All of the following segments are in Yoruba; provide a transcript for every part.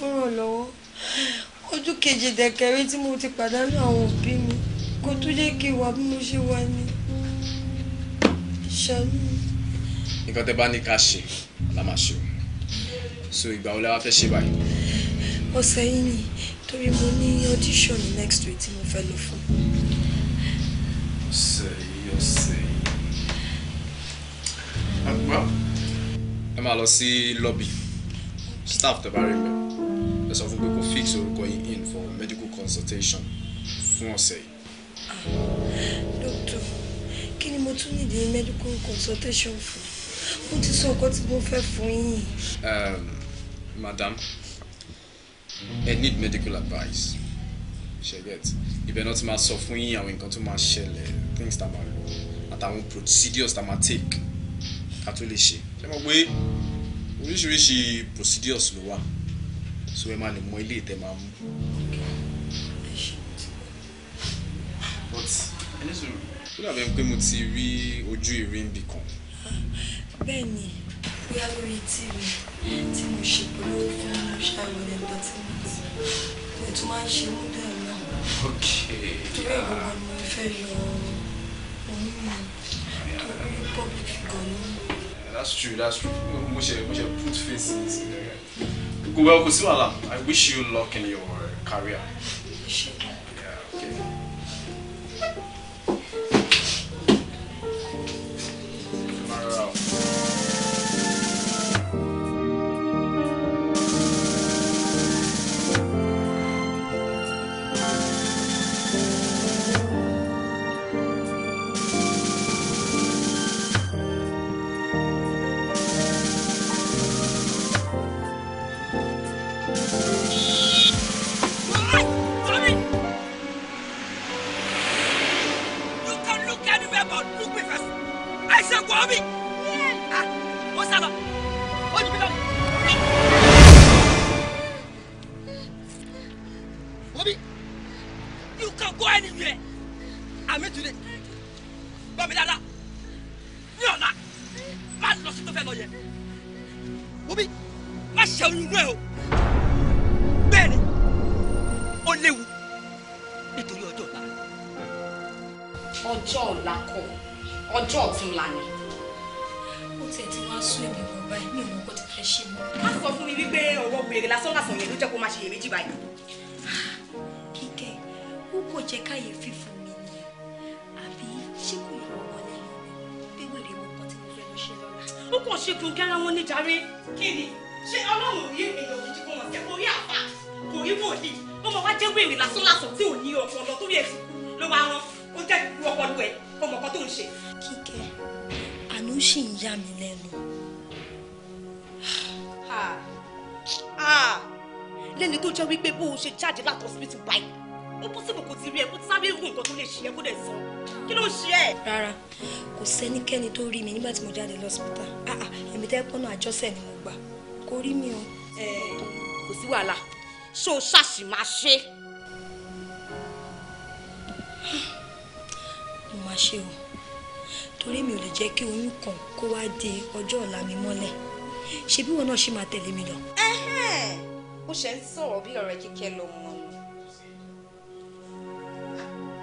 fún ìrànlọ́wọ́ ojú kejì dẹ̀kẹ̀rẹ́ tí mo ti pàdánù àwọn òbí mi kó tó jẹ́ kí wà bí mo ṣe wà ní ìṣàánú. nǹkan tẹ́ bá ní ká ṣe la máa ṣe o so ìgbà wo la wá fẹ́ ṣe báyìí. ọ̀sẹ̀ yìí ni torí mo ní audition next week tí mo fẹ́ lọ fún. ọ̀sẹ̀ yìí ọ̀sẹ̀ yìí. àgbà ẹ máa lọ sí lobby staff tẹ́ bá rí bẹ́ẹ̀ ẹ sọ fún pé kò fix orúkọ yín in for medical consultation fún ọ̀sẹ̀ yìí. doctor kí ni mo tún nídìí medical consultation fún mo ti sọ ọkọ tí mo fẹ́ fún yín. Um, madam i need medical advice ṣe get ibẹ̀ náà ti máa sọ fún yín àwọn nǹkan tó máa ṣẹlẹ̀ things tá a máa lò àtàwọn procedures tá a take ká tó lè ṣe ṣé mo pé oríṣiríṣi procedures ló wà so ẹ máa lè mọ ilé ìtẹ̀ máa mú. but ẹni pé mo ti rí ojú ìrìn bì kan. bẹ́ẹ̀ ni bóyá lórí tv tí mo ṣe pẹ̀lú òfin ṣàròyìn entertainment ẹ̀ tún máa ń ṣe mú dẹ́rù náà. ok torí ẹ̀ gbọ́dọ̀ mo fẹ́ yọ oyún mi torí public gan-an. that's true that's true mo ṣe mo ṣe put face in this area gbogbo ẹ kò sí wàhálà I wish you luck in your career. kẹ́nikẹ́ni tó rí mi nígbà tí mo jáde lọ́sìpítà ah, ah, èmi tẹ́ àjọṣẹ́ ni mo gbà kò rí mi o. ẹ kò sí wàhálà ṣó o ṣàṣì máa ṣe. mo máa ṣe o torí mi ò lè jẹ́ kí oyún kan kó wá di ọjọ́ ọ̀la mi mọ́lẹ̀ ṣé bí wọn náà ṣe máa tẹ̀lé mi lọ. ó ṣe ń sọ̀rọ̀ bí ọ̀rẹ́ kíkẹ́ lọ mọ́ ni.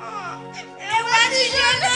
Ah, ẹ wá ní ìṣẹ́ náà.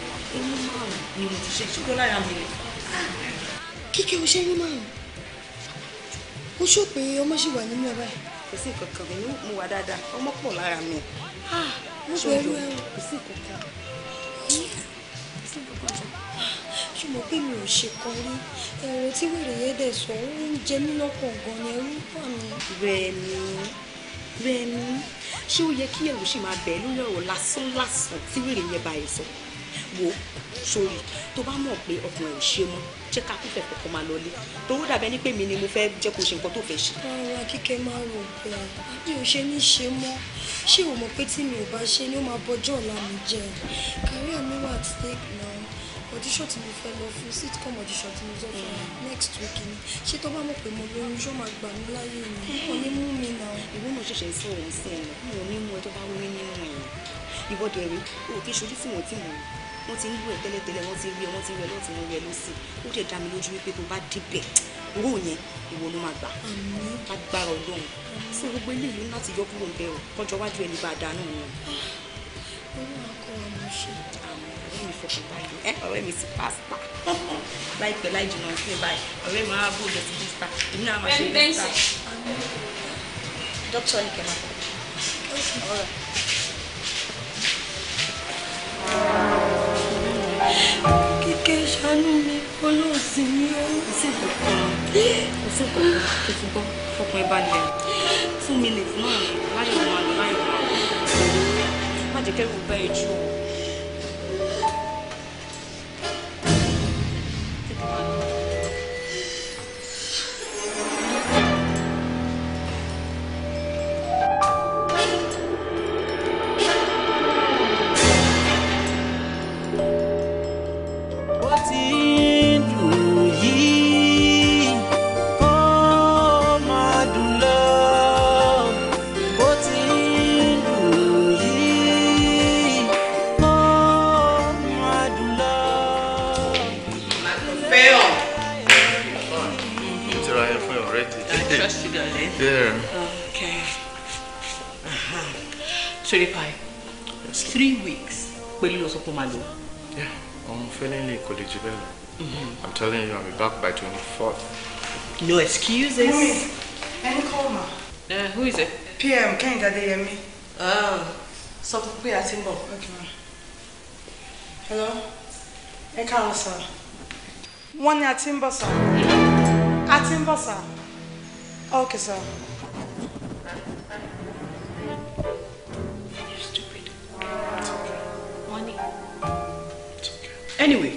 ẹni márùn ni mo ti ṣe ṣùgbọ́n lára mi kíkẹ́ o ṣe ẹni márùn mo ṣó pé ọmọ ṣì wà nínú ẹ kò sí nǹkan mi mo wà dáadáa ọmọ pọ̀ lára mi. Ah, ah, mo bẹ̀rù ẹ kò sí nǹkan kan ṣùgbọ́n pé mi ò ṣe kan rí ẹ̀rọ tí wèrè yẹn dẹ̀ sọ ó ń jẹ mí lọ́kàn gan-an ni ẹ̀rù bà mí. Rẹ̀mí Rẹ̀mí ṣé ó yẹ kí ẹ̀rù ṣì máa bẹ̀ẹ́ lórí ọ̀rọ̀ lásán tí wèrè yẹn bá yẹ sọ wo sórí tó bá mọ̀ pé ọkùnrin ò ṣe mọ́ jẹ́ ká kúfẹ̀ kọ̀ọ̀kan máa lọ lé torí dàbẹ́ ni pé mi ni mo fẹ́ jẹ́ kó ṣe nǹkan tó fẹ́ ṣe. ọ̀rọ̀ akíkẹ́ máa rò pé mi ò ṣe ní ṣe mọ́ ṣé o mọ̀ pé tí mi ò bá ṣe ni ó máa bọjọ́ ọ̀la mi jẹ́ kàrí àmì wà at stake now audition tí mo fẹ́ lọ fún sitcom audition tí mo sọ fún mm. next week ni ṣé tó bá mọ̀ pé mo lóyún ṣó máa gbà mí láyé mi kò ní mú mi nà. ìwé mo ṣẹ̀ṣẹ̀ ń sọ̀rọ̀ sí ẹ̀ náà mo ní mú ẹ tó bá wí nínú ẹ̀ ìwọ́dọ̀ ẹ̀rí òkè ṣojú tí mo ti wọ́n ti ń lú ẹ̀ tẹ́lẹ̀tẹ́lẹ̀ wọ́n ti rí ẹ wọ́n ti rí ẹ lọ́ọ̀ wọ́n rí ẹ lọ́sì ó dẹ̀ dá mi lójú wípé tó bá débẹ̀ owó yẹn ìwọ ló máa gbà agbára ọlọ́run fún gbogbo eléyìí láti yọ kúrò ń bẹ̀rù kọjọ́ wájú ẹni bá dànù wọn. olú àkọ́ ọ̀rẹ́ mi fọkàn báyìí ẹ ọ̀rẹ́ láìpẹ́ láì jìnnà sí báyìí ọ̀rẹ́ mi á bò lọ sí bísítà èmi náà máa ṣe bísítà. dókítà ní kẹ́mà. Kíkẹ́ ṣàánú mi, olóòsì mi ó. Kò sí ìkọ̀kọ̀ kò sí ìkọ̀kọ̀ tó ti gbọ́ fọkàn ẹ balẹ̀. Two minutes náà ni láyọ̀ máa lọ láyọ̀ máa lọ. Má jẹ́ kẹ́rù bá ẹ jù ọ́. máa lò. ọmọ fẹ́lẹ́lẹ̀ kò lè jù bẹ́ẹ̀ lọ mm-hmm. i'm telling you i'll be back by 24th. no excuses. mummy ẹni kọ́ ma. Uh, who is it? pm kẹ́hìndé adéyẹmí. Oh, sọ fún pé a ti ń bọ̀. hello ẹ káàárọ̀ sà. wọ́n ní sir? One ń bọ̀ sà. a ti ń bọ̀ sà. okay sà. Thank you anyway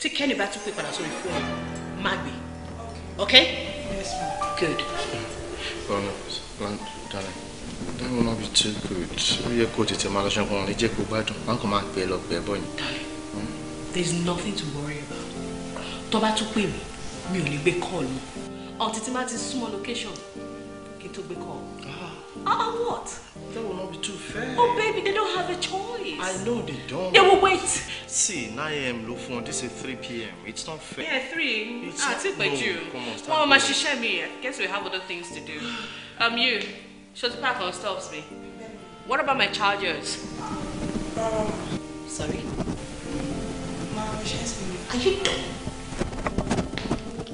tí kẹ́ni bá tún pè padà sórí fún ẹ má gbé ok. yes ma'am. good. ọ̀nà darling that will not be too good ó yẹ kó tètè máa lọ ṣẹ́gun ọ̀nà ìjẹ́ kó gbádùn wọn kò máa pè é lọ pè nothing to worry about tó bá tún pè mí mi ò ní gbé kọ́ọ̀lù until tí má location kí n tó gbé Ah, what? That will not be too fair. Oh, baby, they don't have a choice. I know they don't. They will wait. See, 9 a.m. ló fún This is 3 p.m. It's not fair. Yeah, 3. It's ah, it's by you. Come on, start. Well, my shisha me. Guess we have other things to do. Um, you. Shut the pack on stops me. What about my chargers? Um, Sorry? me. Are you dumb?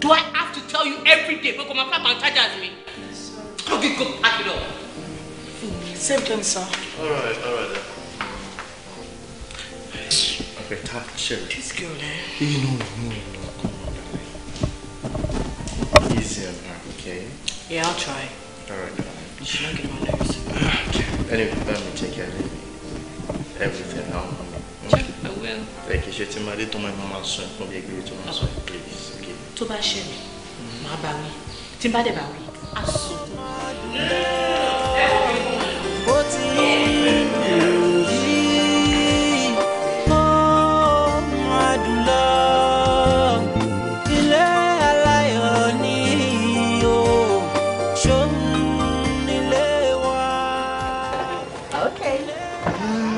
Do I have to tell you every day? Because my pack my chargers me. Okay, go pack it up. Same thing, sir. All right, all right Okay, touch Sherry. This girl, eh? You eh, know, no, no, come on, darling. Easy on her, okay? Yeah, I'll try. All right, darling. You should not get my nerves. Okay. Anyway, let me take care of everything now. Okay. I will. Thank you, Shetty. married to my mama soon. be agree to my son, please. Okay. To bá ṣe mí, màá bá wí. Tí n bá dé bá Okay.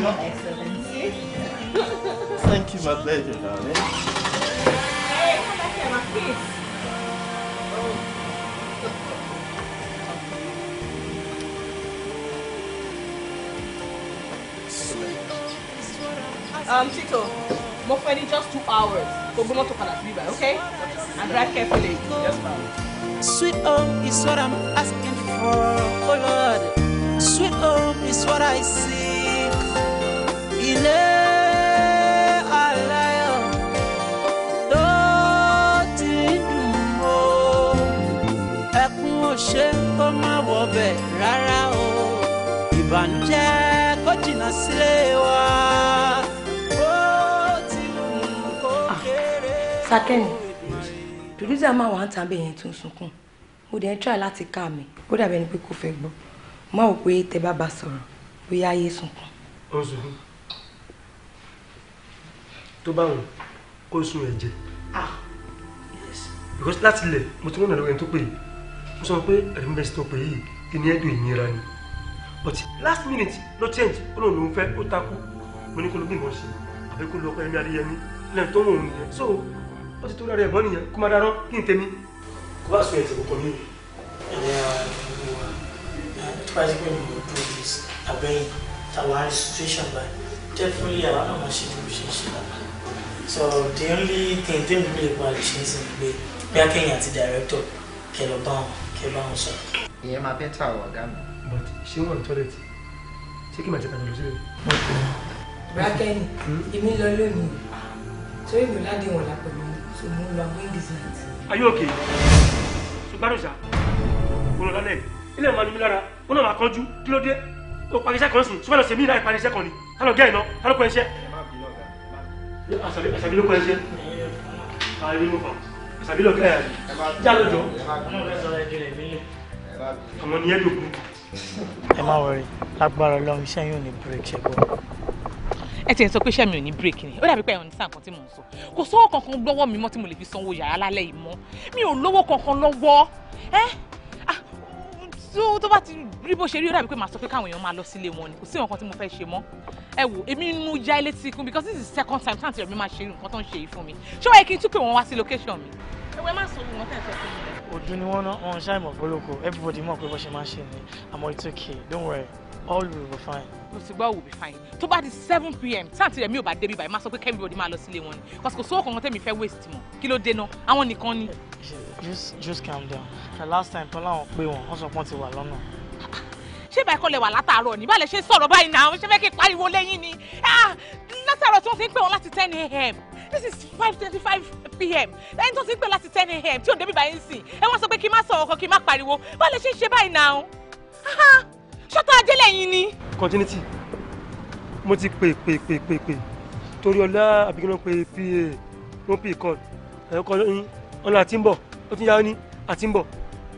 Your Excellency. Thank you, my pleasure, darling. um, Chito, mo fẹ́ ní just two hours. Kò gbé mọ́tò padà síbí báyìí, okay? And drive carefully. Yes, Sweet home is what I'm asking for, oh Lord. Sweet home is what I seek. Ilé aláyọ̀ tó ti dùn o. Ẹkún ò ṣe kó má wọbẹ̀ rárá o. Ìbànújẹ́ kó jìnnà sílé wa. sákẹ́yìn pìrìsà máa wà ń tàn bẹ́ẹ̀ yẹn tó ń sunkún mo dẹ̀ ń try láti ká mi ó dàbí ẹni pé kò fẹ́ gbọ́ má wò pé tẹ bá ba sọ̀rọ̀ bóyá ayé sunkún. ó sunkún tó bá wọn kó sun ẹ̀jẹ̀ ah. because láti ilẹ̀ mo ti wọ́n nà lọ́wọ́ ẹni tó pè yìí mo sọ pé ẹ̀rín tó pè yìí kí ẹ̀dùn ìnira ni but last minute no change ó lóun lòún fẹ́ ó takú mo ní kó ló bí nǹkan ṣe àbí kó lọ́ọ́ pẹ́ ẹ̀mí adéyẹmí lẹ́yìn tó wọ̀ òun nìyẹn so ó ti torí ara ẹ̀gbọ́n nìyẹn kó máa darán kí n tẹ̀mí. kó bá sọ ẹ̀jẹ̀ kọ̀ọ̀kan mi. ẹ̀yẹ́ wa tó bá ti pè mí lójú ojú abẹ́yìn tàwárí situation báyìí definitely àwọn náà ṣe bí ṣe ṣe lára so the only thing tí mo lè pa ṣe ń sìn pé bí akẹ́yìn àti director kẹ lọ bá wọn kẹ bá wọn sọ. ìyẹn máa bẹ́ tà ọ̀ ọ̀gá mi. but ṣé wọn ní tọ́lẹ̀tì ṣé kí màá ti kàn lọ sílẹ̀. bírákẹ́yìn èmi lọ lónìí torí mi ládìwọ̀n lápẹ̀lú. So no, you are going this night. Are you okay? So Barusa, Olo lálẹ́, ilé ìmọ̀ ni mi lára, ó náà máa kánjú, kí ló dé? O parí iṣẹ́ kan sùn, sọ́kẹ́ lọ sí mi láì parí iṣẹ́ kan ni. Ta ló gẹ́ iná? Ta ló kọ́ iṣẹ́? Àṣàbí ló kọ́ iṣẹ́. Àṣàbí ló kọ́ Àṣàbí ló kọ́ ẹ̀ já lọ́jọ́. Àwọn ni ẹ dòkú. Ẹ má wọrí, lágbára Ọlọ́run iṣẹ́ yóò ní bírèkì ṣẹ́gun ẹ ti ẹ sọ pé iṣẹ́ mi ò ní break ni ó dàbí pé ẹ understand nǹkan tí mò ń sọ kò sówó kankan lọ́wọ́ mi mọ́ tí mo lè fi sanwó yàrá lálẹ́ yìí mọ́ mi ò lówó kankan lọ́wọ́ ẹ́ ah, tó tó bá ti rí bó ṣe rí ó dàbí pé màá sọ pé káwọn èèyàn máa lọ sílé wọn ni kò sí nǹkan tí mo fẹ́ ṣe mọ́ ẹ wò èmi ń mú ilé tí kún because this is second time sáà tí ọ̀rẹ́ mi máa ṣe nǹkan tó ń ṣe yìí fún mi ṣé wọ́n yẹ kí n tún pè wọ́n wá sí location mi. ẹwẹ́ má sọ wọn tẹ̀sán sí mi. òdùn ni wọn ṣàìmọ̀ fọlọ́kọ everybody mọ̀ pé bó ṣe máa ṣe ni àmọ́ it's okay don't worry all will be fine. òsìgbà will be fine tó bá di seven pm sáàtì rẹ̀ mi ò bá débi báyìí máa sọ pé everybody máa lọ sílé wọn ni pàṣẹ kò sówó kankan tẹ̀mí fẹ́ waste him kí ló dé náà àwọn nìkan just just calm down the last time tọ́lá wọn pé wọn wọ́n sọ to wọ́n alone. wà lọ́nà. ṣé báyìí kọ́ lẹ wà látàárọ̀ ní báyìí lẹ ṣe sọ̀rọ̀ báyìí náà ṣé fẹ́ kí pariwo lẹ́yìn ni ah, látàárọ̀ tí wọ́n ti ń pè wọ́n láti ten a.m this is 5:25 pm ẹni tó ti ń pè láti ten a.m tí ò débi báyìí ń sìn ẹ wọ́n sọ pé kí n má sọ ọkọ kí n má pariwo báyìí lẹ ṣe ń ṣe báyìí náà ṣọ́tọ̀ ajé lẹ́yìn ni. continuity mo ti pè pè pè pè pè torí ọlá àbíkínà pé pa wọn pè kọ ẹ̀rọ kọ ní ọ̀nà àti ń bọ̀ ó ti ń yára ní àti ń bọ̀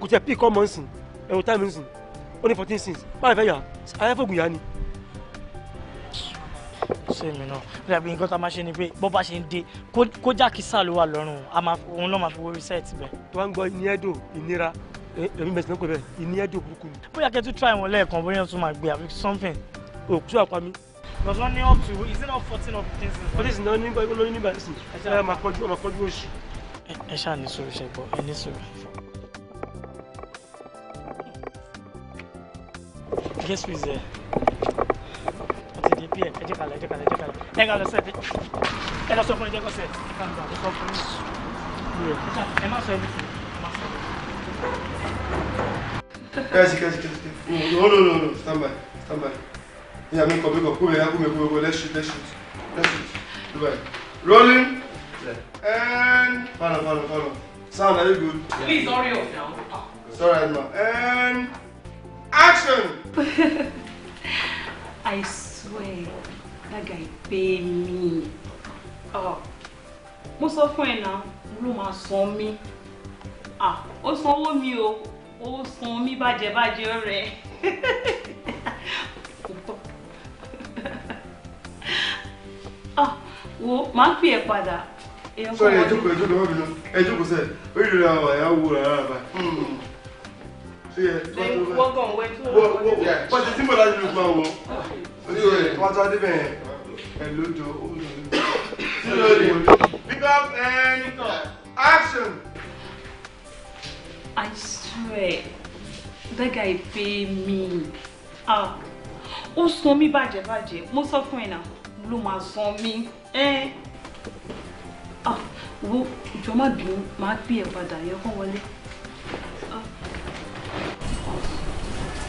kò tiẹ̀ pè kọ́ mọ́ nsìn ẹ̀rọ táìmù nsìn ó ní fourteen cents. báyìí fẹ́ yà ayáfóògùn yá ni. ṣé mi náà bí àbí nǹkan tá a máa ṣe ni pé bó bá ṣe ń dé kó jákèsà ló wà lọ́rùn òun ló máa fi wo reset bẹ́ẹ̀. tó bá ń gbọ́ ìníẹ́dò ìnira èmi mẹsìn pé bẹ́ẹ̀ ìní ẹ̀dẹ̀ òkúrukú ni. bóyá kẹ́ tún try wọn lẹ́ẹ̀kan bóyá tún máa gbé àbí something òkú àpá mi. because ní up to is it not fourteen or fifteen since. fourteen since ní báyìí lóyún nígbà sí ẹ máa kọjú máa kọjú oṣù. ẹ ṣáà ní sùúrù ṣe gbọ́ ẹ ní sùúrù. guess who is there? ọtí di pm ẹ jẹ́ kalẹ̀ ẹ jẹ́ kalẹ̀ ẹ jẹ́ kalẹ̀ ẹ ká lọ sẹ́ẹ̀ ẹ lọ sọ fún ẹ jẹ́ kọ́ ẹ ká lọ sọ fún ẹ. ẹ má sọ ẹ ní sùúrù. Kẹ́sì kẹ́sì kẹ́sì No no no no stand by stand by. Yeah, make up make up. Kúmẹ̀ kúmẹ̀ kúmẹ̀ kúmẹ̀ let's shoot let's shoot let's shoot. Dubai. Rolling. And follow follow follow. Sound are you good? Yeah. Please hurry up now. Sorry ma. And action. I swear that guy pay me. Oh. most of fún now, náà, ló saw me ó sanwó mi o ó san mí bàjẹ́bàjẹ́ rẹ̀ wo máa ń pè ẹ́ padà sọ yẹ ẹjọ kò ẹjọ kò ọbìnrin ẹjọ kò sẹ orí rẹ àwọn ẹyà wò rẹ rárá bá sí ẹ wọ́n kàn wẹ́ tó wọ́n wọ́n ti tí mo láti lu pa wọ́n ojú rẹ wọ́n ẹ lójó sí lórí pick up and action. I swear, that guy pay me. Ah, ó san mí bàjẹ́ bàjẹ́, mo sọ fún ẹ náà, ló máa san mí. Eh. Ah, wo jọ má bínú, máa pè ẹ́ padà, yẹ kán wọlé.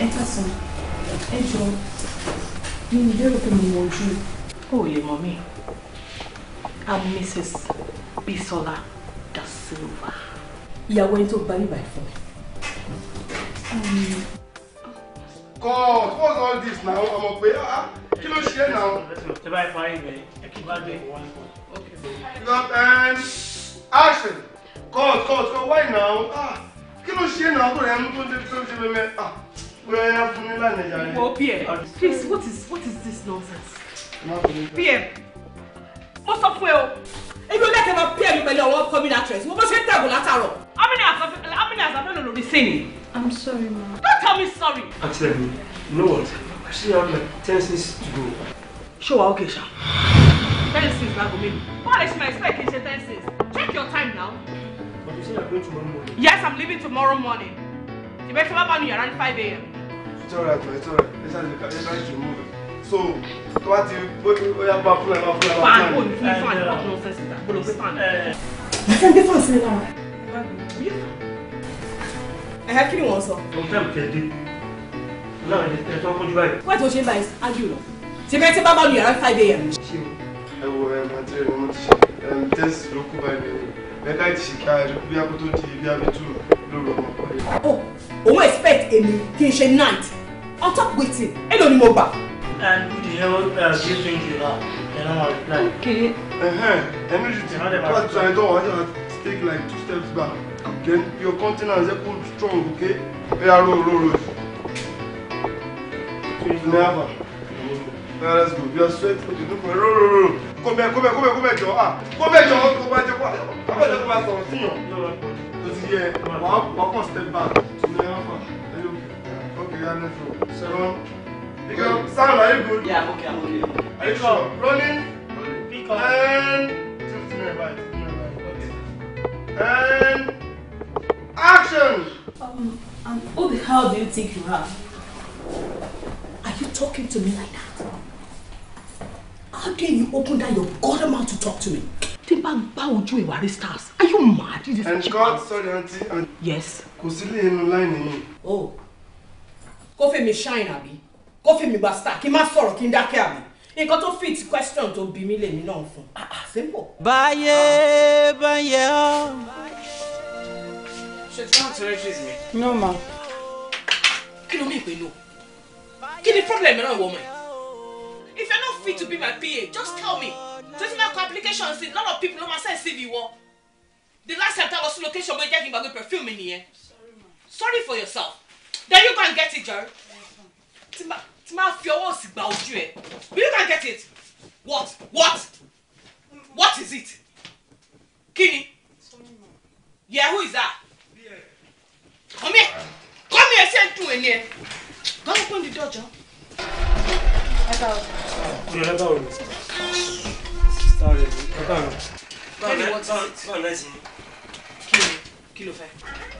Ẹ kásán, ẹ jọ, mi ò lérò pé mo mọ ojú. O ò lè I'm Mrs. Bisola Da Silva ìyàwó ẹni tó gba bíbá fún mi. God, what's all this now? ọmọ pé ah, ah, kí ló ṣe é náà. ṣe bá ẹ parí rẹ ẹ kí bá dé one point. Um, action God, God, so why now? Ah, kí ló ṣe é náà tó rẹ̀ ń tó ń ṣe tó ń ṣe mẹ́mẹ́ wẹ́ẹ́ fún mi lánàá yàrá. wọ́n pm please what is what is this nonsense? pm mo sọ fún ẹ o ebi olè tẹ ma pí ẹ̀mí pẹ̀lú àwọn upcoming actress wọ́n bó ṣe ń tẹ̀gùn látàrọ̀. amina asafelo lórí sẹ́ni. i'm sorry ma. don't tell me sorry. àti ẹ̀mí you know what i still have like ten cents to go. ṣé wàá ókè ṣá. ten cents lágbo mi báwo lè ṣe máa expect kí n ṣe ten cents check your time now. but you say you're going tomorrow morning. yes i'm leaving tomorrow morning. ìbẹ́sẹ̀ bá bá mi yàrá ní five a.m. it's alright it's alright let's have a look at try to move so tó bá ti bóyá bá fúnra bá fúnra bá fúnra. fan òní fún fan yàrá fún ọsẹ síta kó ló pé fan. ẹ gbé fan sílẹ̀ náà. ẹ̀ka kí ni wọ́n sọ. mo fẹ́ kẹ́dé láwọn ẹ̀ tó ń fojú báyìí. wọ́n ti wọ́n ṣe ń báyìí ájú lọ ṣe bẹ́ẹ̀ tí bá bá lu yàrá five a.m. ṣé ẹ wo ẹ mọ tí ẹ mọ ti ṣe ẹ tẹ́sí ló kú báyìí mẹ́ka ìtì ṣìkà ẹ̀rí bí akótó di bí abitú lóru ọmọ ọ̀rẹ́. oh òun expect èmi kí n ṣe night on top waiting èlò ni mo gbà and the hell else do you think you are? And I'm like, okay. Uh-huh. And you should try to I don't want to take like two steps back. Okay. your continence is equal strong, okay? Yeah, roll, roll, roll. Never. Yeah, let's go. You are sweating. You look roll, roll, roll. Come here, come here, come here, come here, Joe. Ah, come here, Come here. Come here, Come here. Come here, Come here. Come here, Joe. Because here, one step back. Never. Okay, I'm not sure. Second. Pick up. Sam, are you good? Yeah, I'm okay, I'm okay. Are you sure? Running. Pick up. And. to me right. Okay. And. Action! Um, and who the hell do you think you are? Are you talking to me like that? How dare you open that your god mouth to talk to me? tí bá gbá ojú ìwárí stars are you mad? this and god sorry auntie. and. yes. kò in lè ni. Oh. Coffee me shine àbí kó fi mi gba star kí n má sọ̀rọ̀ kí n dákẹ́ àmì nǹkan tó fit question tó bí mi lèmi náà fún ah, ah, simple. báyé ah. báyé ọ. ṣe tí wọ́n ti rẹ́jísì mi. no ma. kí ló mú ìpè lò kí ni problem náà wọ̀ ọmọ yìí. if you're not fit to be my PA just tell me. tẹ́tí máa kọ application sí lot of people ló máa send CV wọ. the last time tá a lọ sí location bó jẹ́ kí n gbàgbé perfume mi nìyẹn. sorry for yourself. then you go and get it Jerry. tí tí máa fi ọwọ́ òsì gba ojú ẹ will you can get it what what what is it kí yeah who is that come here come here ṣé ń dùn ẹ ní ẹ gbọ́dọ̀ pé ń di dọ́jọ́.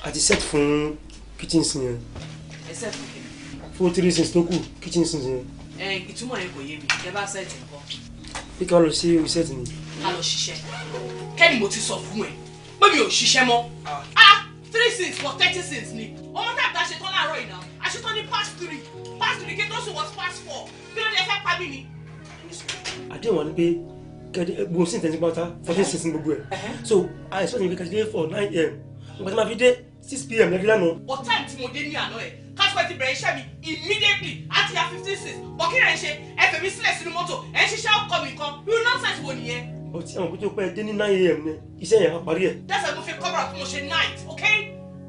a ti set fún kitchen sin yẹn. ẹ set fún kitchen ó three sins tó kù kitchen sins yẹn. ẹ ìtumọ̀ yẹn kò yé mi ẹ bá sẹ́ẹ̀tì nǹkan. bí ká lọ sí rìsẹ́ẹ̀tì ni. a lọ ṣiṣẹ́ kẹ́ni mo ti sọ fún ẹ pé mi ò ṣiṣẹ́ mọ́ ah three sins for thirty sins ni ọmọ tàbí a ṣetán láàárọ̀ ìná a ṣetán ní past three Pass three kí n tó sùn wọ́n past four kí ló dé fẹ́ pa mí ni. àdéhùn wa ni pé kẹ́ni gbogbo sins tẹ̀sí pátá fourteen sins ni gbogbo ẹ̀ so i expect you to be kẹ́ni for nine am nǹkan tí ma fi dé six pm lẹ́gbẹ̀ẹ́ lánàá. ọ̀tá ìtumọ̀ dé ní àná ẹ̀ káṣípẹ́ ti bẹ̀rẹ̀ iṣẹ́ mi immediately àti ya fifteen six bọ̀ kí rẹ̀ ń ṣe ẹ fẹ̀mí sílẹ̀ sínú mọ́tò ẹ ń ṣiṣẹ́ ọkọ mi kan irú nọ́ọ̀sẹ̀sì wo nìyẹn. o ti àwọn kótó pẹ́ dé ní nine a.m. ni iṣẹ́ yẹn á parí ẹ̀. that's why mo fi cover up mo ṣe night okay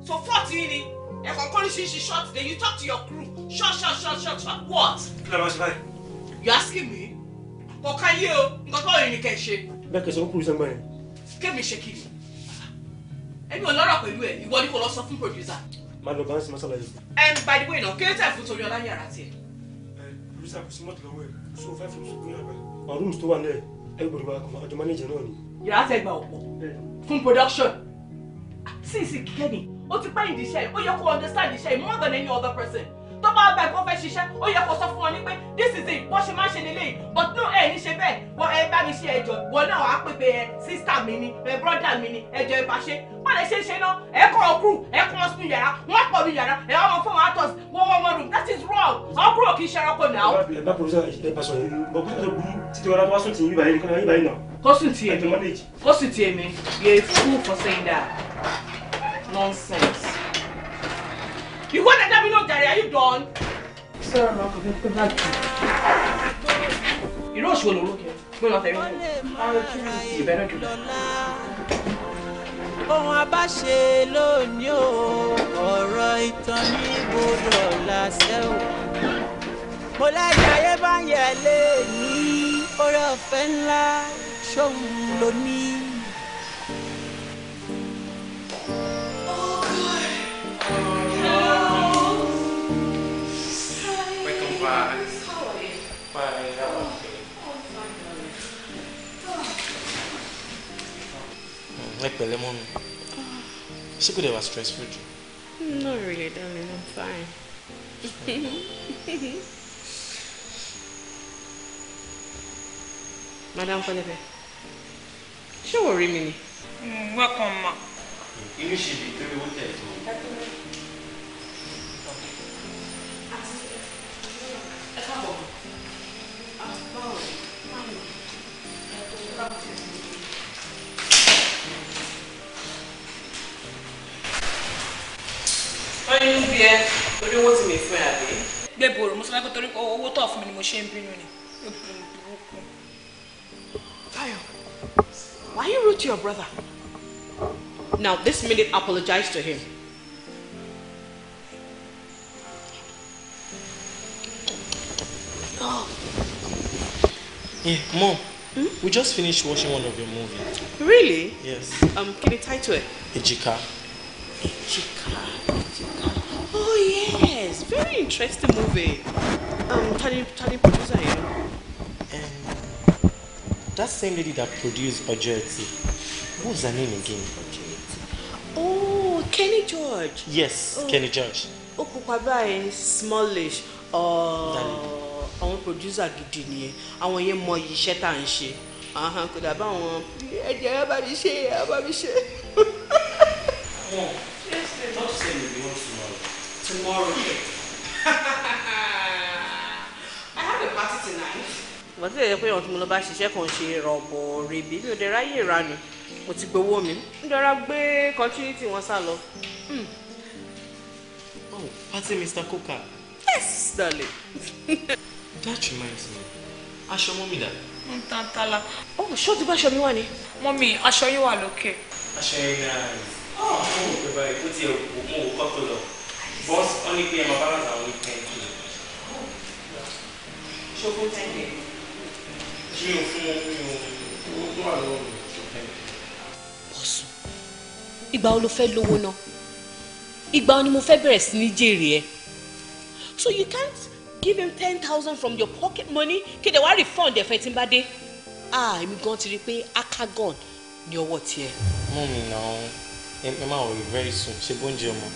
so fourteen ni ẹ̀kọ́ kọ́ oríṣiríṣi short then you talk to your crew short short short short what. you asking me kò ká yé o nǹkan tó yẹ ni kẹ́ ẹ ṣe. bẹ́ẹ̀ kẹsàn-án kúrú sẹ́gbọ́n yẹn. kémi ṣe kí ni èmi ò lọ́rọ̀ pẹ̀lú ẹ̀ ìwọ ni kò producer má lọ bá ń sin mọ́sálà yìí. ẹ ń bá ìdíwọ̀ ìnà kí ló tẹ̀ fún torí ọlá yàrá tiẹ̀. ẹ eh, lùsà kò sí mọ́tò lọ́wọ́ ẹ̀ so fẹ́ fi sùn kúnyà bẹ́ẹ̀. àwọn rooms tó wà náà ẹ gbọ́dọ̀ wa kọ́ àjọ mánéjà náà ni. yàrá tẹ gba ọ̀pọ̀ eh. fún production ah, sísì kíkẹ́ ni ó ti pẹ́ ìdíṣẹ́ ó yẹ kó understand ìṣe more than any other person tó bá gbà kó fẹ́ ṣiṣẹ́ ó yẹ kó sọ fún wọn ní pé this is it bó ṣe máa ṣe nílé yìí but no ẹ ní ṣe bẹ́ẹ̀ wọ ẹ bá mi ṣe ẹjọ́ wọn náà wàá pè pé ẹ sísítà mi ni ẹ bọ́dà mi ni ẹjọ́ ẹ bá ṣe má lè ṣe ṣe náà ẹ kọ́ ọkú ẹ kọ́ ọ sínú yàrá wọ́n pọ̀ mi yàrá ẹ wọ́n mọ fún wọn atọ́s wọ́n wọ́n wọ́n room that is wrong ọkúrò kì í ṣe ẹranko náà. ẹ bá pòròsọ ẹ bá sọ yìí bọ̀ kó tó burú títí wọn wá sùn tì yín báyìí náà. kó sùn tì èmi kó sùn tì a fool for saying that nonsense. You want to let me no, Daddy? Are you done? Sir, I'm not going to go back. You know she will look here. No, not everything. I'll kill you. better do that. Ohun abáṣe lónìí o, ọ̀rọ̀ ìtàn ní gbọdọ̀ làṣẹ Mo láyé ayé bá yẹ lé ní oore ọ̀fẹ́ ńlá, ṣóun lónìí. ẹ pẹ̀lẹ́ mọ́ mi ṣé kò dé wá stressful jù. not really darling i'm fine. madam Pẹlẹbẹ ṣé wò rí mi ni. Mm, welcome ma. inú ṣe lè torí owó tẹ̀ tó. ẹ wọ́n ní bí ẹ torí owó tí mi fún ẹ àbí. gbé bòrò mo sọ pé torí owó tó fún mi ni mo why you rude to your brother? Now this minute apologize to him. Oh. Yeah, mom. Hmm? We just finished watching one of your movies. Really? Yes. Um, can you title it? Ejika. Ejika. Oh yes, very interesting movie. Um, Tani, Tani producer here. Um, that same lady that produced Ojoeti. What's her name again? Oh, Kenny George. Yes, oh. Kenny George. Oh, Kukwaba is smallish. Oh. Darling. àwọn producer gidi nìyẹn àwọn yẹn mọ iye iṣẹ́ tá à ń ṣe kò dàbá àwọn ẹ̀jẹ̀ ẹ bá mi ṣe ẹ bá mi ṣe. Tomorrow. I have a party tonight. Wọ́n ti lè jẹ́ pé ọ̀tún mo lọ bá ṣiṣẹ́ kan ṣe rọ̀bọ̀ rèébí mi ò dẹ̀ ráyè ìranù mo ti gbowó mi ń dọ́ra gbé kọ́ńtínítì wọn sá lọ. Hmm. Oh, party Mr. Coker. Yes, darling. that reminds me aṣọ mọ́mí dà. ń la. Oh, ó ṣó ti bá aṣọ mi wà ní. mọ́mí aṣọ yín wà lókè. aṣọ yín náà ah, ó mú òkè báyìí kó tiẹ̀ wò mú òkú kọ́ tó lọ bọ́s ó ní pé ẹ máa balance àwọn ìkẹ́ńtì. ṣókó ti ń bẹ̀. kí o fún omi o owó tó wà lọ́wọ́ mi tó fẹ́. bọ́sùn ìgbà wo ló fẹ́ lówó náà ìgbà wo ni mo fẹ́ bẹ̀rẹ̀ sí ní jèrè ẹ̀ so you can't give him ten thousand from your pocket money kéde wàá refund ẹ̀fẹ̀ tí n bá dé ah èmi gan ti rí i pé akagon ní ọwọ́ tiẹ̀. mú mi nà án ẹ máa wọ̀nyí very soon ṣe bó ń jẹ ọmọ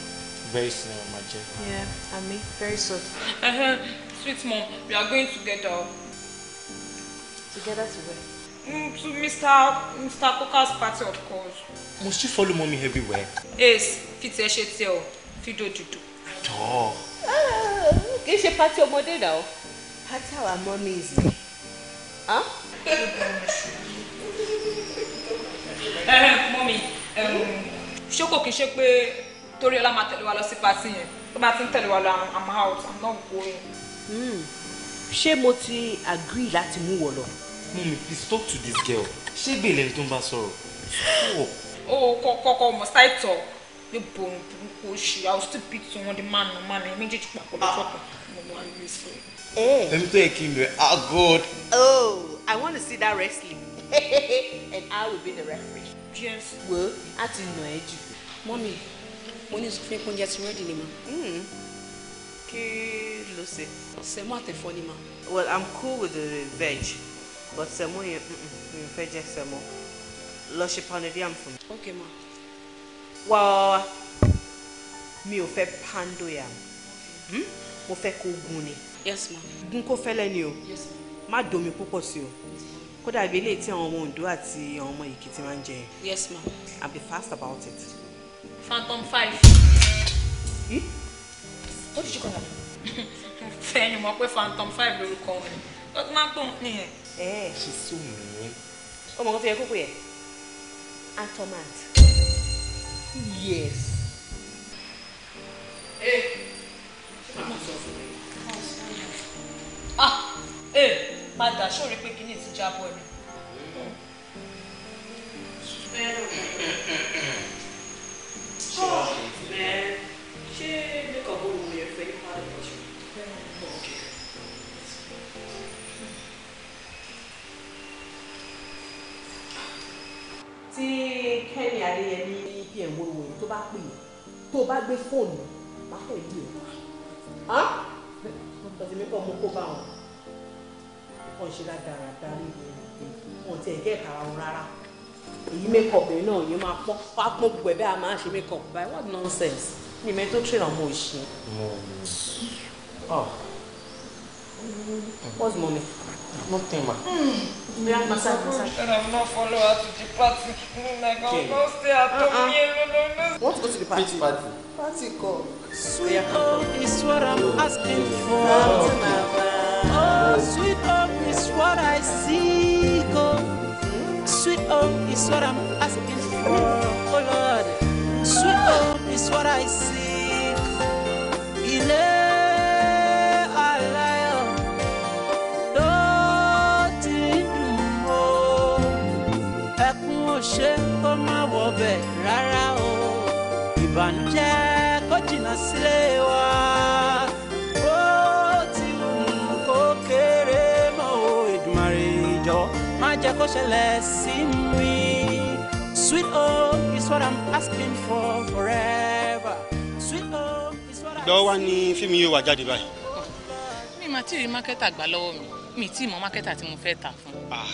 very soon ẹ máa jẹ. yeah ami very soon. Uh-huh. sweet mom we are going together. together to where. Mm, to Mr. Mr. Coca's party of course. must you follow mommy everywhere. ace fi tiẹ̀ ṣe tiẹ̀ o fi dòdòdò. dọ́ọ̀ kì í ṣe pátí ọmọdé dà o. pátí our mommy is there. Huh? mọ́mí ṣókò kì í ṣe pé torí ọlá máa tẹ̀lé wa lọ sí pátí yẹn tó bá ti ń tẹ̀lé wa lọ I'm out I'm not going. Hmm. ṣé mo ti agree láti mú wọ lọ. mọ́mí please talk to this girl ṣé gbèlè tó ń bá sọ̀rọ̀ oh. o kọkọ must I talk ní bòun burúkú oṣù I will still beat someone the man no man méjèèjì papọ̀ lọ́sọ̀kan ungraceful. Eh. Hey. Let me take him. Kimbe, how good. Oh, I want to see that wrestling. and I will be the referee. Yes. Well, I didn't know it. Mommy, mo is sọ fún kóúnjẹ ti rẹ́dì ni mà. Hmm. Kí ló ṣe? Sẹ̀mú àtẹ̀fọ́ ni Well, I'm cool with the veg, but sẹ̀mú yẹn mi ò fẹ́ jẹ sẹ̀mú. Lọ ṣe pounded yam fún Okay ma. Wàá mi ò fẹ́ pando yam. Hmm? mo fẹ́ kó gun ni. yes ma. gun kó fẹ́lẹ́ ni o. yes ma. má domi púpọ̀ sí o. kódà ibi eléyìí tí àwọn ọmọ Ondo àti àwọn ọmọ Èkìtì máa ń jẹ. yes ma. and be fast about it. phantom five. Hmm? what did you call that? fẹ́ ni mo pé phantom five lórúkọ wọn ni ó ti máa ń gbóhùn nìyẹn. ẹ ẹ ṣe sùn mí. ọmọ kan fi yẹ kókó yẹ atomat. yes. Hey ah eh, máa dà sórí pé kíní ti jábọ́ ni. ṣé make up olùmọ̀ yẹn fẹ́ nípa rẹ̀ pọ̀ jù. tí Kenny Adéyẹmí pm wo tó bá pè é tó bá gbé fóònù má pè é bí ẹ̀ ọ̀sẹ̀ mi pọ̀ mú kó wọn wọn ṣe dáadáa darí wọn ti ẹ̀gẹ́ ìkara wọn rárá èyí mékọ̀pù yìí náà yìí máa pọ́ pápọ́ gbogbo ẹ̀ bẹ́ẹ̀ a máa ṣe mékọ̀pù báyìí what nonsense ni ìmọ̀ tó tìrìnà mo ṣe. Ah. what's money. Nothing, ma. Mm. We have massage, massage. And I'm not follow her to the party. like, I'll okay. not stay at home uh-uh. here. No, no, Want to go to the party? Which party? Party Sweet home is what I'm asking for. Oh, sweet home is what I seek. Oh. Sweet home is what I'm asking for. Oh, Lord. Sweet home is what I seek. He ṣe kó má wọbẹ̀ rárá o ìbànújẹ́ kó jìnnà sílé wa. ó ti wù kó kéré mọ́ o Èdùmàrè jọ̀ọ́ má jẹ́ kó ṣẹlẹ̀ sí mi. Sweet home is what I'm asking for forever. Sweet home is what I'm. Ìgbà wa ni fíìmù yóò wá jáde báyìí. mi máa tí rí mákẹ́tà gbà lọ́wọ́ mi mi tí mọ mákẹ́tà tí mo fẹ́ tà fún. Ah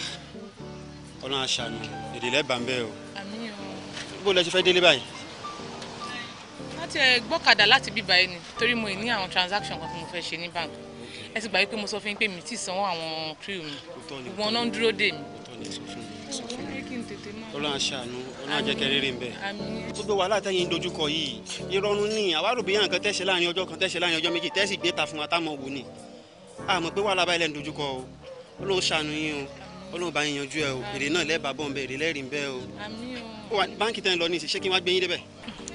ọlọ́run aṣàánú èdè lẹ́bàá ń bẹ́ẹ̀ o. àmín o. bó lẹ ṣe fẹ́ délé báyìí. láti ẹ gbọ́kadà láti bí báyìí ni torí mo ní àwọn transaction kan tí mo fẹ́ ṣe ní bank ẹ ti gbà pé mo sọ fún yín pé mi ti sanwó àwọn crew mi ìwọ náà ń dúró dè mí. ọlọ́run aṣàánú ọlọ́run ajẹ́kẹ́ rere ń bẹ̀. gbogbo wàhálà tẹ́yìn dojúkọ yìí ìrọ̀rùn ni àwárò bí yàn kan tẹ́sẹ̀ láàrin ọjọ́ kan tẹ́sẹ̀ láàrin ọjọ́ méjì tẹ́sì gbé ta fún wa táwọn wò ni àmọ́ pé wàhálà báyìí lẹ́nu dojúkọ o ọlọ́run aṣàánú yín o. Ọlọ́run bá yín yanjú ẹ o èrè náà lẹ́ẹ̀bà bọ̀ nbẹ èrè lẹ́rìí nbẹ o. àmín o. báńkì tẹ́ ń lọ ní ìṣe ṣé kí n wá gbé yín débẹ̀.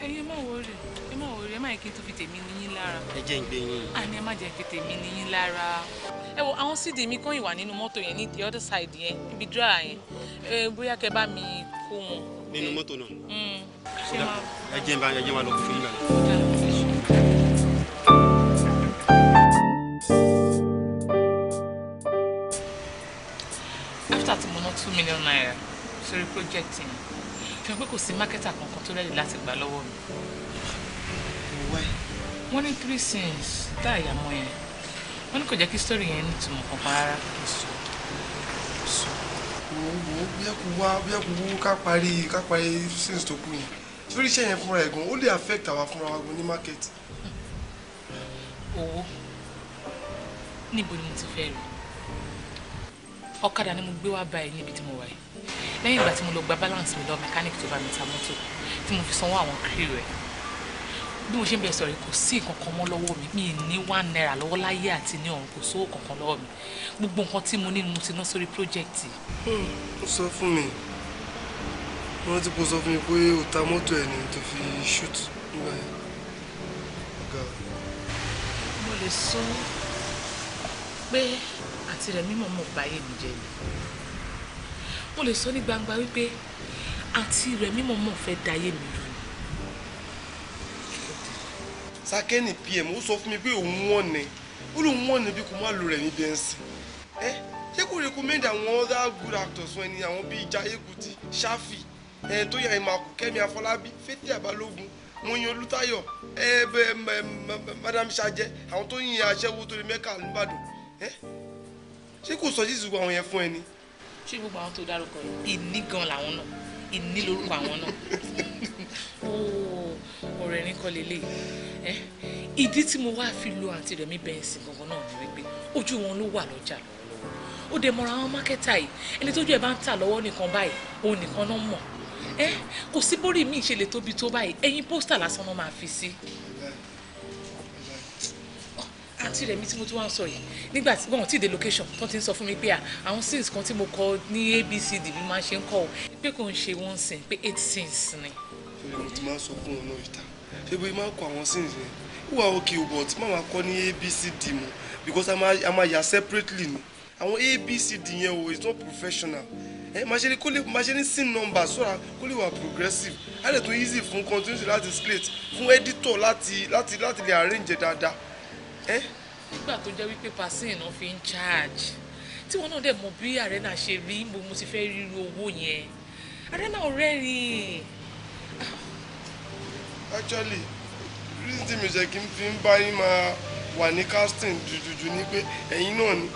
ẹyẹ mọ̀ wò rè ẹ mọ̀ wò rè ẹ má yẹ kí n tó fi tèmi ní yín lára. ẹ jẹ́ ń gbé yín. àní ẹ má jẹ́ kí tèmi ní yín lára. ẹ wo àwọn sídìí mi kàn ìwà nínú mọ́tò yẹn ní the other side yẹn ibi dra yẹn bóyá kẹ bá mi kó wọn. nínú mọ́tò náà. Hmm, ẹ jẹ́ ń bá ẹ jẹ́ ń wá lọ fún yín báyìí. two million naira sórí project yẹn fi hàn pé kò sí mákẹ́tà kankan tó rẹ́dì láti gbà lọ́wọ́ mi. wọ́n ní three sins tá àyàmọ́ yẹn wọ́n ní kò jẹ́ kí story yẹn nítumọ̀ kankan rárá. wo wo bí ẹ kò wá bí ẹ kò wú ká parí ká parí sins tó kù yẹn sórí iṣẹ́ yẹn fúnra ẹ̀ gan ó lè affect àwa fúnra wa gan ní market. owó níbo ni mo ti fẹ́ rí i ọ̀kadà ni mo gbé wá báyìí níbi tí mo wà yìí lẹ́yìn ìgbà tí mo lọ gba balance mi lọ mechanic tó bá mi ta mọ́tò tí mo fi sanwó àwọn kiri rẹ̀ bí mo ṣe ń bẹ sọ̀rọ̀ kò sí nǹkan kan mọ́ lọ́wọ́ mi mi ní one naira lọ́wọ́ láyé àti ní ọ̀run kò sówó kankan lọ́wọ́ mi gbogbo nǹkan tí mo ní ni mo ti ná sórí project. Hmm, ó sọ fún mi wọ́n ti kó sọ fún mi pé o ta mọ́tò ẹ̀ ni tó fi shoot nígbà yẹn. mo lè sọ pé àti rẹ̀ mímọ̀ mọ̀ báyé mi jẹ́ ni mo lè sọ ní gbangba wípé àti rẹ̀ mímọ̀ mọ̀ fẹ́ dayé mi lù. sakeni pm ó sọ fún mi pé òun wọ́n ni ó lóun ni bí kò má lo rẹ̀ níbi ẹ̀ ń sìn ẹ́ ṣé kò recommend àwọn other good actors wọn ni àwọn bíi Jaiye Kuti Ṣáfì ẹ̀ tó yà ìmàkù Kẹ́mi Afọlábí Fathia Balógun Mọ́yìn Olútáyọ̀ ẹ̀ bẹ́ẹ̀ madam Ṣajẹ́ àwọn tó yin aṣẹ́wó tó lè mẹ́ka nìbàdàn ẹ́ ṣé kò sọ jésù àwọn yẹn fún ẹ ni. ṣé gbogbo àwọn tó dárúkọ yìí ìní gan làwọn náà ìní lórúkọ àwọn náà ọ̀rẹ́ ní kọ́ lélẹ̀ ẹ́ ìdí tí mo wá fi lo àǹtí rẹ̀ mi bẹ́ǹsì gangan náà ni wípé ojú wọn ló wà lọ́jà lọ́wọ́lọ́wọ́ ó dẹ̀ mọ́ra àwọn mákẹ́tà yìí ẹni tójú ẹ̀ bá ń tà lọ́wọ́ nìkan báyìí òun nìkan náà mọ̀ ẹ́ kò sí bórí mi ìṣẹ̀lẹ̀ tóbi tó báyìí ẹ̀yin pósítà lásán náà máa fi sí àǹtí rẹ̀ mi tí mo tún wá ń sọ yìí nígbà tí wọ́n ti dé location tó ti ń sọ fún mi pé àwọn sins kan tí mo kọ ní abcd bí máa ṣe ń kọ o pé kò ń ṣe one sin pé eight sins ni. ṣé mo ti máa ń sọ fún ọ náà ìta ṣé bí máa ń kọ àwọn sins yẹn wíwá òkè but má máa kọ ní abcd mu because a máa yà separately ni àwọn abcd yẹn o it's not professional ẹ máa ṣe ní kó lè máa sin number sọ́ra kó lè wà progressive á lè tún easy fún continuity láti slate fún editor láti láti láti lè arrange dáadáa Eh? nígbà tó jẹ́ wípé pàṣín náà fi ń charge tí wọn náà dẹ̀ mọ̀ bí arena ṣe rí mo mo ti fẹ́ ríru owó yẹn arena ò rẹ́rìn. actually reason tí mi ṣe kí n fi ń bá yín máa wà ní casting jùjùjù ni pé ẹ̀yin náà ni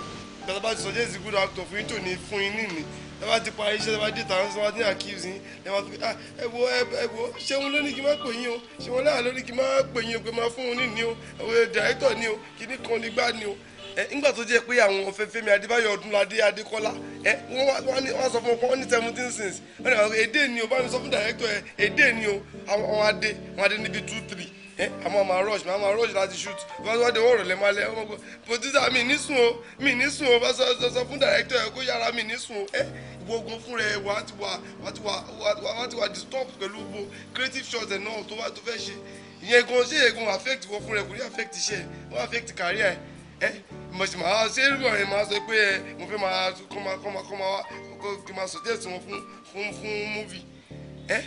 gbàtà bá ti sọ jẹ́ ìsìnkú dàtọ̀ fún yín tò ní fún yín nìyí ẹ bá ti parí iṣẹ́ ẹ bá dé tàwọn ṣe wá ní àkíyèsí ẹ bá ti ah ẹ wo ẹ wo ṣéun ló ní kí n má pè yín o ṣéun láà ló ní kí n má pè yín o pé má fún un ní ní o àwọn dàrẹ́tọ̀ ní o kíní kan ní gbá ní o ẹ nígbà tó jẹ́ pé àwọn Fẹ́mi Adébáyọ̀ Ọdúnládé Adékọ́lá ẹ wọ́n wá sọ fún wọn ní seventeen cents wọ́n ní àwọn èdè ni o bá mi sọ fún dàrẹ́tọ̀ ẹ èdè ni o àwọn adé wọn adé níbi two three àmọ́ máa rush máa máa rush láti shoot bí wọ́n ti wọ́n rọ̀ lẹ́ máa lẹ́ ọmọ pé producer mi ní sùn o mi ní sùn o bá sọ fún director ẹ kó yára mi ní sùn o gbogbo fúnra ẹ wàá ti wà wàá ti wà wàá ti wà disturb pẹ̀lú gbogbo creative shots ẹ̀ náà tó wá tó fẹ́ ṣe ìyẹn gan ṣé ìyẹn affect wọ fúnra ẹ kò ní affect iṣẹ́ ẹ affect career ẹ ẹ mo sì máa ṣe irú ọ̀rẹ́ sọ pé ẹ mo fẹ́ máa kọ́ máa kọ́ máa kọ́ kí n máa suggest wọn fún fún fún movie ẹ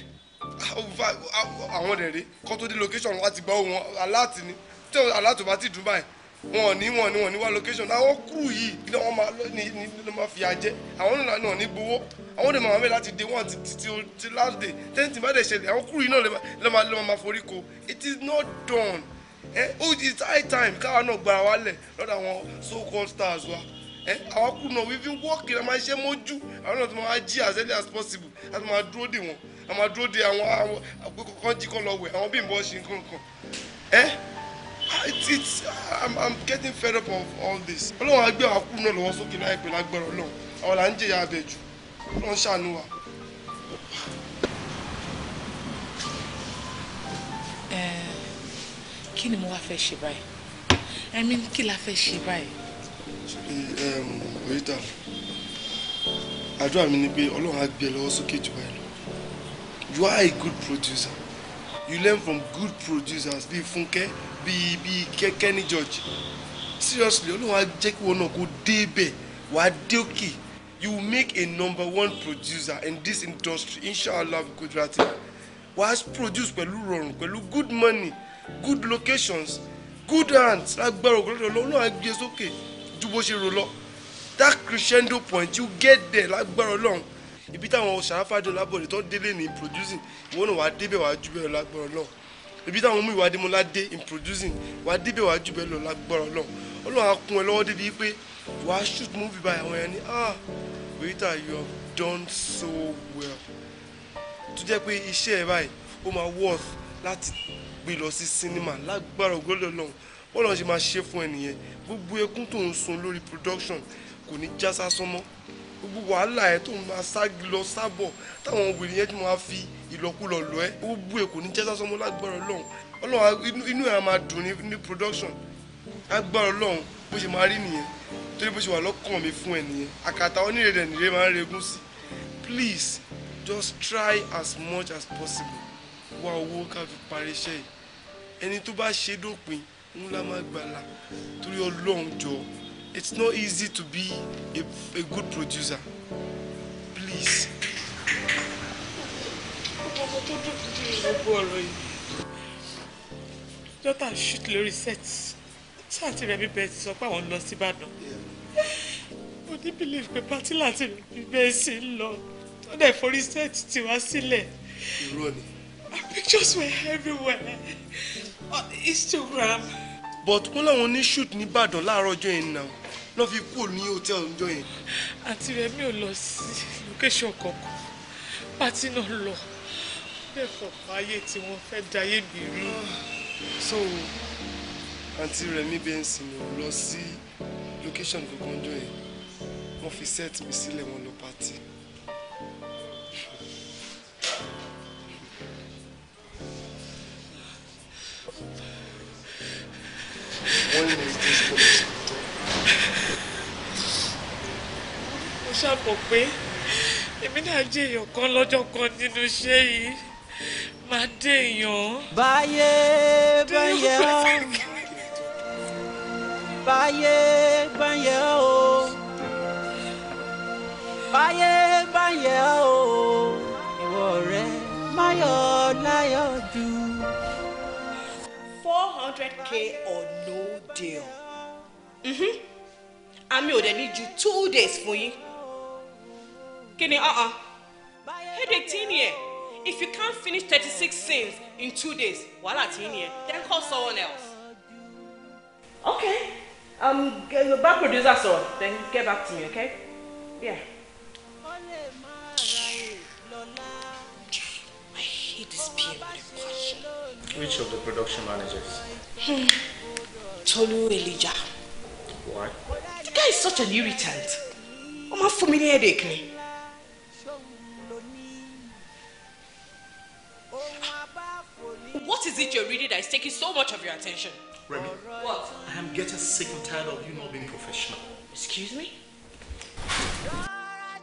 àwọn ọ̀dẹ̀rẹ̀ kọ́ tó dé location wọn ti gbọ́ wọn aláàtì ni tí aláàtì bá ti dùn báyìí wọn ní wọn ní wọn ní wá location àwọn kúrú yìí kí ló máa ní ló máa fi àjẹ àwọn náà náà ní gbowó àwọn òde màmá mi láti day one ti ti ti last day tẹ́ǹtì bá dẹ̀ ṣẹlẹ̀ àwọn kúrú yìí náà ló máa ló máa forí ko it is not done eh it is high time káwa náà gbara wa lẹ̀ lọ́dọ̀ àwọn so called stars wa eh àwọn kúrú náà we been working a máa ṣe mójú àwọn náà ti máa jí as early as possible a ti máa dúró dè wọn a máa dúró dè àwọn àwọn àgbẹ̀kọ̀kan jí kọ́ lọ wẹ̀ àwọn bí nǹkan ṣe nǹkan kan eh it's it's i'm i'm getting fed up of all this ọlọ́run á gbé àwọn akúrú náà lọ́wọ́ sókè láìpẹ́ lágbára ọlọ́run àwọn là ń jẹ̀yà abẹ jù ọlọ́run ṣàánú wa. kí ni mo wá fẹ́ ṣe báyìí i mean kí la fẹ́ ṣe báyìí. oyita àdúrà mi ni pé ọlọ́run á gbé ẹ lọ́wọ́ sókè jù báyìí lọ you are a good producer you learn from good producers bíi Funke bíi bíi kẹ́kẹ́ ní george seriously olóhùn á jẹ́ kí wọn náà kó débẹ̀ wàá dé òkè you make a number one producer in this industry inshallah kudrati wàá produce pẹ̀lú rọrùn pẹ̀lú good money good locations good hands lágbára ògbólódò olóhùn á gbé e sókè ju bó ṣe rò lọ that crescendo point you get there lágbára ọlọ́run ibi táwọn ṣàáfàdé lábọ̀dé tó délé ní producing ìwọ náà wàá débẹ̀ wàá jù bẹ́ẹ̀ lágbára ọlọ́run ibi táwọn mú ìwà adémọlá dé in producing wà á débẹ̀ wà á jù bẹ́ẹ̀ lọ lágbára ọlọ́run ọlọ́run á kún ẹ lọ́wọ́ débi pé wà shoot movie by àwọn yẹn ah waiter you have done so well tó jẹ́ pé iṣẹ́ ẹ báyìí ó máa worth láti gbé lọ sí cinema, lágbára ògbólódé ọlọ́run ọlọ́run ṣe máa ṣe fún ẹ nìyẹn gbogbo ẹkún tó ń sun lórí production kò ní já sásán mọ́ gbogbo wàhálà ẹ tó ń máa sá lọ sábọ̀ táwọn obìnrin yẹn ti máa fi ìlọkulọ lọ ẹ ó bú èkó ní jẹ́sà sọmọ lágbára ọlọ́run ọlọ́run inú ẹ̀ máa dùn ní production lágbára ọlọ́run bó ṣe máa rí nìyẹn torí bó ṣe wà lọ́kàn mi fún ẹ nìyẹn àkàtà onírèrè nìyẹn máa ń regún sí please just try as much as possible wá owó ká fi parí iṣẹ́ yìí ẹni tó bá ṣe dópin òun la máa gbàlà torí ọlọ́run jọ it's not easy to be a, a good producer please nǹkan tó dùn jù gbogbo ọ̀rọ̀ yìí dọ́tà shoot lórí set tí àti rẹ̀ bíbẹ̀ ti sọ pé àwọn ń lọ sí mo ní believe pé pátí láti rẹ̀ bíbẹ̀ sì ń lọ tó dẹ̀ forí set ti wá sílẹ̀ our pictures were everywhere on Instagram. but kún làwọn ní shoot ní Ìbàdàn láàárọ̀ ọjọ́ yẹn náà lọ́ọ́ fi kúrò ní hòtẹ́ẹ̀lì ọjọ́ yẹn. àti rẹ̀ mi ò lọ sí location kankan pátí náà lọ. No dẹ̀ fọ̀pá ayé tí wọ́n fẹ́ dayé mi so àǹtí Rẹ̀mí bẹ́ẹ̀ ń sìn lọ sí location gbogbo yẹn wọ́n fi set mi sílẹ̀ wọn lọ pàtì. mo ṣàpọ̀ pé èmi náà jẹ́ èèyàn kan lọ́jọ́ kan nínú iṣẹ́ yìí máa dé èèyàn. báyé báyé ó báyé báyé ó báyé báyé ó ìwọ rẹ máyọ̀ láyọ̀ jù. four hundred k or no deal. àmì ò dẹ̀ ní ju two days fún yín. kí ni ọ̀hún? Uh-uh. headache tí ni ẹ̀ if you can't finish thirty six sins in two days while tí ń yẹn then call someone else. okay um, get your back producer sọ then get back to me okay. Yeah. Which of the production managers? Hmm. Tolu Elijah. Why? The guy is such an irritant. I'm máa familiar fún mi headache is it you're reading that is taking so much of your attention? Remy, what? I am getting sick and tired of you not being professional. Excuse me? I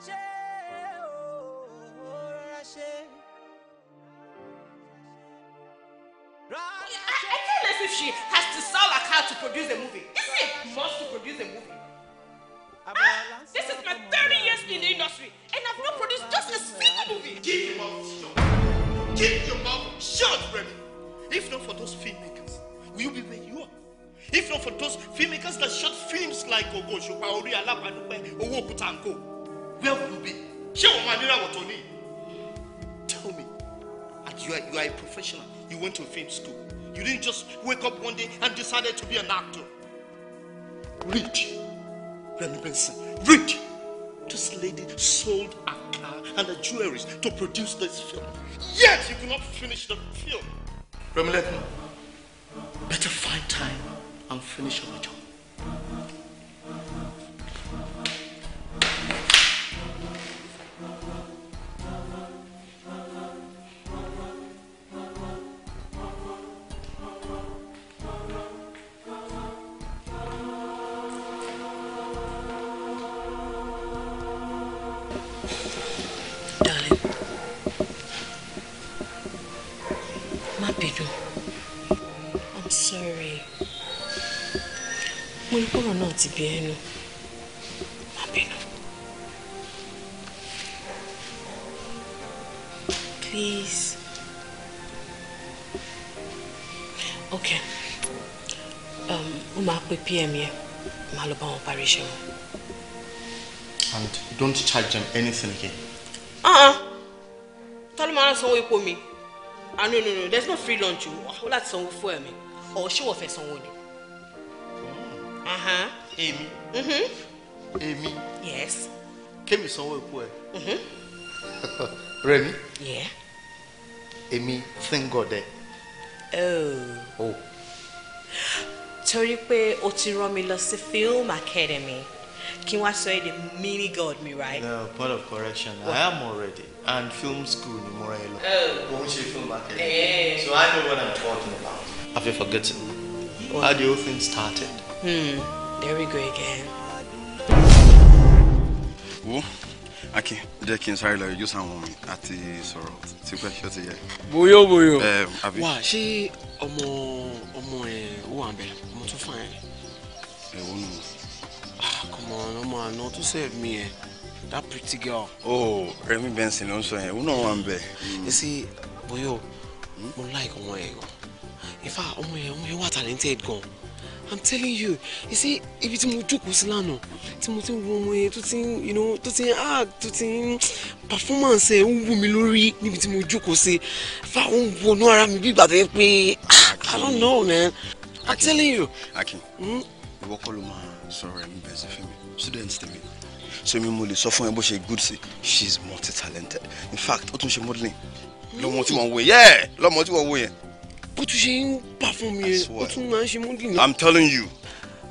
can't as she has to sell a car to produce a movie. is it? must to produce a movie. Ah, ah this is my 30 years in the industry, and I've not produced just a single movie. Keep your mouth shut. Keep your mouth shut, Remy. If not for those filmmakers, will you be where you are? If not for those filmmakers that shot films like Ogo Ṣùpá Orí Alábàdúpẹ́ Owó Òkúta where will you be? Show o máa nírà wọ̀tọ̀ Tell me, you are, you are a professional, you went to film school. You didn't just wake up one day and decided to be an actor. Read, Remy Benson, read. This lady sold a car and her jewelries to produce this film. Yet you could not finish the film. Remiletma, better find time and finish your job. ọ̀rọ̀ náà ti bí ẹnu má bínú. please. okay um, ó máa pe pm yẹn máa lọ bá wọn parí iṣẹ́ wọn. and don't charge them anything again. Uh-uh. ta ló máa ń sanwó epo mi? ah no no no there's no free lunch o ó láti sanwó fún ẹ̀mí ọ̀ ṣé wọ́n fẹ́ sanwó ni èmi mhm. èmi kémi sanwó ikú ẹ mhm. Rẹ̀mí èmi thank God Oh. Oh torí pé o ti rán mi lọ sí film academy kí wọ́n sọ èdè mini god mi right. no point of correction i am already and film school ni mo rẹ lọ. òun oh. ṣe film academy eh. so i know what i'm talking about. have you forgotten how the whole thing started. Hmm, there we go again. Wo, Akin, jẹ́ kí n sáré lọ yóò sáwọn mi àti sọ̀rọ̀ tí pẹ́ ṣọ́ ti yẹ. Boyo boyo. Wà ṣé ọmọ ọmọ ẹ̀ wà bẹ̀rẹ̀ ọmọ tó fà ẹ̀? Ẹ̀wọ̀n nù. Come on, ọmọ àná tó save me ẹ̀. That pretty girl. Oh, Remi Benson ló ń sọ yẹn, òun náà wà ń bẹ̀. You see, Boyo, mo like ọmọ ẹ̀ gan. In fact, ọmọ ẹ̀ ọmọ ẹ̀ wà talented gan i'm telling you you see ibi tí mo jókòó sí lánàá tí mo ti ń wo ọmọ yẹn tó ti ń you know tó ti ń ah tó ti ń performance ẹ̀ ń wù mí lórí níbi tí mo jókòó sí fáwọn ń wọnú ara mi bí ìgbà tó yẹ pé ah, i don't know man i'm telling you. akin hmm? ìwọ kọ́ ló máa sọ̀rọ̀ ẹ̀ ń bẹ̀ sí fún mi students tèmi so mi mo lè sọ fún ẹ bó ṣe good sí she is multi talented in fact ó tún ṣe modeling lọ́mọ tí wọ́n wò yẹ́ lọ́mọ tí wọ́n wò yẹn bó tún ṣe ń gbà fún mi yẹn ó tún máa ń ṣe múndì náà. i'm telling you.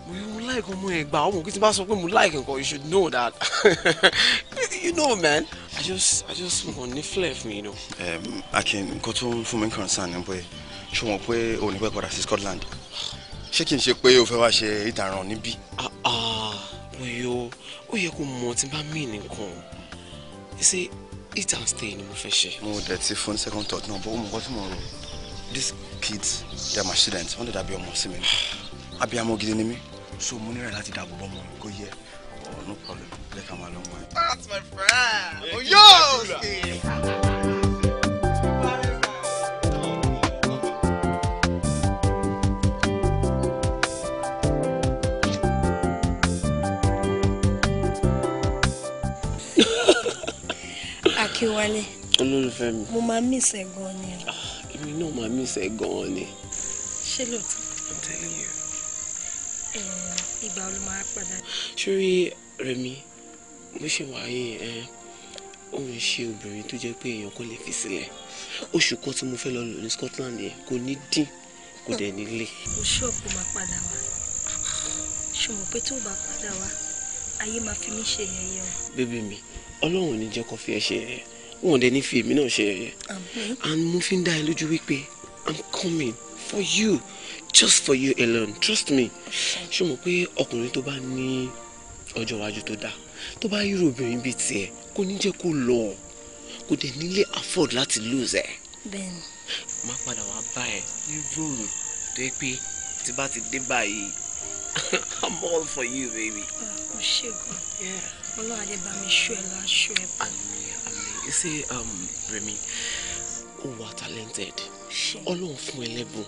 mo yọ mo like ọmọ ẹ gbà ọmọ kí n bá sọ pé mo like nǹkan you should know that you know man i just i just wọn ní flare fún mi you know. akin nǹkan tó ń fún mi concern ni pé ṣé wọn pé òun ní pẹ́ padà sí scotland ṣé kí n ṣe pé o fẹ́ wá ṣe ìtàràn níbí. mo ah, ah, yọ ó yẹ kó mọ tí n bá mí nìkan ṣe ìtàn stay ni mo fẹ́ ṣe. mo dẹ̀ ti fún second thought náà bó mo kọ́ tí mo rò these kids they are my students wọ́n lè dàbí ọmọ sí mi abiyamọ gidi ni mi so mo nílò láti dáàbò bọ́ ọmọ mi kó yẹ ọ̀ oh, no problem let am alone why. that's my friend oyo oh, Akiwale. Akíwálé. olólùfẹ́ mi. mo máa gan ni náà máa mí sẹ́ gan-an ni. ṣé lóòótọ́. i'm telling you. ìgbà wo ló máa padà. sórí Rẹ̀mí bó ṣe wà yìí òun ṣe obìnrin tó jẹ́ pé èèyàn kò lè fi sílẹ̀ oṣù kan tí mo fẹ́ lọ lò ní Scotland yẹn kò ní dín kò dẹ̀ nílé. mo ṣọ́ọ̀bù máa padà wá ṣùgbọ́n pé to bá padà wá ayé máa fi mí ṣe yẹ̀yẹ́ o. bébí mi ọlọ́run ò jẹ́ kó fi ẹ́ wọn dẹ ní fi èmi náà ṣe yẹ̀yẹ́ and mo fi ń dá ẹ lójú wípé i'm coming for you just for you alone trust me ṣé mo pé ọkùnrin tó bá ní ọjọ́ iwájú tó dáa tó bá yúrò obìnrin bíi tiẹ̀ kò ní jẹ́ kó lọ kò dẹ̀ nílé afford láti lose ẹ̀. bẹ́ẹ̀ni. má padà wá bá ẹ ní róòlù tó yẹ pé tí bá ti dé báyìí i'm all for you baby. Ah, o ṣègùn ọlọ́run adé bá mi ṣú ẹ lọ aṣọ ẹ bá mi ṣé um, Remi o oh, wà talented ọlọ́run fún ẹ lẹ́bùn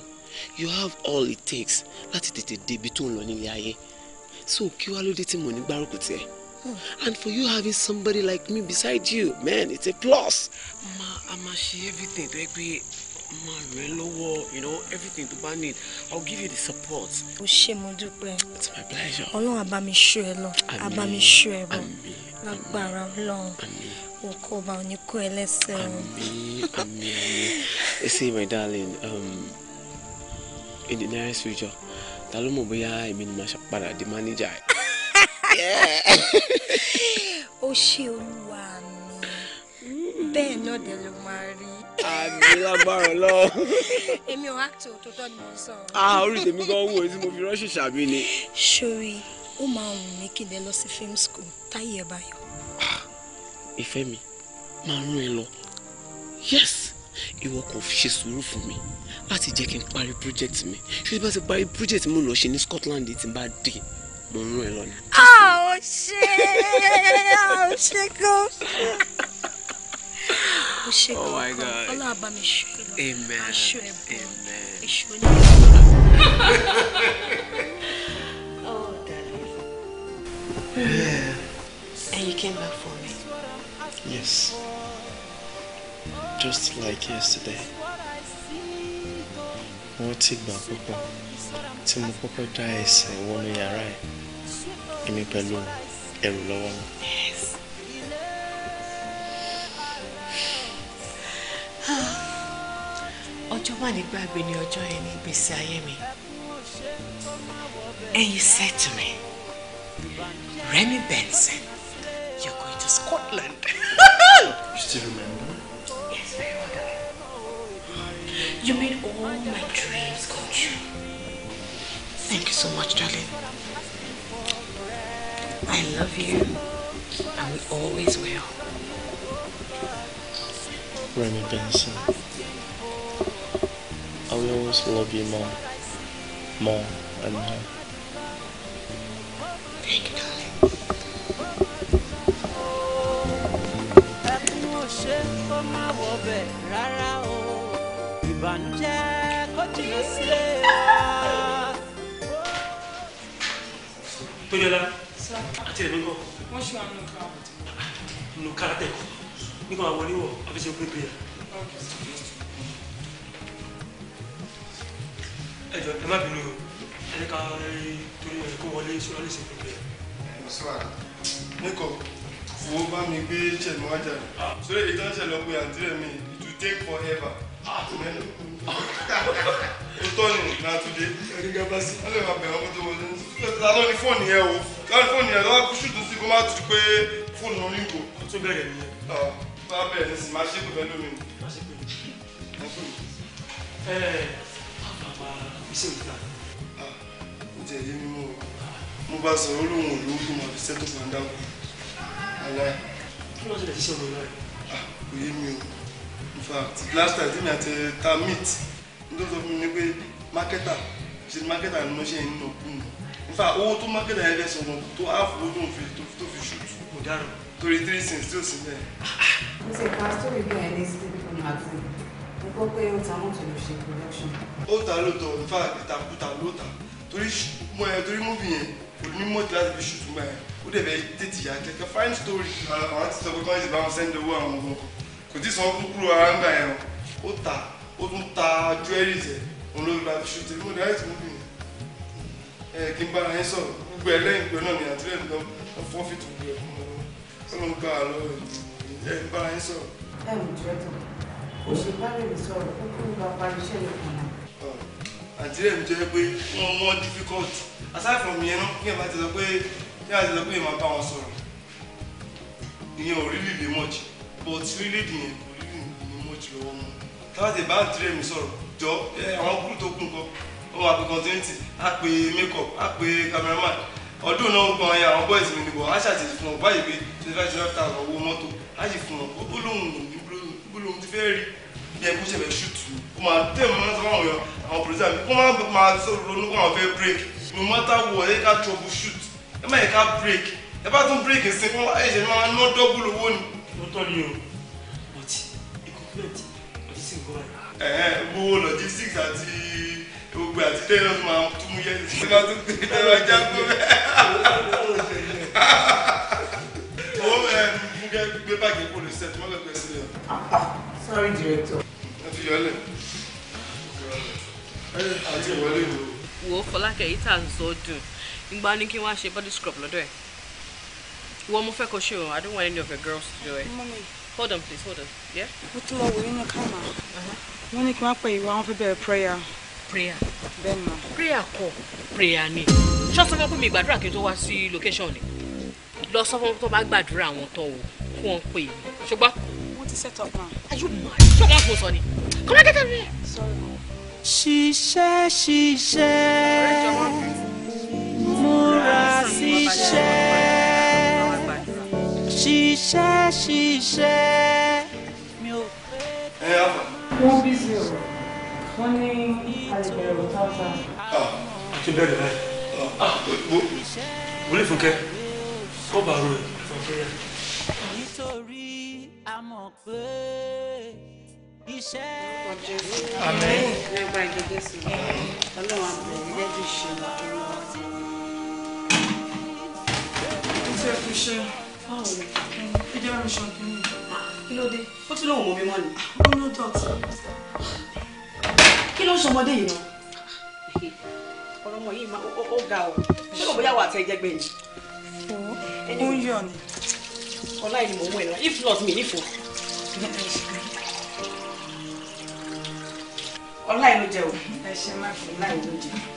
you have all it takes láti tètè débi tó ń lọ nílé ayé so kí wàá lóde tí mo ní gbárùkù tiẹ̀ hmm. and for you having somebody like me beside you man it's a plus. ma a ma ṣe everything tó yẹ pé ma ràn ẹ́ you know everything tó bá need i will give you the support. o ṣé mo dúpẹ́ it's my pleasure. ọlọ́run àbá mi ṣọ́ ẹ lọ àbá mi ṣọ́ ẹ bọ̀ lágbára ọlọ́run kó o bá ní see my darling um, in the nearest future ta mo mọ̀ bóyá èmi ni màá padà di manager ẹ̀. ó ṣe olúwa mi bẹ́ẹ̀ náà dẹ̀ ló máa rí. àmì lágbára lọ. èmi ò áàtì òtítọ́ ni mo sọ. ah orí tèmi gan wò tí mo fi rọ́ṣì ṣàbí ni. sori ó máa wù mí kí n lè lọ sí film school táyé ẹ bá yọ. Ah ìfẹ́ mi máa rán ẹ lọ yes ìwọ kò ṣe sùúrù fún mi láti jẹ́ kí n parí project mi ṣé bá ti parí project mi lọ ṣe ní Scotland tí n bá dé mo ń rán ẹ lọ ni. a ò ṣe a ò ṣe kó ṣe. o oh ṣe kó ọlá àbámi ṣe lọ aṣọ ẹ̀bùn èṣù ní. Oh, darling. Yeah. And you came back for me. Yes. Just like yesterday. Mo ti gbà púpọ̀ tí mo kọ́kọ́ dá ẹsẹ̀ wọnú yàrá ẹ̀. Èmi pẹ̀lú ẹrù lọ́wọ́ mi. Ọjọ́ má ní gbàgbé ni ọjọ́ yẹn ní ìgbésí ayé mi. And you said to me, Remy Benson. You're going to Scotland. you still remember? Yes, very well, darling. You made all my dreams come true. Thank you so much, darling. I love you, and we always will. Remy Benson, I will always love you more, more and more. Thank you, darling. ṣe kó má wọbẹ̀ rárá o ìbànújẹ́ kó jìnnà sílé wa. tójọlá àti ẹ̀mí kọ́. wọ́n ṣe àwọn nǹkan àbùtù. nù kárátẹ̀ nígbà wà wọlé wọ̀ àfẹsẹ̀ pépé yà. ẹ jọ ẹ má bínú o ẹ ní ká torí ẹ kó wọlé sọlá lè ṣe pépé yà. mo sọ àná ní kò wo bá mi gbé ṣẹ̀mú wájà rẹ̀ sórí èyí tó ń ṣẹlẹ̀ pé àǹtí rẹ̀ mi it will take forever ah, mẹ́nu o tọ́ ni na today ẹni gan bá sí. wọ́n lè máa bẹ̀rẹ̀ ọkọ tó wọlé ta ló ní fóònù yẹn o ta ló ní fóònù yẹn lọ́wọ́ ṣùtù sí kó má tutù pé fóònù ló ń yíko. o tún bẹ̀rẹ̀ nìyẹn. ọ ah, bá bẹ̀rẹ̀ ní sì máa ṣe é pẹ̀lú mi. máa ṣe pẹ̀lú mi. ẹ ẹ àgbà iṣẹ́ òkúta. Ah, ó jẹ́ èyí mímú o mo bá sọ̀rọ̀ ó lóun ò lówó kó máa fi ṣètò pàǹdà kù alẹ́. kí ló ṣe lè ṣiṣẹ́ olórí rẹ̀. kò yé mi o in fact last time tèmi àti ta meet nítorí sọ fún mi pé mákẹ́tà ṣe ni mákẹ́tà ni mo ṣe ń nà kú mi in fact owó tó mákẹ́tà yẹn fẹ́ sọ̀rọ̀ tó half owó tó fi tó fi ṣùtù kò dára torí three cents tí ò sí bẹ́ẹ̀. mo ṣe ká sórí bí ẹni sí fún magazine mo gbọ́ pé ó ta mọ́tò ló ṣe production. ó ta lóòótọ́ in fact ìtàkùtà ló ta torí mú ẹ torí múfì yẹn kò ní mọ́tò láti fi ṣùtù mọ́ ẹ o de bɛ tètè ya kɛkɛ fine story àwọn ti sọ pé kọ́ńtì bá wọn sẹ́ńdẹ̀ owó àwọn ọmọ kò tí sanwó kúkúrú ara ń gbà yẹn o ta o tún ta jewelry jẹ òun ló fi ba ṣu tèmi òun dáhìí tó mú mi ẹ kí n bára yín sọ̀rọ̀ gbogbo ẹ lẹ́yìn pé náà ni àtúnyẹ̀ nǹkan wọn fọ́ fìtò gbogbo ẹ̀ fún mi ọlọ́run gbà lọ ẹ ń bára yín sọ̀rọ̀. ẹ ò jẹ́ tó o ṣe bá lè sọ̀rọ̀ kúkúrú bá parí iṣẹ́ yẹn kan àǹtí rẹ̀ mi jẹ́ pé wọ́n mọ́ difficult aside from yẹn náà kí ẹ bá to say pé bí a ti sọ pé màá bá wọn sọ̀rọ̀ ìyẹn ò really lè much but really yẹn kò really lè much lọ́wọ́ mọ́ táwọn ti bá ń tirẹ̀ mi sọ̀rọ̀ jọ àwọn kúrú tó kún kọ́ ó máa pe continuity á pe makeup á pe cameraman ọdún náà gan ya àwọn boys mi nìbọ á ṣàtìsí fún ọ báyìí pé twenty five twenty five thousand owó mọ́tò á sì fún ọ gbólóhùn gbólóhùn ti fẹ́ rí bí ẹkú ṣẹlẹ̀ ṣùtù kó máa tẹ̀ mọ́ sọ àwọn èèyàn àwọn pòlísà mi kó máa sọ̀rọ̀ lónú kó máa fẹ́ break no matter what ẹ ká trouble shoot ẹ má yẹ ká break ẹ bá tún break ṣe fún ẹ̀ṣẹ̀ ní máa ná dọ́gbùlù owó ni. ó tọ́ ni o but equipment logistics gbọ́ ẹ̀. ẹ ẹ gbowó logistics àti gbogbo àti tailors máa tún mú yẹn ṣe máa tún tẹ ẹ lọ jágbó bẹ́ẹ̀. owó ẹ mú kẹ́ gbé báàgì epo lè ṣe ẹ tí wọ́n lọ gbé sílẹ̀. sorry director. ẹ fi yọ ọ lẹ wo Fọlákẹ́ yìí tà ń sọ dùn ìgbà ni kí n wá ṣe body scrub lọ́dọ̀ ẹ̀ ìwọ mo fẹ́ kó ṣe o I don't want any of your girls to do it. Mommy. hold on please hold on. mo ti lọ wò nínú kámà uh-huh. wọn ní kí n wá pè ìwà wọn fẹ́ bẹ̀rẹ̀ prayer. prayer. bẹ́ẹ̀ ma. prayer kọ́ prayer ni ṣọ́ọ́sì fún mi gbàdúrà kí n tó wá sí location ni lọ sọ fún tó bá gbàdúrà àwọn tó wò fún wọn pè mí ṣùgbọ́n. wọ́n ti set up now? are you mad ṣọ́ọ́sì fún sọ ni come on get out of here. sorry. ṣiṣẹ́ ṣiṣẹ́. ọ̀rẹ́ jọ̀wọ́ múra ṣiṣẹ́ ṣiṣẹ́ ṣiṣẹ́ mi ò pé. wọ́n bí sí o wọ́n ní àlùbẹ̀rù táwọn. ṣé bẹ́ẹ̀ ni báyìí wọlé fúnkẹ́ ó bá ro ìfọ̀kẹ́ yá. nítorí a mọ̀ pé iṣẹ́ ìwé àmín nígbà ìdíje sí i ọlọ́run àbẹ̀rẹ̀ gẹ́gẹ́ bí ìṣèlú àti ìwọ̀n. ṣe kú iṣẹ́ báwo ni ẹ jẹ́ bámi ṣan kínní kí ló dé ó tún lóun mọ mi mọ́ ni. ó ló dọ̀tí. kí ló ń ṣọmọdé yìí náà. ọ̀rọ̀ ọmọ yìí ó ga o ṣé kò bóyá wà á tẹ ẹjẹ́gbẹ́ ni. ó ń yọ̀ ni. ọlá yìí if not me if o. ọlá yìí ló jẹ o. ẹ ṣe má fi ọlá yìí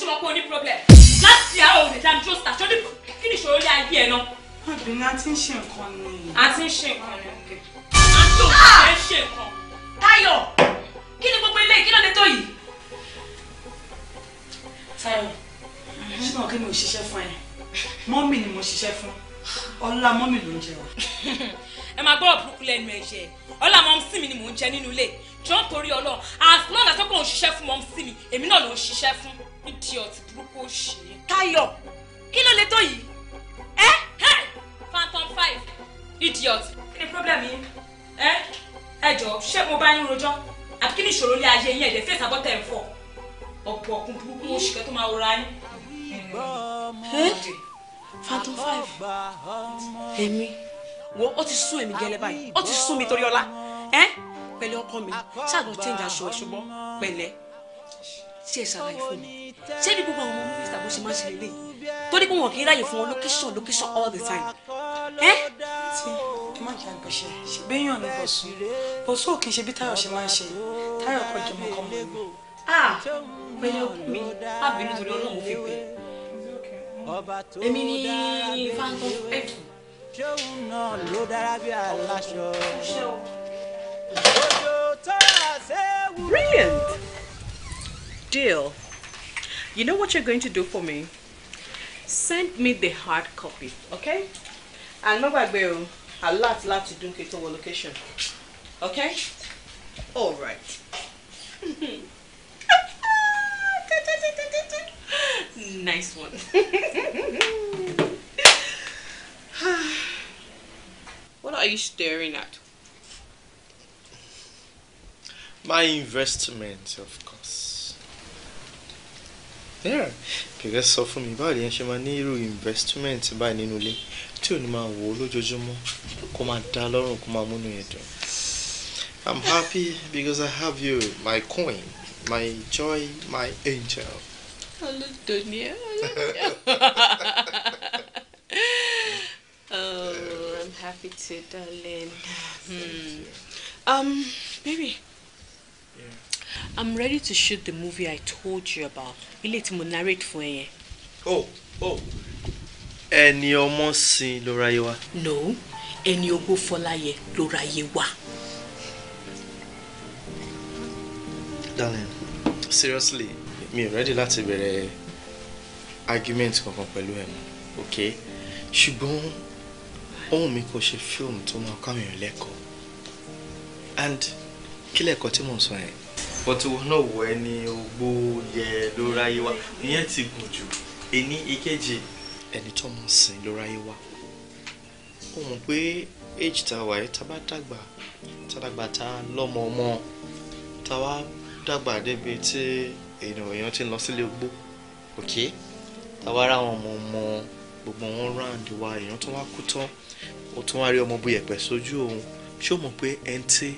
ṣọmọ pé o ní problem láti àárọ̀ òde dá dúró síta ṣọ́ni kí ni ìṣòro ilé ayé ẹ̀ náà. obìnrin a ti ń ṣe nǹkan ni. a ti ń ṣe nǹkan ni. a ti ò fẹ́ ṣe nǹkan. Táyọ̀ kí ni gbogbo ilé kí ló dé tó yìí. Táyọ̀ ṣé kí mi ò ṣiṣẹ́ fún ẹ mọ́mì ni mo ṣiṣẹ́ fún ọlá mọ́mì ló ń jẹ wá ẹ máa gbọ́dọ̀ burúkú lẹ́nu ẹ̀jẹ̀ ọlá mọ́ mi ni mò ń jẹ nínú ilé jọ́ torí ọlọ́ àtúnlọ́nà tó kàn ń ṣiṣẹ́ fún mọ́ sí mi èmi náà ló ń ṣiṣẹ́ fún idiot burúkú òṣì. Táyọ̀ kí ló lè tó yìí ẹ ẹ phantom five idiot kí ni problem yìí ẹ ẹ jọ ṣé mo bá yín rojọ́ àbí kí ni ìṣòro ilé ayé yín ẹ̀dẹ̀ fèsì àbọ̀tẹ̀ ń fọ̀ ọ̀pọ̀ ọ̀kùn burúkú oṣù kẹ́ máa rọra yín. phantom five èmi wo ó ti sún èmi gẹ́lẹ́ báyìí ó ti sún mi torí ọlá ẹ pẹ̀lẹ́ ọkọ mi ṣáà lọ change aṣọ ẹ̀ ṣùgbọ́n pẹ̀lẹ́ ṣe é ṣàlàyé fún mi ṣé bí gbogbo àwọn ọmọ mínísítà bó ṣe máa ṣe lélẹ̀ torí pé wọn kì í ráyè fún wọn location location all the time. ẹ ti má kí agbèsè ṣègbéyàn ní bọ̀sùn bọ̀sùn ò ṣe bí táyọ̀ ṣe máa ń ṣe táyọ̀ kọ jọmọ kọ mọ mi. a ah! pẹ̀lẹ́ ọkọ mi àbí nítorí Ọlọ́run mo fi pè èmi ní phantom f. Brilliant deal. you know what you're going to do for me send me the hard copy okay and no bad bill a lot lot to do it over location okay all right nice one what are you staring at my investment of yeah because sọ fún mi báwo lèyàn ṣe máa ní irú investment báyìí nínú ilé tí ò ní máa wò ó lójoojúmọ́ kó máa dá lọ́rùn kó máa múnú yẹn dùn I'm happy because I have you my coin my joy my angel. olódò ni ẹ Oh, I'm happy too, darling. Hmm. Um, baby. I'm ready to shoot the movie I told you about. Ilé tí mo narrate fún ẹ yẹn. Oh, oh. Ẹni ọmọ sin ló ráyé wá. No, ẹni ogó Fọláyẹ ló ráyé wá. Darling, seriously, mi ò ready láti bẹ̀rẹ̀ argument kankan pẹ̀lú ẹ̀ mọ́, okay? Ṣùgbọ́n ohun mi kò ṣe fíìmù tó máa kọ́ àwọn èèyàn lẹ́kọ̀ọ́ and kí lẹ́kọ̀ọ́ tí mò ń sọ yẹn nǹkan tí wọn náà wọ ẹni ogbó yẹ ló ráyé wá ìyẹn ti gùn jù ẹni ìkejì ẹni tó mọ̀ sí ló ráyé wá ó mọ̀ pé age tá a wà yìí tá a bá dàgbà tá a dàgbà tá a lọ́mọ ọmọ tá a wá dàgbà débi tí èèyàn ti lọ sílé ogbó òkè tá a wá rá àwọn ọmọ ọmọ gbogbo wọn round wa èèyàn tó wá kú tán ó tún wá rí ọmọ bu yẹ̀pẹ̀ sójú òun ṣé o mọ̀ pé ẹni tí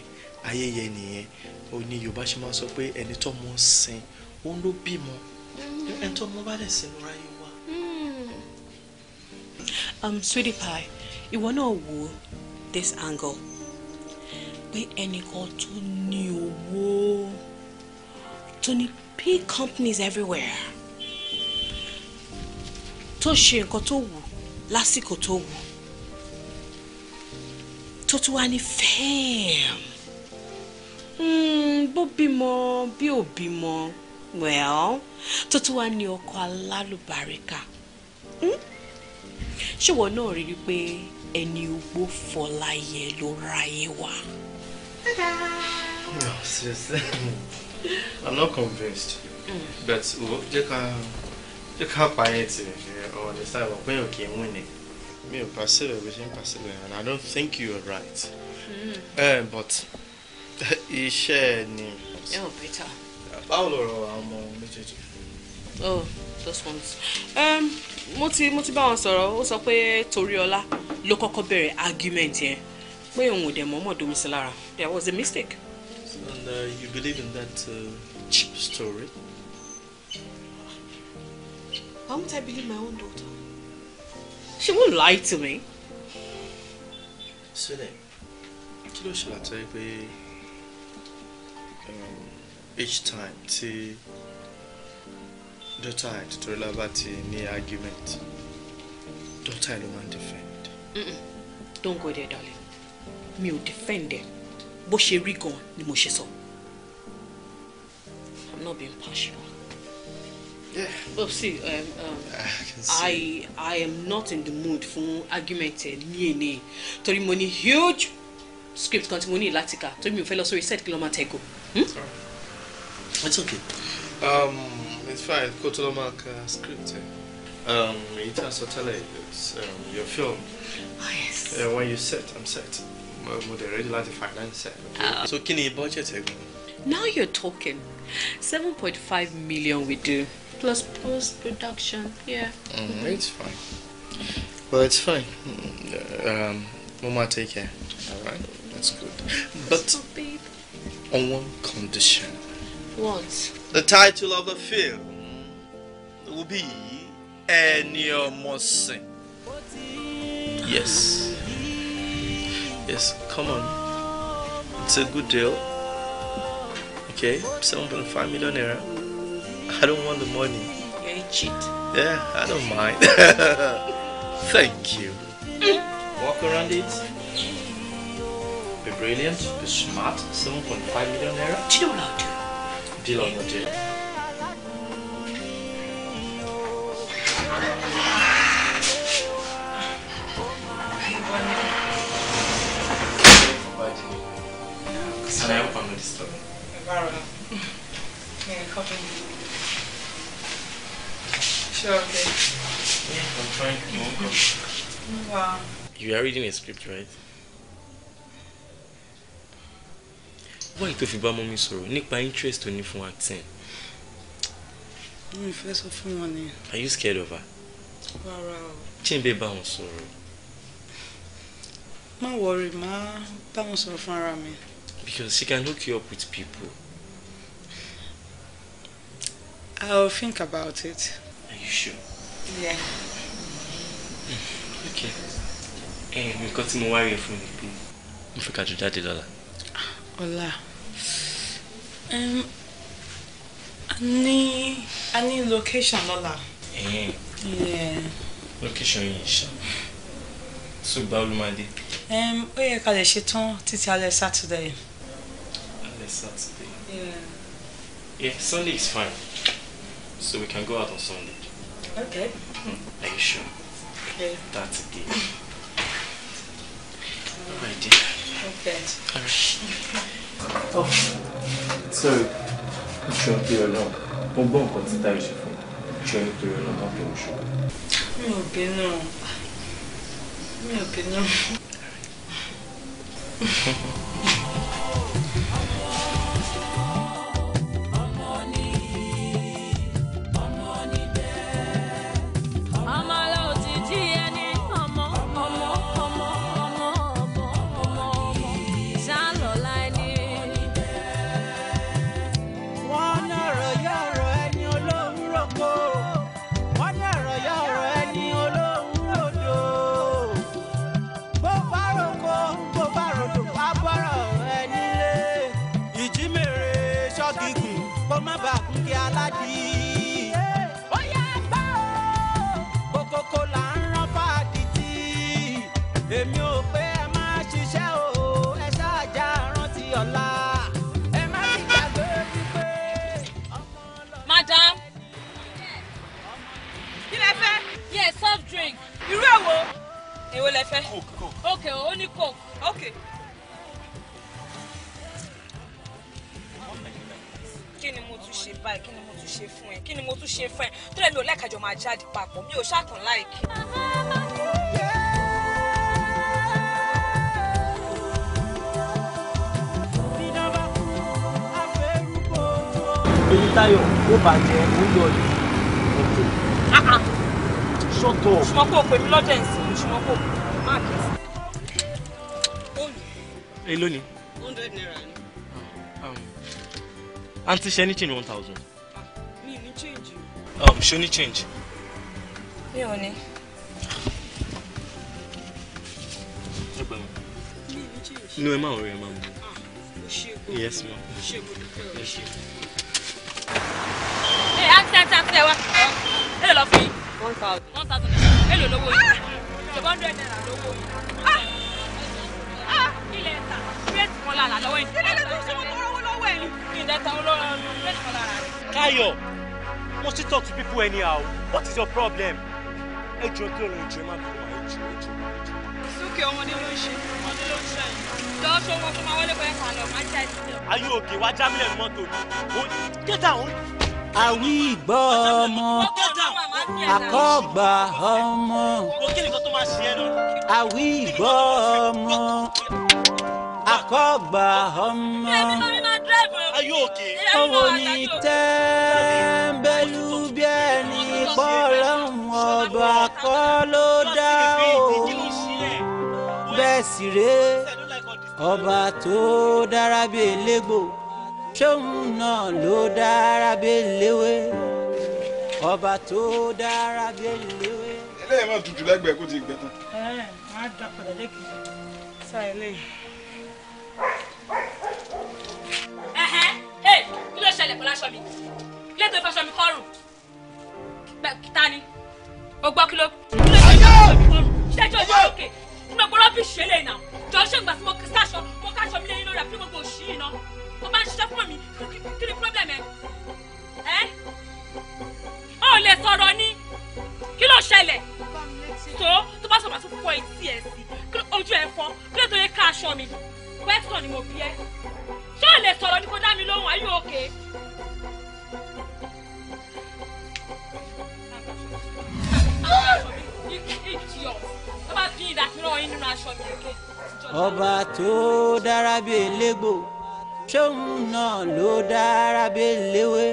ayé yẹ nìyẹn ó ní Yorùbá ṣe máa sọ pé ẹni tó mọ sin òun ló bímọ ẹni tó mọ bá dẹ̀ sin lọ́ra yìí wá. Um, sweetie pie ìwọ náà wò this angle pé ẹnìkan tó ní owó tó ní big companies everywhere tó ṣe nǹkan tó wù lásìkò tó wù tó tún wá ní fẹ́ẹ̀m. Hmm, bó bímọ bí ò bímọ well tó tún wá ní ọkọ alálùbáríkà hmm? ṣèwọ náà rí i pé ẹni ogbó fọláyẹ ló ráyé wá. no seriously i'm not convinced mm. but jẹ́ ká jẹ́ ká pa yẹn ti ọ̀nà sábà pé òkè ń wìn ni mi ò pàṣẹ rẹ̀ bó ṣe ń pàṣẹ rẹ̀ and i don't think you are right mm. uh, but. iṣẹ́ ni. ẹ ò bẹ́tà. báwo lọ̀rọ̀ àwọn ọmọ méjèèjì. oh those ones. Um, mo ti mo ti bá wọn sọ̀rọ̀ ó sọ pé Toriola ló kọ́kọ́ bẹ̀rẹ̀ argument yẹn pé òun ò dẹ̀ mọ́mọ́ domi sí lára there was a mistake. and uh, you believe in that uh, story. Why won't I believe my own daughter? She won't lie to me. Sílẹ̀, kí ló ṣe àtẹ́ pé each time tí dọ́tà àti Toriola bá ti ní argument dọ́tà ló máa ń defend. don't go there darling mi ò defend ẹ bó ṣe rí gan ni mo ṣe sọ i'm not being partial. Yeah. Well, oh, see, um, um, I, I I am not in the mood fún argument ní èlé torí mo ní huge script kan tí mo ní láti kà torí mi ò fẹ́ lọ sórí set kí ló Hmm? Sorry. It's okay. Um, it's fine. Kotolomak uh, script. Eh? Um, Ita Sotele, it's um, your film. Oh, yes. Uh, when you set, I'm set. Would already like the finance set. Okay? Ah. So, can you budget it? Eh? Now you're talking. 7.5 million we do. Plus post production, yeah. Mm, mm -hmm. It's fine. Well, it's fine. Mm, um, Mama, take care. Eh? Alright? That's good. But, on one condition. The title of the film will be Eniomosin. Yes. Yes, come on. It's a good deal. Okay, 7.5 million era. I don't want the money. You're a cheat. Yeah, I don't mind. Thank you. Walk around it. Be brilliant, be smart. 7.5 million era. Do you know what I'll do? And I hope I'm not disturbing. Yeah, copy. Sure, okay. Yeah, I'm trying. Wow. You are reading a script, right? wáyé tó fi bá mọ́mí sọ̀rọ̀ nípa interest tó ní fún acting. mi fẹ́ sọ fún wọn ni. are you scared of her. rárá o. Chimbe bá wọn sọ̀rọ̀. má wọrí má bá wọn sọ̀rọ̀ fún ara mi. because she can hook you up with people. I'll think about it. Are you sure? Yeah. Hmm, okay. Eh, nǹkan tí mo wá rí ẹ fún mi pé mo fẹ́ ká jọ jáde lọ́la. Ọlá, a ní a ní location lọ́la. Location yìí ṣá. Ṣùgbọ́n Olúmọdé. Ó yẹ ká lè ṣetán títí alẹ́ Saturday. Alẹ́ Saturday. Yeah. Yeah, Sunday is fine. So we can go out on Sunday. Okay. Hmm, are you sure? Okay. That's a deal. All right, dear. Okay. Oh. Sorry. Ṣé o ń bèrè náà? Mo gbọ́ nǹkan tí Táyọ̀ ṣe fún mi. Ṣé o ń bèrè náà má bẹ̀rù ṣùgbọ́n? Mi ò bínú. Mi má bàa kún aládì. èmi ò pé ẹ má ṣiṣẹ́ o ẹ ṣáàjà rántí ọ̀la. ẹ má ti gbàgbé wípé ọmọ lọ. madam. kí lẹ fẹ́. yes soft drink. irú èwo. èwo lẹ fẹ́. coke coke. Okay, ó ní coke. Okay. kí ni mo tún ṣe fún ẹ tó lẹ́mi ò lẹ́kàjọ máa jáde papọ̀ mi ò ṣàkàn láìkí. èyí táyọ̀ ó bàjẹ́ ó yọ yìí ètò. ṣọ́tọ̀. pè mí lọ́dẹ̀ ǹsìn ṣùgbọ́n kò má kí èyí lónìí. hundred naira ni. àǹtí ah, um. ṣe ní chinu one thousand um, ṣo ní change. mi ò ní. ẹ gbà inú ẹ máa ń rí ẹ máa ń bọ. Ah, yes ma. ẹ accident accident wa ẹ lè lọ fún one thousand. one thousand naira. èlò lówó yìí. two hundred naira lówó yìí. ilé ẹ̀ta fẹ́ẹ̀tì kan lára lọ́wọ́ yìí. kí ni ló tún ṣe wọ́n tọrọ owó lọ́wọ́ ẹ̀? kí ni ẹ̀ta olóòórùn fẹ́ẹ̀tì kan lára rẹ̀. káyọ̀ must you talk to people anyhow? What is your problem? Ẹ jọ tó lọ ìjọ má bọ̀ wá ìjọ ìjọ ìjọ. Sókè ọmọdé ló ń ṣe, ọmọdé get down. Àwí ìgbọ́ ọmọ, àkọ́gbà ọmọ. Àwí ìgbọ́ ọmọ, àkọ́gbà ọmọ. Owó ni tẹ́ẹ̀. kọ́ ló dá o bẹ́ẹ̀ sì ré ọba tó dára bí elégbò ṣóun náà ló dára bí eléwé ọba tó dára bí eléwé. eléyìí máa tutù lẹ́gbẹ̀ẹ́ kó ti gbẹ tán. ẹ ẹ máa dá padà lẹ́kì sá eléyìí. ẹhẹ ẹ kí ló ṣẹlẹ̀ pẹ̀lú aṣọ mi kí tó fi aṣọ mi kọ́rùn-ún ta ni o gbọ́ kí ló kí ló ṣe é ṣẹ́jọ́ ìwé òkè nínú ọpọlọ bí ìṣẹ̀lẹ̀ náà jọ ṣe ìgbà tí mo sáṣọ mo káṣọ mi lẹ́yìn lórí àfi gbogbo òṣì yìí náà mo máa ń ṣiṣẹ́ fún mi kí ni problem ẹ ẹ ọ ò lè sọ̀rọ̀ ni kí ló ṣẹlẹ̀ tó tó bá sọ̀rọ̀ àtúntò fọ etí ẹ̀ sí ojú ẹ̀ fọ́ kí ló tó yẹ ká aṣọ mi question ni mo bí ẹ ṣé ò lè sọ̀rọ̀ ni kó dá mi lóhùn ayé òkè. ọba tó dára bí elégbò ṣóun náà ló dára bí eléwé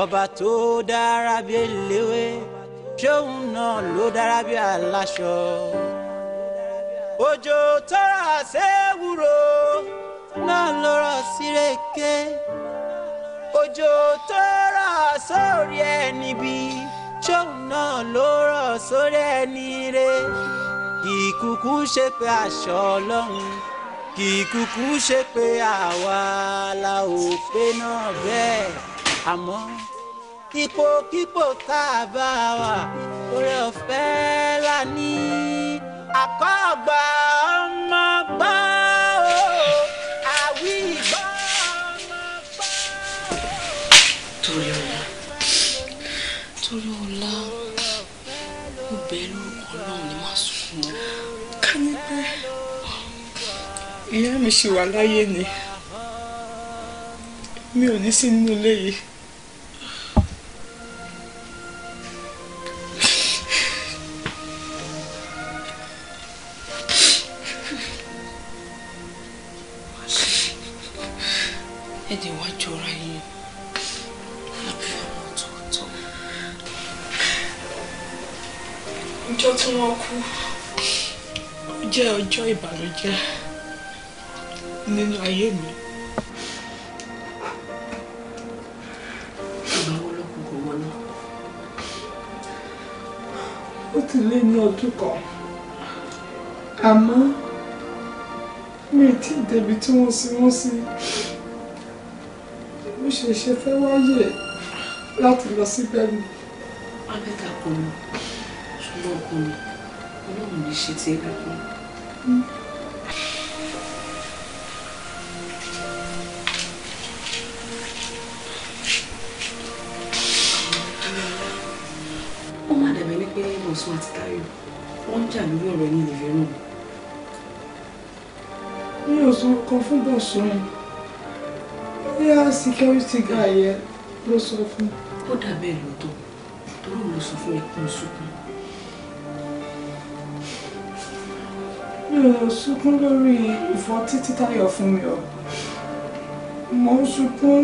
ọba tó dára bí eléwé ṣóun náà ló dára bí aláṣọ. òjò tọ́ra ṣéwúro náà ló rọ̀ sírèké òjò tọ́ra sórí ẹni bíi ṣóun náà ló rọ̀ sórí ẹni re ìkùkù ṣe pé aṣọ ọlọ́run kì í kúkú ṣe pé àwa la ò pé náà bẹ́ẹ̀ àmọ́ ipòkípò tá a bá wà oore ọ̀fẹ́ la ní àkọ́gbà ọ̀hún. ìyá mi ṣì wà láyé ni mi ò ní sí nínú ilé yìí. ẹ̀dẹ̀ wá jọra yín lábẹ́ ọmọ tòótọ́. ọjọ́ tí wọ́n kú ó jẹ́ ọjọ́ ìbànújẹ́ nínú ayé mi. ìgbàwo ló kù kò wọná. ó ti lé ní ọdún kan àmọ́ mi ti débi tí wọ́n sí wọ́n sí mo ṣẹ̀ṣẹ̀ fẹ́ wáyè láti lọ síbẹ̀ ni. abẹ́ta kò mọ̀ ṣùgbọ́n kò mọ̀ pé Wọ̀sùn àti Táyọ̀ wọ́n ń jà lórí ọ̀rọ̀ ní ìlẹ̀fẹ́ náà. mi ò sọ kan fún Wọ̀sùn bóyá security guy yẹn ló sọ fún. ó dà bẹ́ẹ̀ lọ́tọ̀ torí mo sọ fún ẹkún sunkún. mi ò sunkún lórí ìfọ́ títí Táyọ̀ fún mi o mo ń sunkún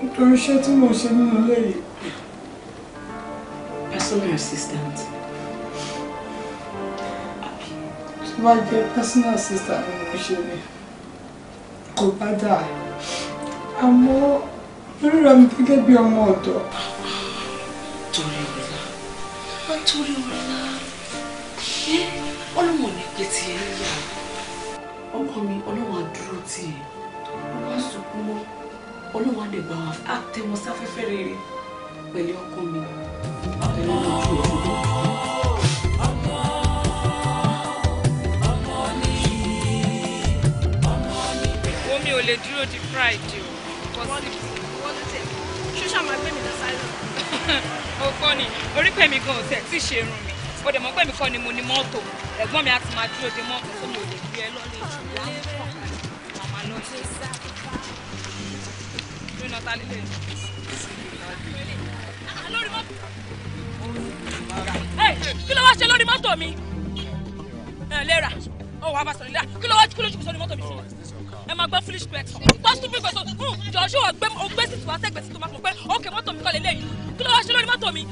nítorí iṣẹ́ tí mo ṣe nínú ilé yìí personal assistant. tó bá jẹ́ personal assistant ni mo ṣe ni kò bá dáa àmọ́ lórí ra mi gẹ́gẹ́ bí ọmọ ọ̀dọ́. torí ọ̀la wọ́n torí ọ̀la ọlọ́wọ̀n ní pé ti ẹ̀ ń yà ọkọ mi ọlọ́wọ̀n àdúró tì í ọlọ́wọ̀n àsùnkún mọ́ pẹ̀lú ọkọ mi pẹ̀lú ojú ẹ̀. omi ò lè dúró di friday o ṣíṣà máa gbé mi lọ sálọ. o kọ́ ni orí pẹ̀mí gan-an ọ̀sẹ̀ tí ṣe irun mi o dẹ̀ mọ̀ pẹ̀mí kọ́ ni mo ní mọ́tò ẹ̀gbọ́n mi á ti máa dúró de mọ́tò tó mo lè gbé ẹ lọ́lẹ̀ ìjìyà màmá lọ́sẹ̀. kí ló wá ṣe lórí mọ́tò mi ẹ lera ọ wà á bá sọ̀rọ̀ lera kí ló wá kí ló ṣe sọ̀rọ̀ mọ́tò mi sílẹ̀ ẹ máa gbọ́ foolish question gbọ́ stupid question jọ̀ọ́sù ọ̀gbẹ́ ọ̀gbẹ́ sì tù wá sẹ́gbẹ̀ sí tó máa fún pé ókè mọ́tò mi kọ́ lé léyìí kí ló wá ṣe lórí mọ́tò mi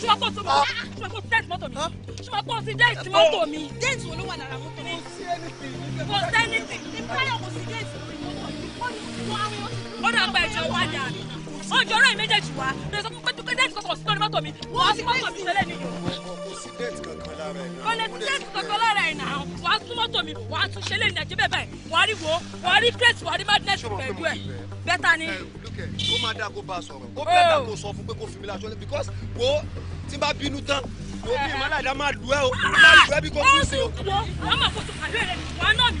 ṣùgbọ́n kò tó mọ́ ṣùgbọ́n kò tẹ́sí mọ́tò mi ṣùgbọ́n kò sí déètì mọ́tò mi. déètì wo ló wà lára mọ́tò mi. kò sẹ́ni tì ní báyọ̀ kò sí déètì mọ́tò mi. ó dàgbà ìjọba dà mí ọjọ́ ọ̀rọ̀ ìméjèèjì wa lóye sọ fún pé tukẹ́ dẹ́ẹ̀tì kọ̀ọ̀kan sínú mọ́tò mi wọ́n sí mọ́tò mi tẹ́lẹ̀ nìyó. kò sí lè sí dẹ́ẹ̀tì kankan lára ẹ̀ náà wàá sún mọ́tò mi wàá tún ṣe léyìn nàìjíríà bẹ́ẹ̀ wàá rí wo wàá rí grace wàá rí madness pẹ̀lú ẹ̀ bẹ́ta ni. ó máa dáa kó bá a sọ̀rọ̀ ó bẹ́ẹ̀ kó sọ fún pé kó fi mi because wo tí bá bínú tán òbí ìmọ̀lá ìdá máa lù ẹ́ o máa lù ẹ́ bí kò kú sí o. ó sùn wo àwọn àkóso pàdé rẹ̀ wàá náà mi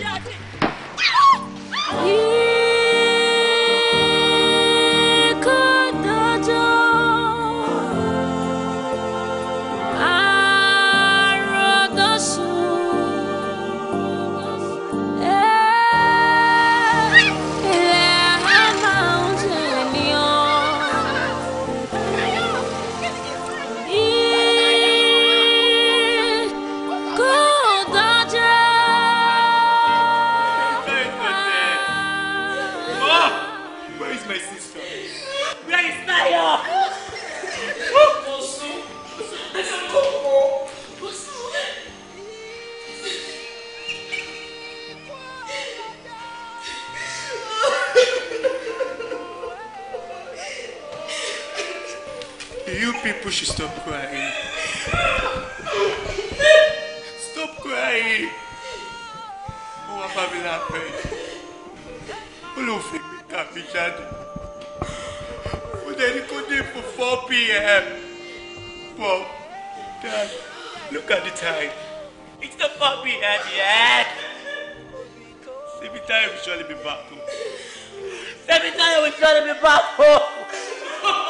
Yeah. shadow. But then he could leave for 4 p.m. But Dad, look at the time. It's not 4 p.m. yet. Seven time we surely be back home. Seven time we surely be back home.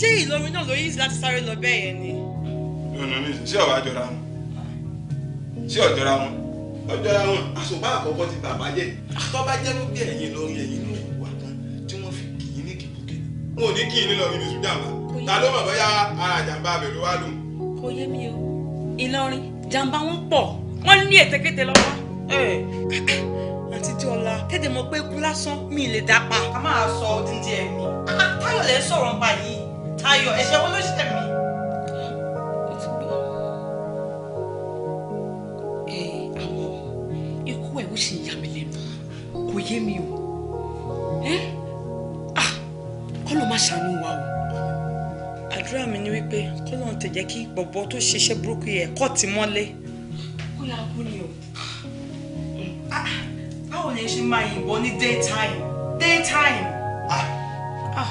ṣé ìlọrin náà ló yí láti sáré lọ bẹ́ẹ̀ yẹn ni. ṣé ọ̀rọ̀ àjọra wọn ṣé ọ̀jọra wọn ọ̀jọra wọn àṣùbá àkọ́kọ́ ti bàbá jẹ́ tó bá jẹ́ lóbi ẹ̀yìn lórí ẹ̀yìn lórí ìwà kan tí wọ́n fi kì í ní kìbùkì wọn ò ní kì í ní lọ́ọ́ nínú ìsújàmbá ta ló mọ̀ bóyá ara àjàmbá abẹ ló wá lò. kò yé mi o ìlọrin jàǹbá wọn pọ̀ wọ́n ní ètekéte lọ́wọ́ àti tí ọ̀la tètè mọ̀ pé kú lásán mi lè dá pa. a máa sọ odindi ẹ̀mí táyọ̀ lẹ́ sọ̀rọ̀ nípa yìí Táyọ̀ ẹ̀ṣẹ̀ wo ló ṣe mí. ó ti gbọ́ ẹ àmọ́ ikú ẹ̀ ó sì yà mí lẹ́nu kò yé mi ah kọ́lọ́ má o. àdúrà mi ni wípé kọ́lọ́ tẹ̀ jẹ́ kí bọ̀bọ̀ tó ṣiṣẹ́ burúkú yẹn kọ́ ti mọ́lé. ó yà kú ni o báwo lè ṣe máa yìnbọn ní daytime daytime. ah ah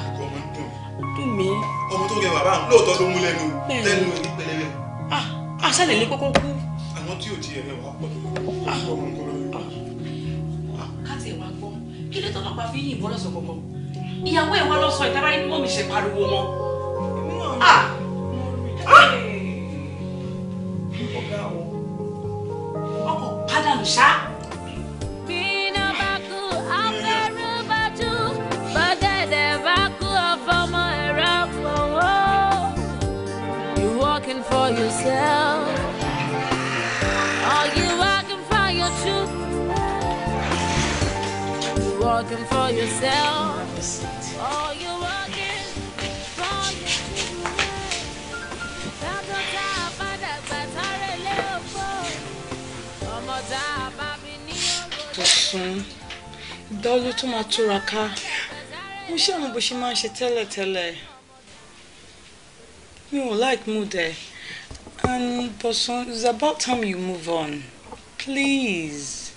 dùn mí. ọmọ tó gẹ bàbá lóòótọ́ ló mú lẹ́nu lẹ́nu ẹni pẹlẹbẹ. a ah, sálẹ̀ ah, lé kókó kú. àwọn tí ò tiẹ̀ wá pọ̀ tó ah. ọmọ nǹkan lọ. káàtì ẹ̀ wá gbọ́ kí ló tọ́lọ́pàá fi yìnbọn lọ́sọ̀ kọ̀ọ̀kan ìyàwó ẹ̀ wá lọ́sọ̀ ìtara ẹni mọ́ mi ṣe pariwo mọ́. ìgbà wo ló tún máa túra ká mo ṣe àwọn bó ṣe máa ń ṣe tẹ́lẹ̀tẹ́lẹ̀ mi ò like mood ẹ̀ and person it's about time you move on please.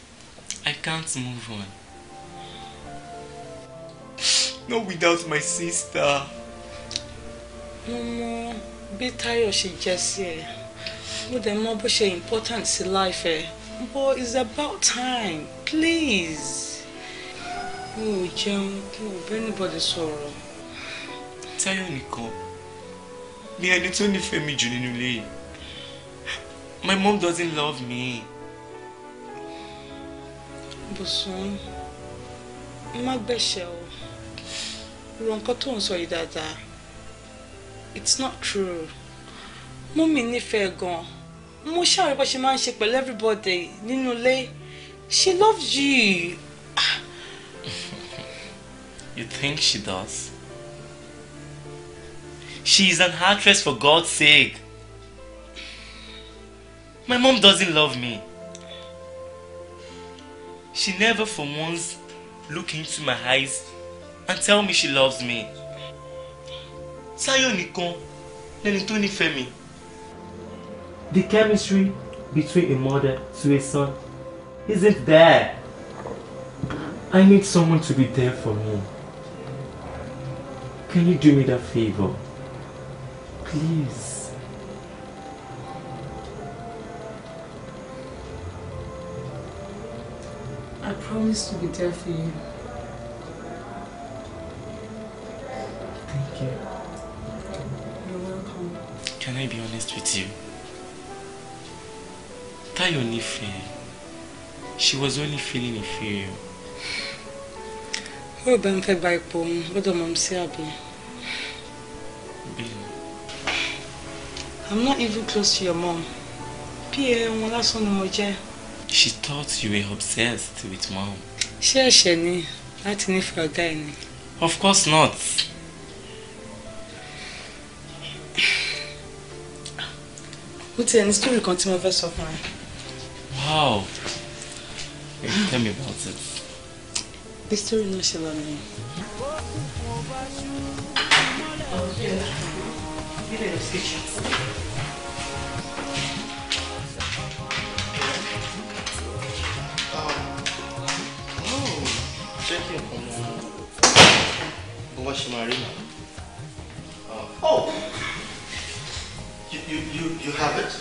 I can't move on. Not without my sister. mo mọ bí Táyọ̀ ṣe jẹ́ sí ẹ mo dẹ̀ mọ bó ṣe important sí life ẹ but it's about time please mi ò jẹun mi ò bẹ́ anybody sọ̀rọ̀. táyọ̀ nìkan ni ẹni tó nífẹ̀ẹ́ mi jù nínú ilé yìí my mom doesn't love me. bùsùn má gbẹ̀ṣẹ̀ o ro nǹkan tó ń sọ yìí dáadáa it's not true mummy nífẹ̀ẹ́ gan mo ṣàrẹ́ bó ṣe máa ń ṣe pẹ̀lú everybody nínú ilé she loves you. Ah, You think she does? She is an actress for God's sake. My mom doesn't love me. She never for once look into my eyes and tell me she loves me. Sayo nikon, lẹni tó mi. The chemistry between a mother to a son isn't there. I need someone to be there for me. Can you do me that favor? Please. I promise to be there for you. Thank you. You're welcome. Can I be honest with you? Tayo Nife, she was only feeling inferior ó bá ń fẹ́ gba ipò òun lọ́dọ̀ mọ̀ sí àbí. I'm not even close to your mom. PA wọn lásán ni mo jẹ́. She thought you were obsessed with mom. Ṣé ẹ̀ṣẹ̀ ni láti nífẹ̀ẹ́ ọ̀gá ẹ̀ ni? Of course not. Mo tiẹ̀ ní sítórì kan tí mo fẹ́ sọ fún ẹ. Wow! Tell me about it. Bísítórì náà ṣe lọ nìyẹn. ṣé kí n kàn mọ bó wọ́n ṣe máa rí màá. Oh, you, you, you, you have it?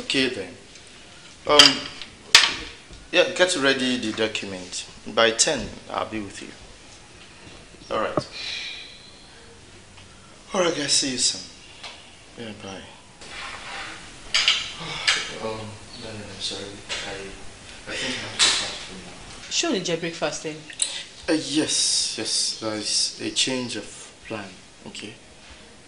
Okay then. Um, yeah, get ready the document. By 10, I'll be with you. Alright. Alright, guys, see you soon. Yeah, bye. Oh, no, no, no, sorry. I, I think I have to start from now. Sure, did you breakfast then? Uh, yes, yes, there is a change of plan, okay?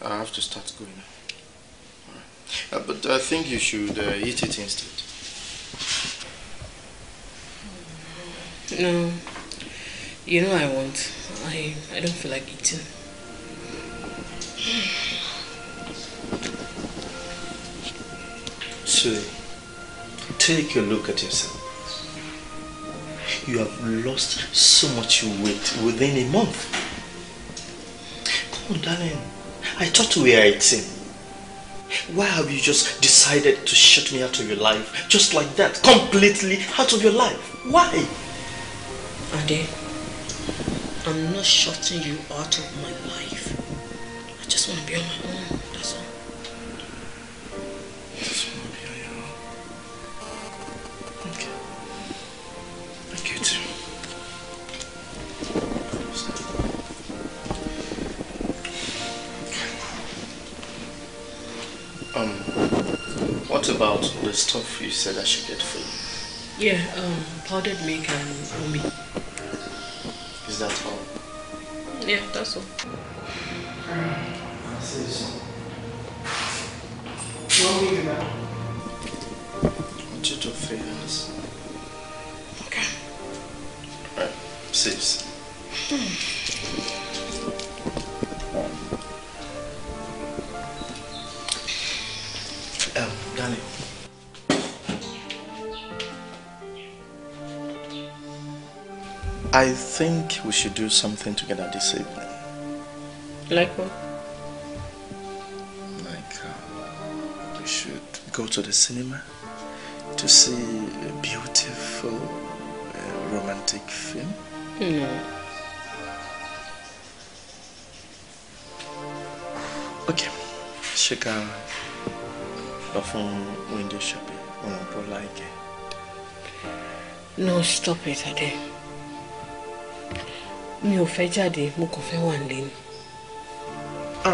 I have to start going now. Alright. Uh, but I think you should uh, eat it instead. No. You know I won't. I, I don't feel like eating. So, take a look at yourself. You have lost so much weight within a month. Come on, darling. I thought we were eating. Why have you just decided to shut me out of your life? Just like that, completely out of your life. Why? Ade, I'm not shutting you out of my life. I just want to be on my own, that's all. I just want to be on my own. Okay. Thank you Um, what about the stuff you said I should get for you? Yeah, um, powdered milk and omi. Is that all? Yeah, that's all. I'll see you soon. What will you do Two to three hours. Okay. All right, see you soon. Hmm. I think we should do something together this evening. Like what? Like, uh, we should go to the cinema to see a beautiful uh, romantic film. No. Okay, shake out from window shopping. Oh, no, stop it, Ade. mi ò fẹ́ jáde mo kàn fẹ́ wà nílé ni.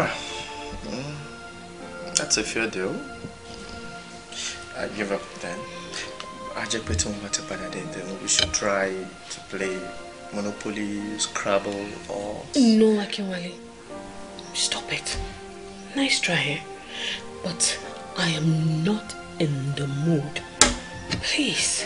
ah mm, that's a fair deal i give up then a jẹ́ pé tí wọ́n bá ti padà dé then we should try to play monopoly scrabble or. no Akinwale stop it nice try eh? but i am not in the mood please.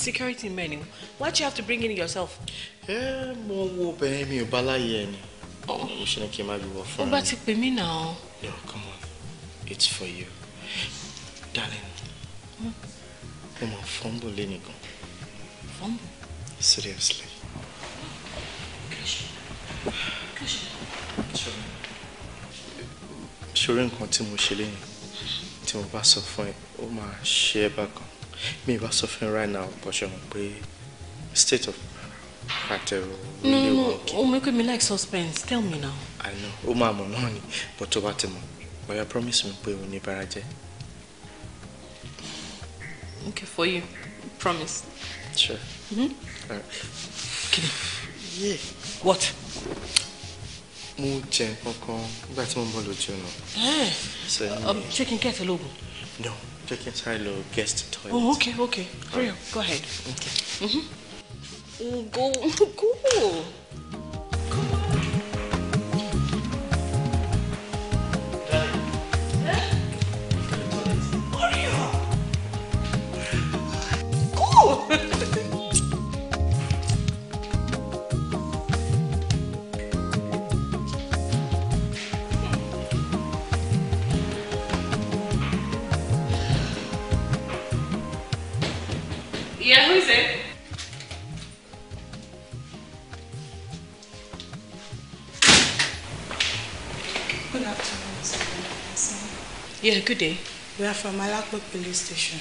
security men why do you have to bring in yourself. ẹ mo wo obìnrin mi ò bá láyé ẹ ni oh. mo ṣe ni kí n má bí wọ fún ẹ. ó bá ti pè mí náà. no come on it's for you darling hmm. mo máa fọ́nbù lẹ́nu gan. fọ́nbù. seriously. ṣòro nǹkan tí mo ṣe lẹ́yìn tí mo bá sọ fún ẹ ó máa ṣe é bákan mi bá sọ right now but you mọ̀ pé state of heart No, no, wọn kì í. o like suspense tell me now. i know ó máa mọ̀ náà ni bó tó but ti promise me pé òun ní bára okay for you promise. sure. Mm-hmm. All right. yeah. what. mo jẹ nǹkan kan nígbà tí mo ń bọ̀ lójú ọ̀nà. Eh, um, ṣé kí n kẹ́ ẹ̀ tẹ́lẹ̀ no. guest toilet. Oh, okay, okay. Go ahead. Okay. Mm-hmm. mm-hmm. Go, go. Yeah, good day. We are from Alakpo police station.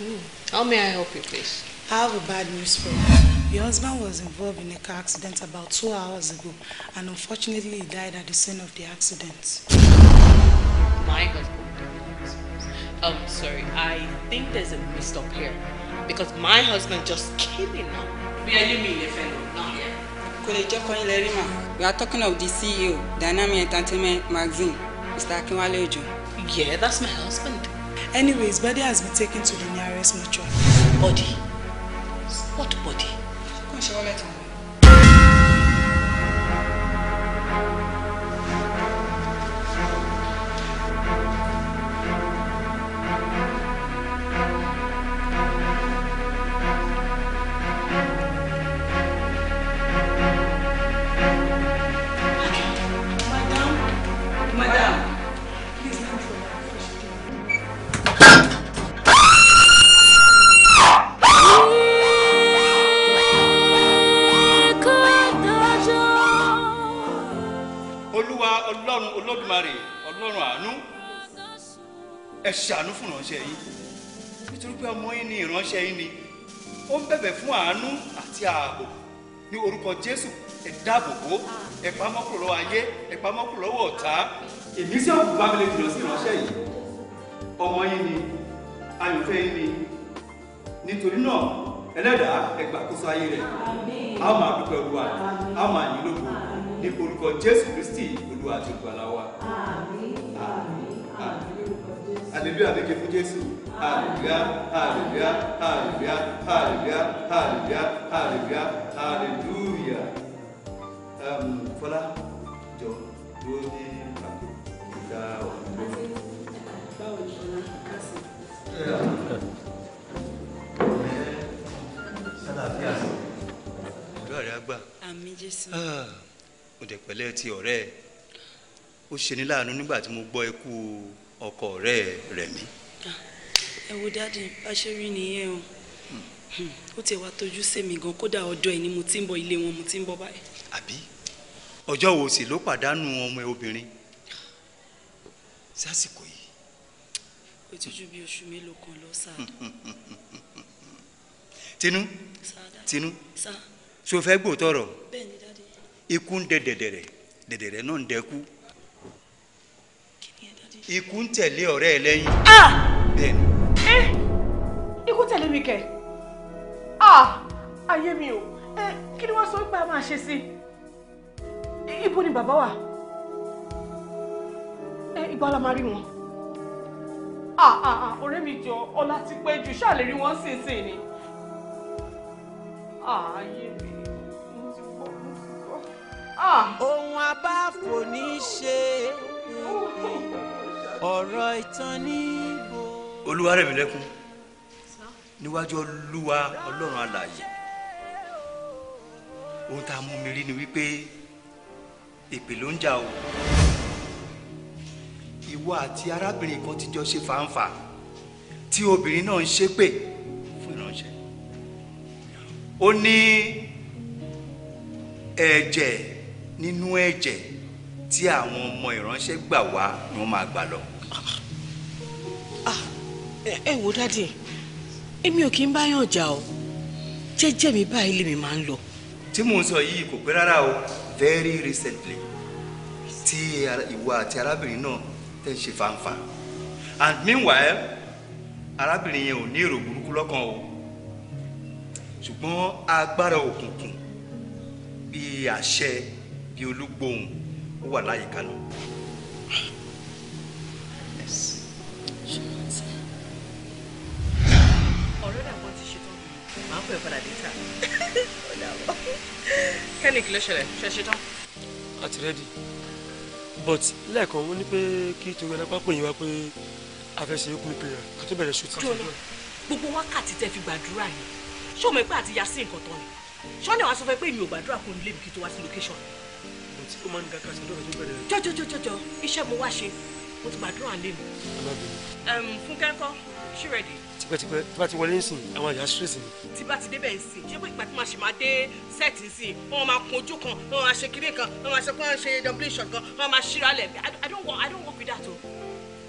Ooh. How may I help you, please? I have a bad news for you. Your husband was involved in a car accident about two hours ago, and unfortunately, he died at the scene of the accident. My husband. Um, sorry, I think there's a mistake here because my husband just came in now. We are living in fellow, not here. We are talking of the CEO, Dynamic Entertainment Magazine, Mr. Akinwale Ojo. Yeah, that's my husband. Anyways, body has been taken to the nearest mortuary. Body? What body? orúkọ jésù ẹ dáàbòbò ẹ pamọ́ kúrò lọ́wọ́ ayé ẹ pamọ́ kúrò lọ́wọ́ ọ̀tá. èmi sí ọ̀pọ̀ bá mi lè jùlọ sí ìránṣẹ́ yìí ọmọ yín ni ayọ̀fẹ́ yín ni nítorí náà ẹlẹ́dàá ẹ ayé rẹ̀ a ó máa dúpẹ́ olúwa a ó máa yìn lógo ní orúkọ jésù kristi olúwa àti olùgbàlà wa. Hallelujah, àbíkẹ́ fún Jésù. Hallelujah, hallelujah, hallelujah, hallelujah, hallelujah, hallelujah hallelujah um, fọlá jọ ló ní àpò ìdá òǹdó. báwo ni fọlá ká sí. sálàfíà àdúrà rẹ àgbà. àmín jésù. ó ah, dẹ̀ pẹ̀lẹ́ ti ọ̀rẹ́ ẹ̀ ó ṣe ní láàánú nígbà tí mo gbọ́ ikú ọkọ ọ̀rẹ́ rẹ̀ mí. Ah, ẹ wo dáàdi bá ṣe rí nìyẹn o. Hmm. ó tiẹ̀ wá tójú sí mi gan kódà ọ̀dọ̀ ẹ̀ ni mo ti ń bọ̀ ilé wọn mo ti ń bọ̀ báyìí. àbí ọjọ́ wo sì ló pàdánù ọmọ ẹ obìnrin sásìkò yìí. ó ti ju bí oṣù mélòó kan lọ sáà. tinú tinú so fẹ́ gbòòtọ̀rọ̀ ikú ń dẹ dẹ̀dẹ̀rẹ̀ dẹ̀dẹ̀rẹ̀ náà ń dẹ́kú ikú ń tẹ̀lé ọ̀rẹ́ ẹ lẹ́yìn. Ah! Eh! ikú tẹ̀lé mi kẹ́. Ah, ayé mi o kí ni wọ́n sọ pé a máa ṣe sí ibo ni bàbá wà ìgbà la máa rí wọn ah, ah, ọ̀rẹ́ mi jọ ọlá ti pẹ́ jù ṣáà lè rí wọn sínsìn ni ayé mi mo ti ohun abáfò ní í ṣe oh, oh, oh, ọ̀rọ̀ ìtàn ní ibo. olúwarẹ̀mílẹ́kùn níwájú olúwa ọlọ́run alààyè ohun tá a mú mi rí ni wípé èpè ló ń jà o ìwọ àti arábìnrin kan ti jọ ṣe fàǹfà tí obìnrin náà ń ṣépè fún ìránṣẹ́ ó ní ẹ̀jẹ̀ nínú ẹ̀jẹ̀ tí àwọn ọmọ ìránṣẹ́ gbà wá ni wọ́n máa gbà lọ. Ah, ẹ wo dádì èmi ò kí ń báyàn jà o jẹ́jẹ́ mi báyìí lèmi máa ń lọ. tí mò ń sọ yìí kò pẹ́ rárá o very recently tí ìwọ àti arábìnrin náà tẹ̀ ń ṣe fanfa and meanwhile arábìnrin yẹn ò ní èrò burúkú lọ́kàn o ṣùgbọ́n agbára òkùnkùn bíi àṣẹ bíi olúgbòhùn ó wà láyìíká náà. máa ń pè padà déta ó dàbọ̀ kẹ́ni kí ló ṣẹlẹ̀ ṣe ṣe tán. àti rẹ́dí but lẹ́ẹ̀kan wọ́n ní pé kí torí ẹlẹ́pàá pè yín wá pé a fẹ́ ṣe é kún ìpìlẹ̀ kó tó bẹ̀rẹ̀ ṣùtì. jọlọ gbogbo wákàtí tẹ fi gbàdúrà yẹn ṣé o mọ̀ pé àti yasí nǹkan tán ni ṣọ́ni àwọn sọ fẹ́ pé mi ò gbàdúrà kó nílé mi kí tó wá sí location. but ó máa ń ga kásá lọ́wọ́ tó bẹ̀rẹ̀. jọjọjọjọjọ iṣẹ́ mo wá ṣe mo ti gbàdúrà lé mi. fúnkẹ́ ńkọ́ ṣí rẹ̀ dì tipẹ́tipẹ́ tí bá ti wọlé ń sìn àwọn àyà stress ni. tí bá ti débẹ̀ ń sìn ṣé pé ìgbà tí màá ṣe máa dé sẹ́ẹ̀tì sí i wọ́n máa kun ojú kan wọ́n máa ṣe kiri kan wọ́n máa ṣe pé wọ́n ṣe double shot kan wọ́n máa ṣíra lẹ̀ I don't work I don't work with that o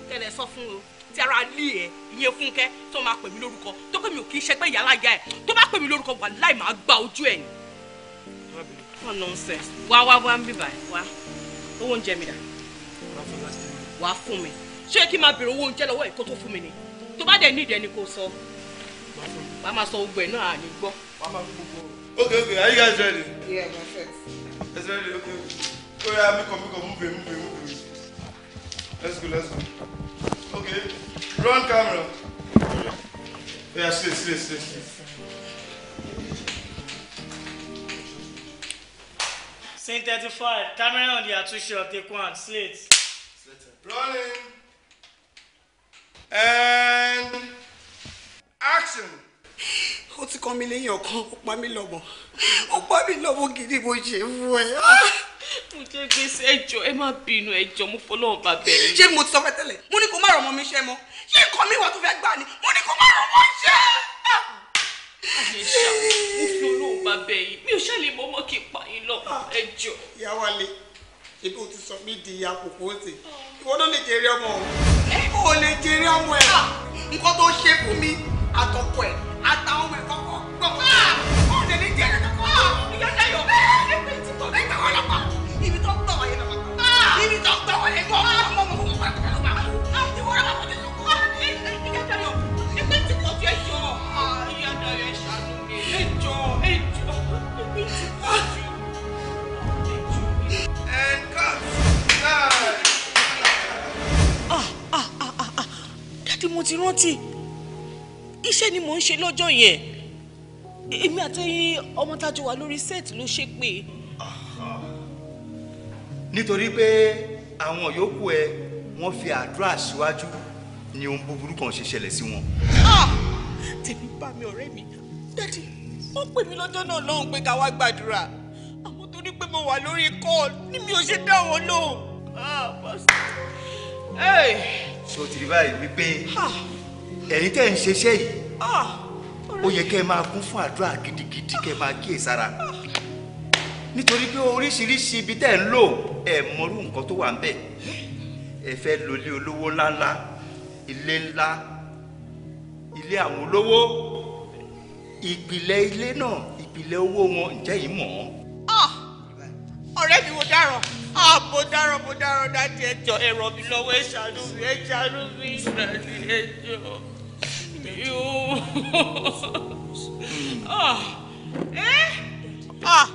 tẹ̀lẹ̀ sọ fún o tí ara lé ẹ ìyẹn fúnkẹ́ tó máa pè mí lórúkọ tó pè mí ò kì í ṣe pé ìyálà ìyá ẹ tó bá pè mí lórúkọ wà láì máa gba ojú ẹ ni. wọ́n nonsense wá wá wá ń bíbá ẹ wá owó oúnjẹ mi dà wá fún mi ṣé kí n máa bèrè owó oúnjẹ lọ́wọ́ ẹ̀ kó tó bá dẹ̀ ní ìdẹ́ni kò sọ wà á máa sọ ogun ẹ̀ náà àní gbọ́. okay okay are you guys ready. yeah my friend. let's ready okay oya yeah, mi kàn mi kàn move away move move let's go let's go okay run camera Yeah, sit sit sit sit. thirty-five. camera on the attrition, take one, slate. Rolling and action. ó ti kọ́ mi lẹ́yìn ọ̀kan ó pa mí lọ́mọ ó pa mí lọ́mọ gidi mo ṣe fún ẹ. mo jẹ gbèsè ẹjọ́ ẹ má bínú ẹjọ́ mo fọlọ́run bá bẹ̀rẹ̀. ṣé mo ti sọ fẹ́ tẹ́lẹ̀ mo ní kó má rọmọ mi ṣe mọ́ ṣé nǹkan mi wà tó fẹ́ gbà ni mo ní kó má rọmọ ṣe. ayé ṣá mo fi olóhùn bá bẹ̀ yìí mi ò ṣàlè mọ́mọ́ kí n pa yín lọ ẹjọ́. ìyá wa le ebi o ti sọ mí di àpòpọ̀ òsè ìwọ ló lè jèrè ọmọ o ẹ o lè jèrè ọmọ ẹ ah, nǹkan tó ṣe fún mi àtọkọ ẹ àtàwọn ọmọ ẹ ṣebí mo ti rántí iṣẹ́ ni mò ń ṣe lọ́jọ́ yẹn èmi àtẹ̀yìn ọmọ tájọ wà lórí set ló ṣe pé. nítorí pé àwọn yòókù ẹ wọ́n fi àdúrà síwájú ni ohun búburú kan ṣe ṣẹlẹ̀ sí wọn. Ah! tèmi bá mi ọ̀rẹ́ mi dádì wọ́n pè mí lọ́jọ́ náà lọ́hùn pé ká wá gbàdúrà àmọ́ torí pé mo wà lórí kọ́ọ̀lù ni mi ò ṣe dá wọn lóhùn. ah pásítọ̀ so ti rí báyìí wípé ẹ̀yin tẹ́ ń ṣeṣẹ́ yìí ó yẹ kẹ́ ẹ máa kún fún àdúrà gidigidi kẹ́ ẹ máa kíyè sára nítorí pé oríṣiríṣi ibi tẹ́ ń lò ẹ̀ mọ́rú nǹkan tó wà ń bẹ̀ ẹ fẹ́ lọ ilé olówó ńláńlá ilé ńlá ilé àwọn olówó ìpìlẹ̀ ilé náà ìpìlẹ̀ owó wọn ǹjẹ́ yìí mọ̀ ọ́n ọ̀rẹ́ mi mo dáràn ah mo dáràn mo dáràn dájú ẹjọ́ ẹ ràn mí lọ́wọ́ ẹ ṣàánú mi ẹ mi ìrẹ̀lẹ̀ ẹjọ́ mi ò ah ẹ ah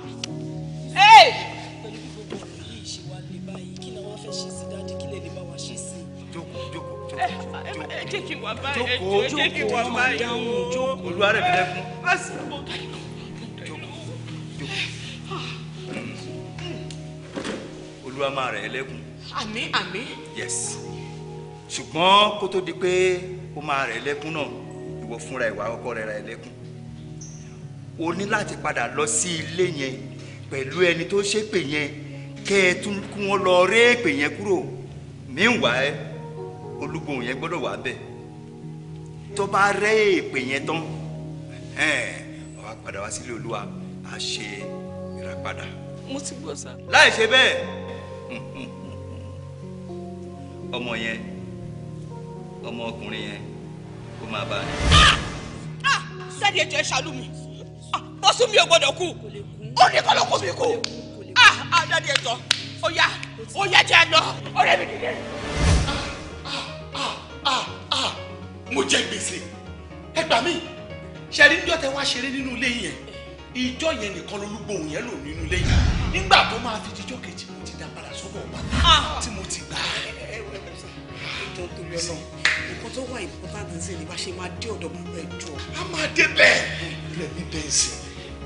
ẹ. pẹ̀lú gbogbo ọ̀rọ̀ yìí ṣe wá lè báyìí kí làwọn fẹ́ ṣe sí dájú kí lè lè bá wa ṣe sí. jókòó jókòó jókòó jókòó jókòó jókòó jókòó jókòó olúwarẹ̀ mi lẹ́kún. olúwa máa rẹ̀ lẹ́kùn. àmín àmín. yes ṣùgbọ́n kó tó di pé ó máa rẹ̀ lẹ́kùn náà ìwọ fúnra ìwà ọkọ rẹ̀ rẹ̀ lẹ́kùn o ní láti padà lọ sí ilé yẹn pẹ̀lú ẹni tó ṣépè yẹn kẹ́ ẹ tún kí wọ́n lọ réèpè yẹn kúrò meanwhile olúgbòhùn yẹn gbọ́dọ̀ wà bẹ́ẹ̀ tó bá réèpè yẹn tán wàá padà wá sílé olúwa a ìràpadà. mo ti gbọ́ sá. láì ṣe bẹ́ẹ̀. ọmọ yẹn ọmọ ọkùnrin yẹn kó máa bá a ní. Ah! Ah! sẹ́ni ètò ẹ̀ ṣàlù mi ah! bọ́sù mi ò gbọ́dọ̀ kú ó ní kọ́ ló kú mi kú àdáni ẹ̀tọ́ ó yá ó yá jẹ́ àná ọ̀rẹ́ mi nìyẹn. mo jẹ gbèsè ẹ gbà mí ṣẹ̀rí níjọ́ tẹ wá ṣeré nínú ilé yẹn ìjọ yẹn nìkan lolúgbòhùn yẹn lò nínú ilé yẹn nígbà tó máa fi jíjọ́ kejì tí mo ti gbà. ìjọ torí ọlọ nǹkan tó wà important ní sẹ́ni bá ṣe máa dé ọ̀dọ̀ bàbá ẹ̀ jọ. a máa dé bẹ́ẹ̀ ilẹ̀ mi bẹ́ẹ̀ sí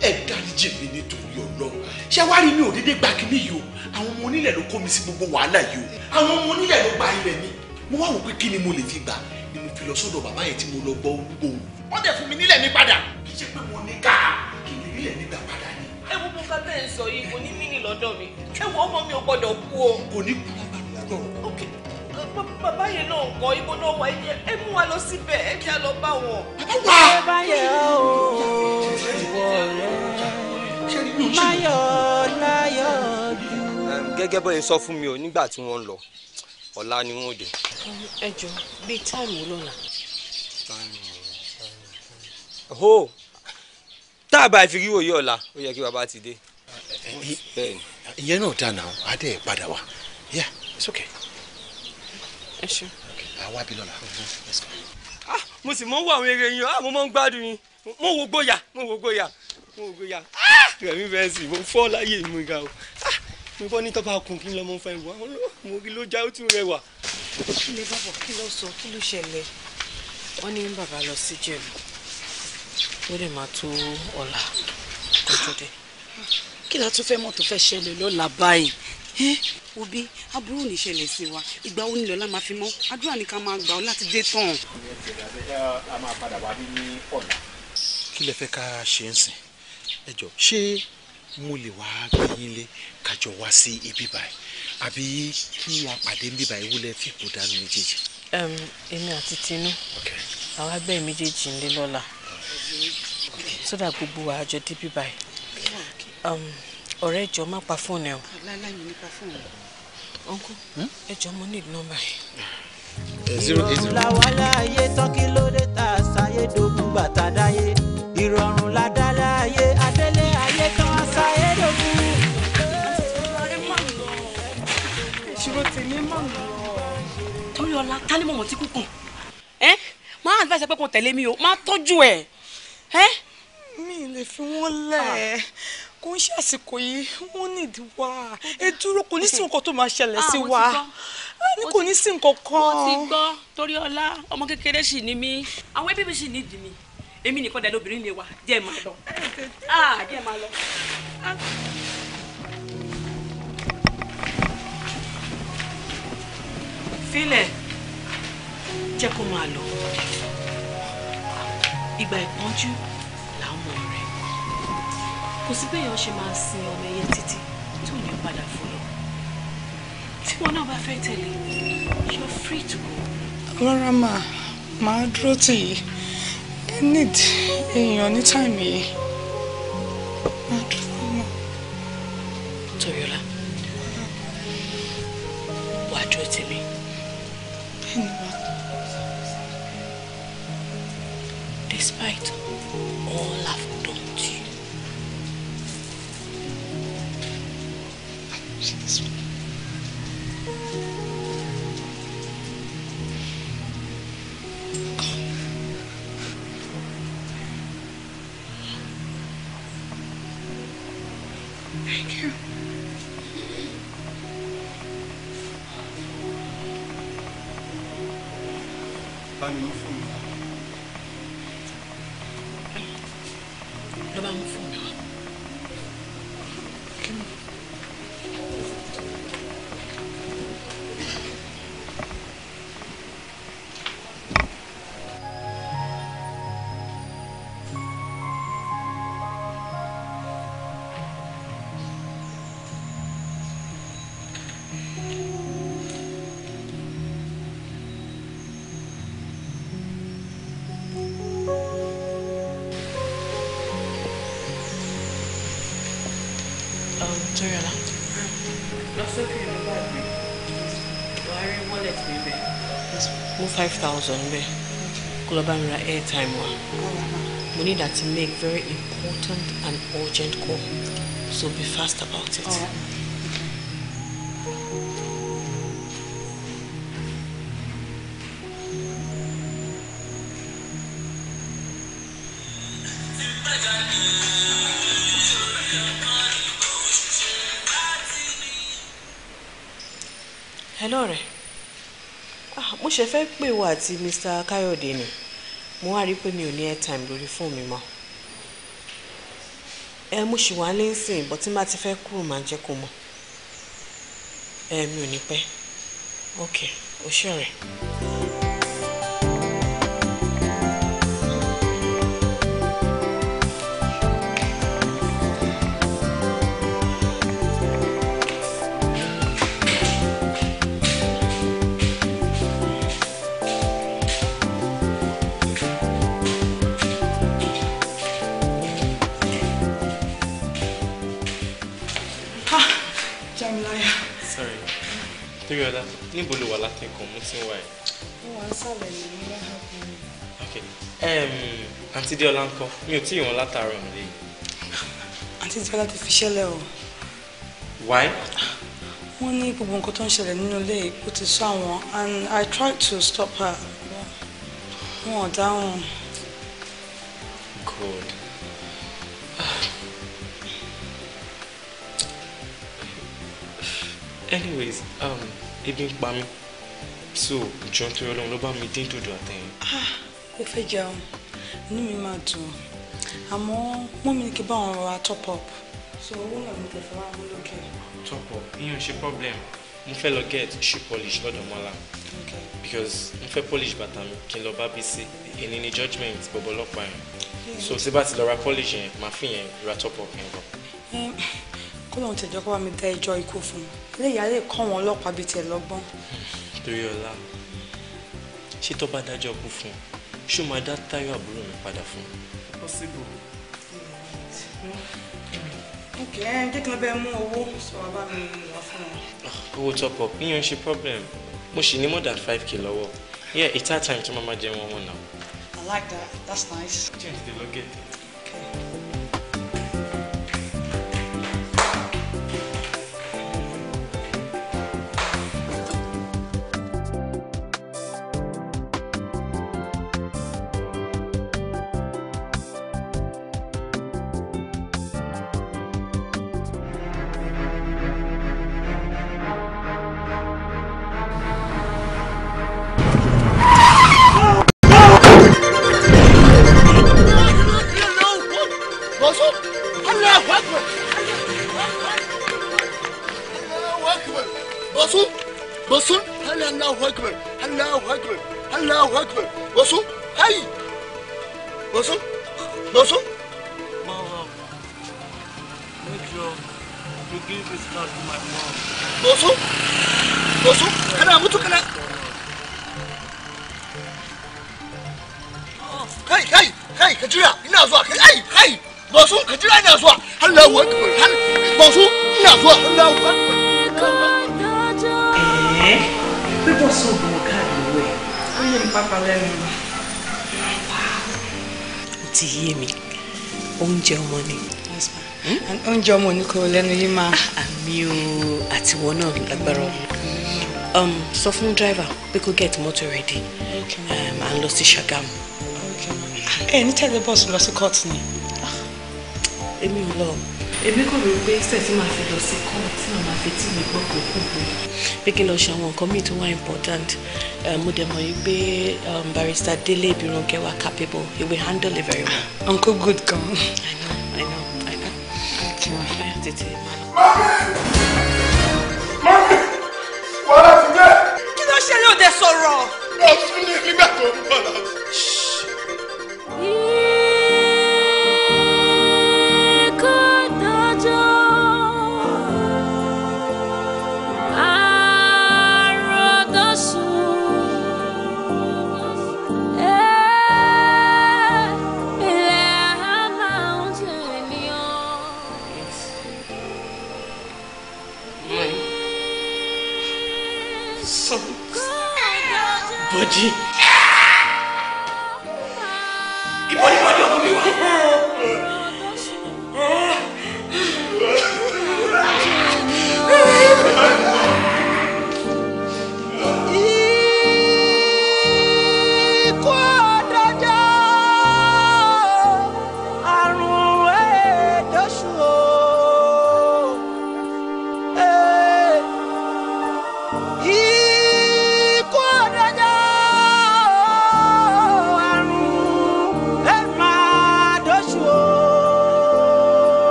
ẹ dáríjì mi nítorí ọlọ́run ṣé wàá rí mi ò déédéé gba kínní yìí o àwọn ọmọ onílẹ̀ ló kó mi sí gbogbo wàhálà yìí o àwọn ọmọ onílẹ̀ ló gba ilẹ̀ mi mo wá wò pé kí ni mo lè fi gbà ni mo fi lọ sọ́dọ̀ bàbá yẹn tí mo lọ gbọ́ olúgbò wọ́n dẹ̀ fún mi nílẹ̀ mi padà kì í ṣe pé mo ni nílẹ̀ mi ẹ wo bóka tẹ́ sọ yìí kò ní mí ní lọ́dọ̀ mi ẹ ọmọ mi ò gbọ́dọ̀ kú o. kò ní kú lágbàdo lọ́dọ̀. bàbá yẹn náà kọ ibo náà wà ẹ mú wa lọ síbẹ̀ ẹ jẹ́ lọ bá wọn. wá báyọ̀ o ìwọ rẹ̀ máyọ̀ láyọ̀ jù. gẹ́gẹ́ bọ́ yẹn sọ fún mi o nígbà tí wọ́n lọ ọ̀la ni wọ́n dé. ẹ jọ bíi táìmù lọ́la. táìmù tá a bá fi ríwò yí ọ̀la ó yẹ kí bàbá ti dé. ìyẹn náà dáná adé padà wá yeah it's okay. ẹ ṣe. àwa bí lọ́la. Mm-hmm, ah, mo sì mọ wọ àwọn eré yín ah, mo mọ ń gbádùn yín mo wo gbóyà mo wo gbóyà mo wo gbóyà ah! rẹmi bẹ́ẹ̀ sì mo fọ́ láyé mi ga o mo bọ́ ní tọ́ba kun kí n lọ́mọ fẹ́ wá mo rí ló já ó tún rẹwà. kí lè bàbọ̀ kí ló sọ kí ló ṣẹlẹ̀ wọ́n ní bàbá lọ sí jẹ̀lú ó lè máa tó ọ̀la kọjú dé. kí la tún fẹ́ mọ̀ tó fẹ́ ṣẹlẹ̀ lọ́la báyìí òbí aburú ní ìṣẹ̀lẹ̀ sí wa ìgbà wo ni lọ́la máa fi mọ́ àdúrà ni ká máa gbà ọ́ láti dé tán. a máa padà wá bí ní ọ̀la. kí lẹ fẹ́ ká ṣe ń sìn ẹ jọ ṣé mo lè wá gbé yín lé kájọ wá sí ibi báyìí àbí kí a pàdé ń bí báyìí wúlẹ̀ fìkú dánú méjèèjì. èmi àti tinú àwa gbẹ́ méjèèjì ń lé lọ́la sódà gbogbo wa àjọ débi báyìí um, ọ̀rẹ́ ìjọ má pa fóònù ẹ̀ o. láìláì mi nípa fóònù hmm? mo ní nọ́mbà yìí. ìrọ̀rùn la wá láàyè tán tá a sáyé dogun bàtà dáyé ìrọ̀rùn la dá adélé ayé tán a sáyé dogun. ìṣòro tèmi mọ̀ ń torí ọlá tálẹ́mọ̀mọ́ tí kò kàn ẹ́ máa advice pé kò tẹ̀lé mi o máa tọ́jú ẹ̀ mi lè fi wọ́n lẹ̀ ah. kò ń ṣàsìkò yìí wọ́n nìdí wa ẹ dúró kò ní sí nǹkan tó máa ṣẹlẹ̀ ah, sí wa ní kò ní sí nǹkan kan. mo ti gbọ́ torí ọlá ọmọ kékeré sì ni mí àwọn ẹbí mi sì nídìí mi èmi nìkan dẹ̀ lóbìnrin lè wà jẹ́ ẹ̀ máa lọ ah, jẹ́ ẹ̀ máa lọ. filẹ̀ jẹ́ kó máa lọ ìgbà ìpọ́njú làwọn ọmọ rẹ̀ kò sí béèyàn ṣe máa sin ọmọ ẹyẹ títí tí ò ní padà fún lọ tí wọn náà bá fẹ́ tẹ̀lé you're free to go. rárá màá màá dúró tì yìí i need èèyàn ní táìmì yìí. five thousand bẹ́ẹ̀ kó lọ bá airtime We need her to make very important and urgent call so be fast about it. All right. ṣe fẹ́ pè wá àti Mr. Káyọ̀dé ni mo wá rí i pé mi ò ní airtime lórí fóònù mi mọ́ ẹ mo ṣì wá lé nsìn ìbọn tí má ti fẹ́ kúrò máa jẹ́ kó mọ̀ ẹ mi ò ní pẹ́ ok òṣèré. Okay. Abíọ́lá níbo ló wà láti nǹkan mú tí ń wá ẹ̀. ó wà ń sàlẹ̀ ní ilé ààbò. àǹtí Déọlá ń kọ́ mi ò tí ì wọn látàárọ̀ nílé yìí. àǹtí Déọlá ti fi ṣẹlẹ̀ o. why. wọ́n ní gbogbo nǹkan tó ń ṣẹlẹ̀ nínú ilé ìpò ti sọ àwọn and I tried to stop her wọn ò dáhùn. good. anyways um, ebi ń pa mí so jọ nítorí ọlọ́run ló bá mi dín dòdò àtẹ̀yìn. ó ah, fẹ́ jẹun inú mi máa dùn àmọ́ mọ́mí ni kí bá wọn rọra top up so owó náà mi tẹ̀sán wá mú lókè. top up ìyẹn ṣe problem mo fẹ́ lọ get shoe polish lọ́dọ̀ mọ́lá because mo fẹ́ polish bàtà mi kí n lọ bá Bísí èyí ni judgement bọ̀bọ̀ ọlọ́pàá yẹn so tí bá ti lọ ra polish yẹn màá fi yẹn ra top up yẹn bọ̀ kó lóun tẹ̀jọ́ kó bá mi dá ẹjọ́ ikú fún un eléyìí á lè kọ́ àwọn ọlọ́pàá bíi tiẹ̀ lọ́gbọ́n. torí ọlá ṣé tó bá dájọ́ kú fún un ṣó máa dá táyọ̀ àbúrò mi padà fún un. possible. ok ẹ jẹ́ kí wọ́n bẹ́ẹ̀ mú owó sọ wá bá mi wá fún wọn. Ah, owó top up ṣe problem mo ṣì ní more than five k lọ́wọ́ yeah it's that time tó máa máa jẹun ọmọ náà. I like that that's nice. change the luggage. oúnjẹ ọmọ oníkó lẹ́nu yìí máa. àmì ah, ah, o àtiwọ́ náà lágbára um, sọ fún driver pé kó get motor ready um, and lọ sí Ṣàgámù. ẹ ní tẹ́lẹ̀ bọ́ọ̀sì lọ sí court ni. Ah, èmi ò lọ. èmi kò rò pé ṣe tí màá fi lọ sí court náà màá fi tí mi gbọ́ kó kú pé. pé kí n lọ ṣe àwọn nǹkan míì tó wá important um, mo dẹ̀ mọ̀ yìí pé um, barrister Délé Ìbírànkẹ́ wà capable he will handle it very well. uncle good gan. I know. tètè máa lọ.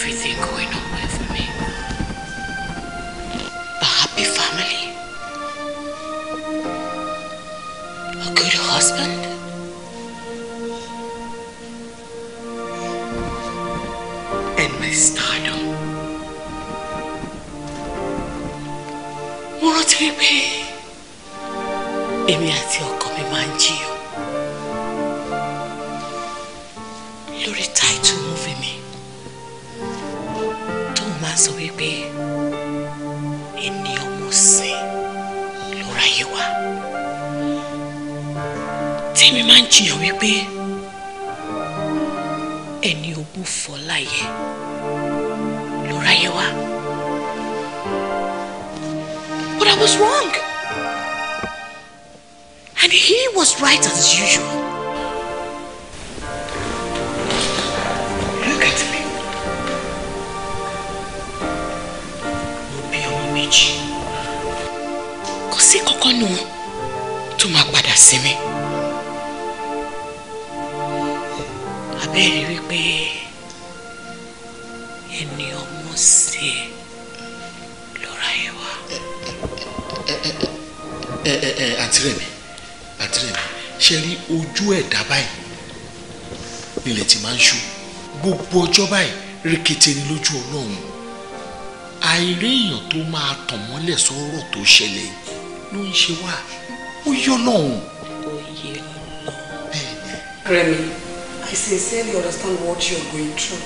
everything going on well for me. A happy family. A good husband. rìkìtì ni lójú ọlọ́run àìrí èèyàn tó máa tàn mọ́lẹ̀ sọ́rọ̀ tó ṣẹlẹ̀ ló ń ṣe wá ó yọ lọ́hùn. ó yẹ bẹ́ẹ̀ni. Remi, I sincerely understand what you are going through.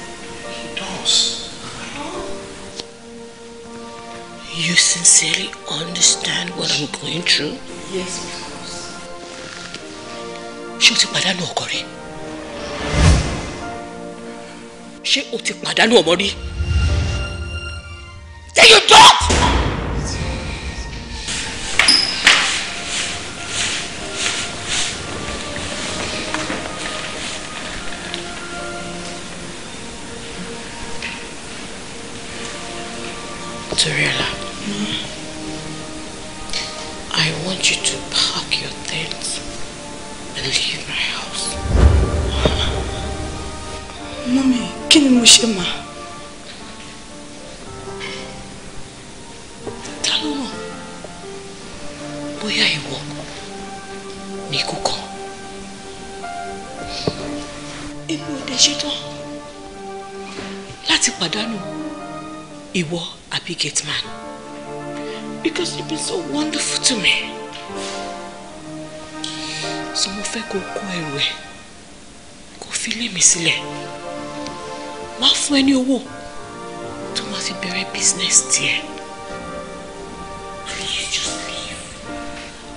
He does. You sincerely understand what I'm going through? Yes, of course. Ṣé o ti pàdánù ọkọ rẹ? ṣé o ti pàdánù ọmọ rí.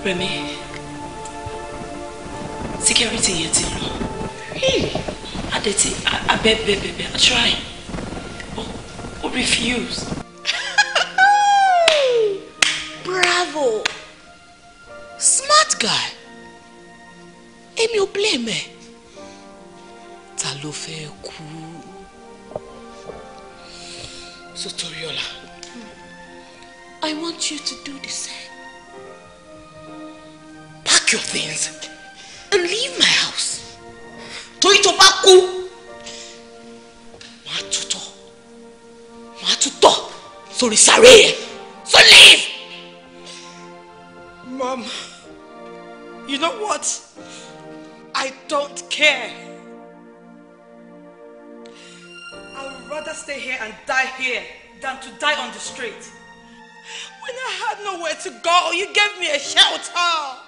Rẹ̀mí security yẹn ti lọ adẹ́tí abẹ́bẹ́bẹ́bẹ́ I try oh, oh refuse. bravo smart guy èmi ò blame ẹ ta ló so Toriola I want you to do the same. pack your things and leave my house. Torí tó bá Matuto! màá tutọ́, màá tutọ́ So leave! Mom, you know what? I don't care. I would rather stay here and die here than to die on the street. When I had nowhere to go, you gave me a shelter.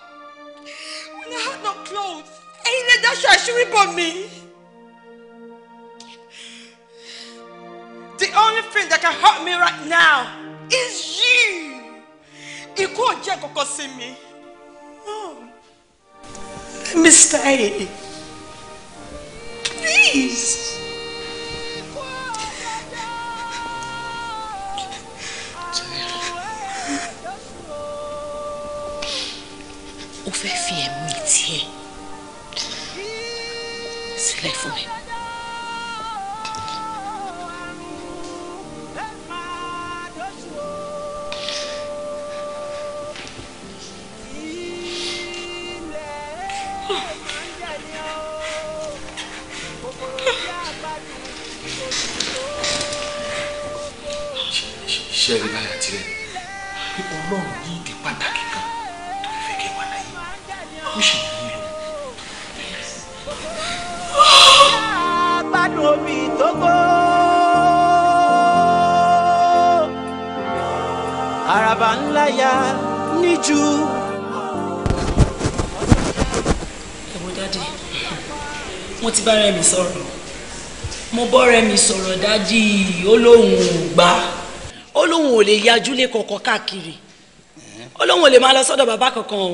and I had no clothes. Ain't that dáṣọ àṣírí bought me. The only thing that can hurt me right now is you. You ò jẹ́ kọ̀kọ́ see me. Mr. A, please. o fẹ́ fi ẹ̀mí tiẹ̀ sílẹ̀ fún mi. ṣe rí báyà tirẹ̀ ọlọ́run yìí ṣe ìrírí o. gbádùn omi ìtógó. àràbà ńlá ya níjú. ẹ̀wọ̀n dáàdì mo ti bá Rẹ̀mí sọ̀rọ̀ mo bọ́ Rẹ̀mí sọ̀rọ̀ dáàdì ó lóun ò gbà ó lóun ò lè yájú lé kọ̀ọ̀kan káàkiri ó lóun ò lè máa lọ sọ́dọ̀ bàbá kankan o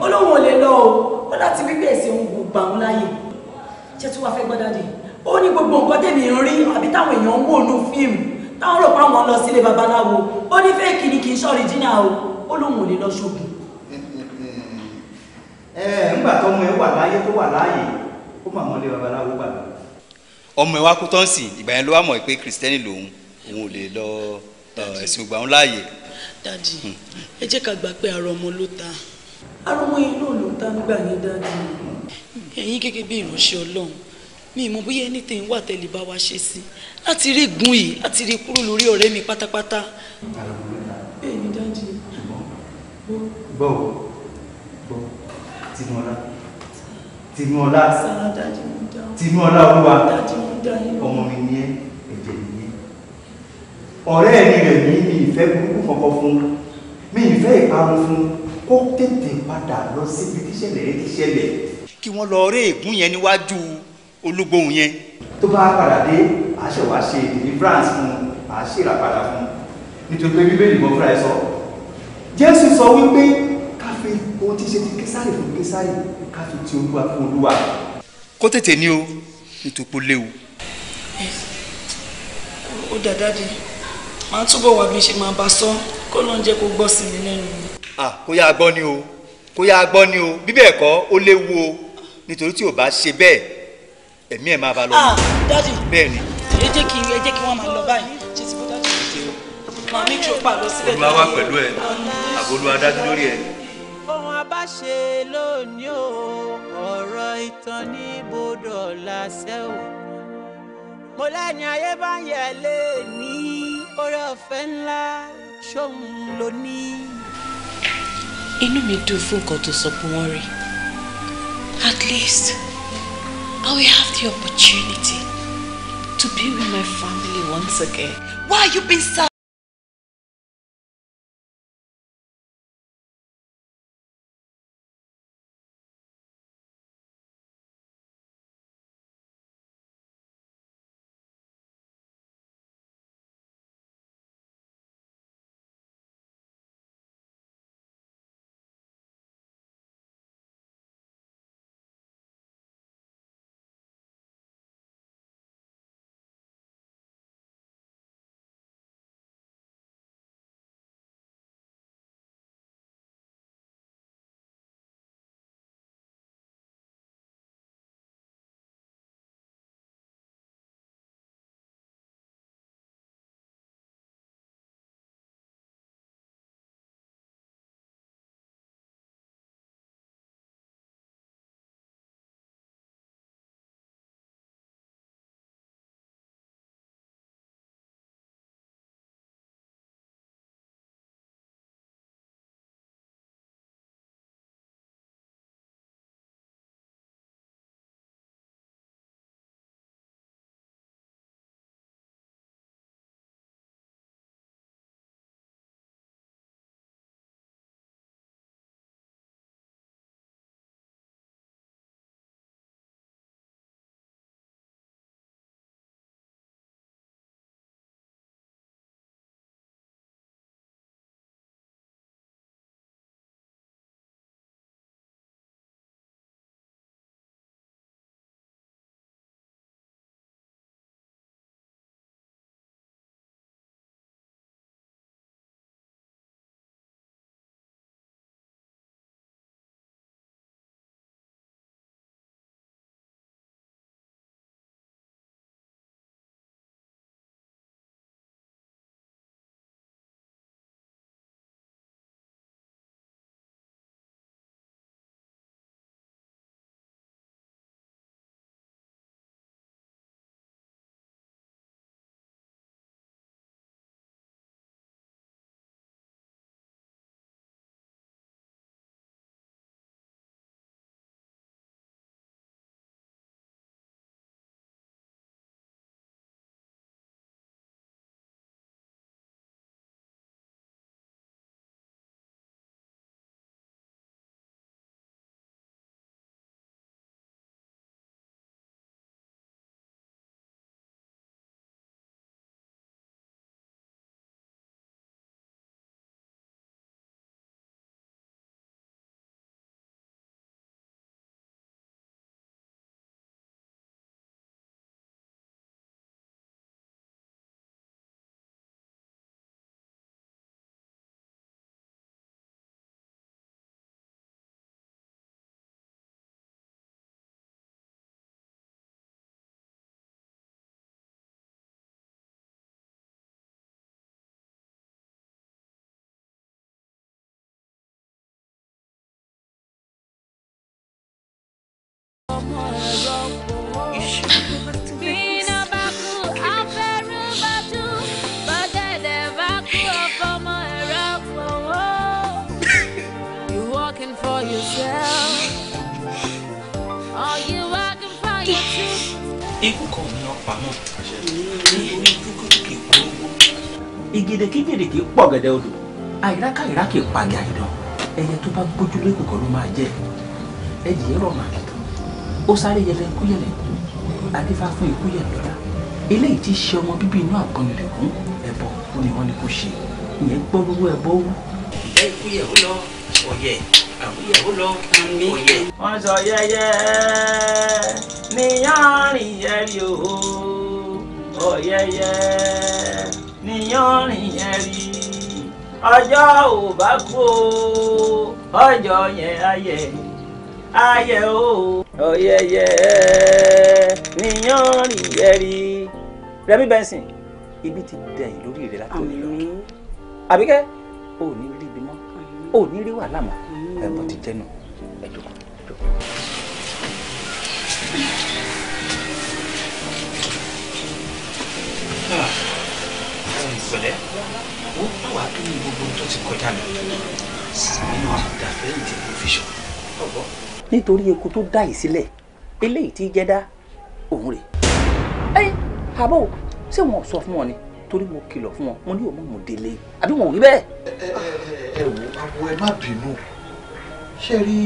olóhùn ò lè lọ o ó láti wípé ẹ̀sìn òun kò gbà òun láàyè ṣé tí wàá fẹ́ gbọ́ dáadé ó ní gbogbo nǹkan tèmi ń rí àbí táwọn èèyàn ń wò nú fíìmù táwọn rò páwọn lọ sílé babaláwo ó ní fẹ́ẹ̀kì ni kì í ṣọ́ọ̀rì jìnnà o olóhùn ò lè lọ ṣoògùn. ẹ ẹ ńgbà tó ọmọ ẹ wà láyé tó wà láàyè ó mà mọ́lé babaláwo gbàgbà. ọmọ ẹ wa kú tán sí ìgbà yẹn ló wà mọ̀ pé kìrìsìtẹ́nì lòun òun ò lè lọ ẹ̀sìn ògbà òun láàyè. dadi ẹ jẹ́ ká gbà pé àrọ̀ ọmọ ló ta arúgbó yìí náà ló ń tá ń gbà yín dájú. ẹ̀yin gẹ́gẹ́ bí ìránṣẹ́ ọlọ́run mi ìmọ̀ bóyá ẹni tẹ̀ ń wà tẹ́lẹ̀ bá wa ṣe sí láti rí gun yìí láti rí kúrò lórí ọ̀rẹ́ mi pátápátá. bẹ́ẹ̀ ni dájú. bọ́ bọ́ tìmọ̀lá tìmọ̀lá tìmọ̀lá olúwa ọmọ mi ni ẹ ẹ̀jẹ̀ mi ni ọ̀rẹ́ ẹni rẹ̀ mi mi ìfẹ́ burúkú kankan fún mi ìfẹ́ ìparun fún kó tètè padà lọ síbi tíṣẹ̀lẹ̀ yẹn ti ṣẹlẹ̀. kí wọ́n lọ rí ègún yẹn níwájú olúgbòhùn yẹn. tó bá padà dé àṣẹ wàá ṣe deliverance fún un àṣẹ ìràpadà fún un nítorí pé bíbélì mọ fúnra ẹ sọ. jésù sọ wípé ká fi ohun tí ṣe ti késàrì fún késàrì ká fi ti olúwa fún olúwa. kó tètè ní o nítorí pé ó léwu. ó dàda di màá túbọ̀ wá bí ṣe máa bá sọ kó lóun kó gbọ́ sí mi lẹ́nu mi. Ah, kó yá gbọ́ ni o kó yá gbọ́ ni o bí bẹ́ẹ̀ kọ́ ó léwu o nítorí tí ò bá ṣe bẹ́ẹ̀ ẹ̀mí ẹ̀ máa bá lọ. Ah, dádì bẹ́ẹ̀ ni. ẹ jẹ́ kí ẹ jẹ́ kí wọ́n máa lọ báyìí ṣe ti bó dádì sílẹ̀ dáadáa. olúwa pẹ̀lú ẹ àbólú adájú lórí ẹ. ohun abáṣe lónìí o ọ̀rọ̀ ìtàn ní bọ́dọ̀ làṣẹ o mo lẹ́ni ayé bá ń yẹ lé ní oore ọ̀fẹ́ ńlá ṣóun lónìí inú mi dùn fún nǹkan tó sọ pé wọ́n rí at least I will have the opportunity to be with my family once again. Why you been sad? ìgèdè kí gèdè kì í pọ̀ gẹ̀dẹ̀ odò àìrákà ìrákà ìpàgẹ́ àìdán ẹyẹ tó bá gbójú lẹ́kọ̀ọ́ ló máa jẹ́ ẹyẹ rọ̀ màá ó sáré yẹlẹ ikú yẹlẹ adífá fún ikú yẹlẹ lọ́la eléyìí ti ṣe ọmọ bíbí inú àgbọnilẹ̀kún ẹ̀bọ ó wọ́n ní kó ṣe ìyẹn gbọ́ gbogbo ẹ̀bọ wú. ìyá ikú yẹ ó lọ ọ̀yẹ̀ àwùyẹ ó lọ ọ̀yẹ̀. wọ́n sọ yẹyẹ ní yánrin yẹri o ọ̀yẹ̀yẹ ènìyàn rìn yẹn rí ọjọ́ ò bá kú o ọjọ́ yẹn ayẹ ayẹ o ọ̀yẹ̀yẹ̀ nìyàn rìn yẹn rí Rẹ̀mí Benson ibi ti dẹ̀yìn lórí rẹ̀ látòlè lọ Àbíkẹ́ ò ní rí ibi mọ́ ò rí wàhálà mọ́ ẹ̀bùn ti jẹ́nu. pẹ̀lẹ́ wọ́n bá wàá bí gbogbo tó ti kọjá lọ nínú àgàfẹ́yìntì profession nítorí eku tó dá yìí sílẹ̀ eléyìí tí jẹ́dá òun rè é àbọ̀ ṣé wọn sọ fún wọn ni torí mo kìlọ̀ fún wọn mo ní òun mò ń délé àbí wọn ò rí bẹ́ẹ̀. ẹ ẹ ẹ wo àwọ ẹ má bínú ṣé rí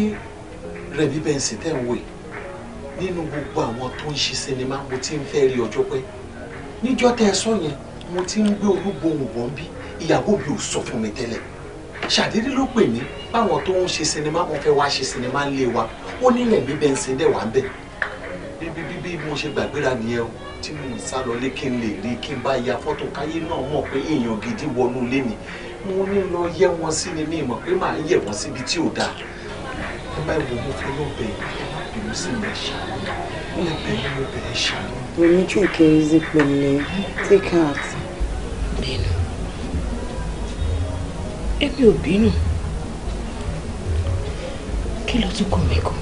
rẹ̀bí bẹ́ǹsì tẹ̀ ń wò yìí nínú gbogbo àwọn tó ń ṣe sinimá mo ti ń fẹ́ rí ọjọ́ pẹ́ níjọ́ tẹ́ ẹ sọ yẹn mo ti ń gbé olúbohùn wọ́n bí ìyàwó mi ò sọ fún mi tẹ́lẹ̀ ṣàdédé ló pè mí báwọn tó ń ṣe sinimá wọn fẹ́ wá ṣe sinimá ń lé wa ó nílẹ̀ gbígbẹ́ ń sin dẹ̀ wá ń bẹ̀ bíbí bíbí mo ṣe gbàgbéra nìyẹn o tí mo ń sá lọlé kí n lè rí kí n bá ya fọ́tò káyé náà mọ̀ pé èèyàn gidi wọnú ilé mi mo ní lọ yẹ wọn sí ni mi mọ̀ pé màá yẹ wọn síbi tí ò dáa ẹ má wo mo fẹ́ lọ́bẹ̀ẹ́ ẹ má bínú sí ṣàánú ẹ bẹ̀ẹ́ mo bẹ̀ẹ́ ṣàánú. Remichuke Ezipele take heart. Bínú. Èmi ò bínú. Kí ló tún kọ́ mi kù?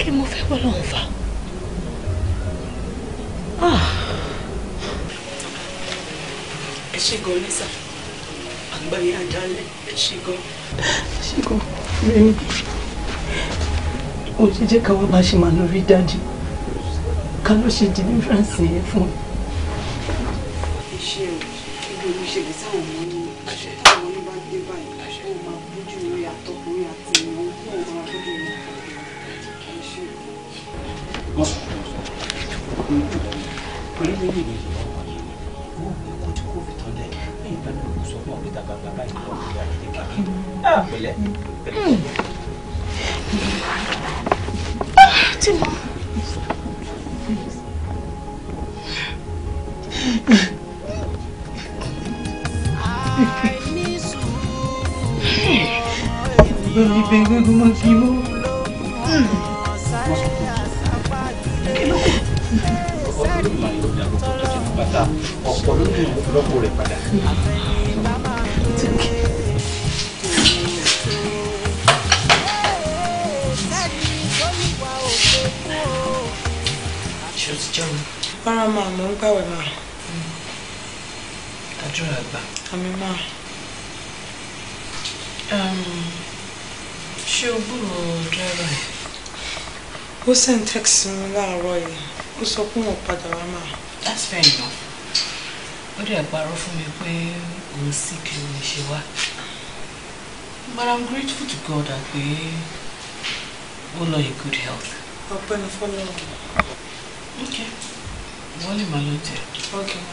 Kí mo fẹ́ wọ́n lọ́n fà? Ah. Ẹ ṣe gan ní sà. Àgbáyé àjálẹ̀ ẹ ṣe gan. Ẹ ṣe gan. Bẹ́ẹ̀ni, òjijì káwá bá ṣe màá lórí ká ló ṣe deliverance yẹn fún mi. iṣẹ́ Pẹ̀lú kò máa kí mọ́. Ọ̀pọ̀ ló ní ìlọ́pọ̀ rẹ̀ padà. Ṣé o ṣé o gbúrò dírẹ́bà yìí. ó send text mi láàárọ̀ yìí ó sọ pé wọn padà wá máa. that's fair enough ó dẹ̀ parọ́ fún mi pé òun sì kí n ṣe wá but i'm grateful to God pé ó lọ in good health. ọpẹ́ ni fọlọ́run. okay wọ́n lè máa lọ jẹ. okay.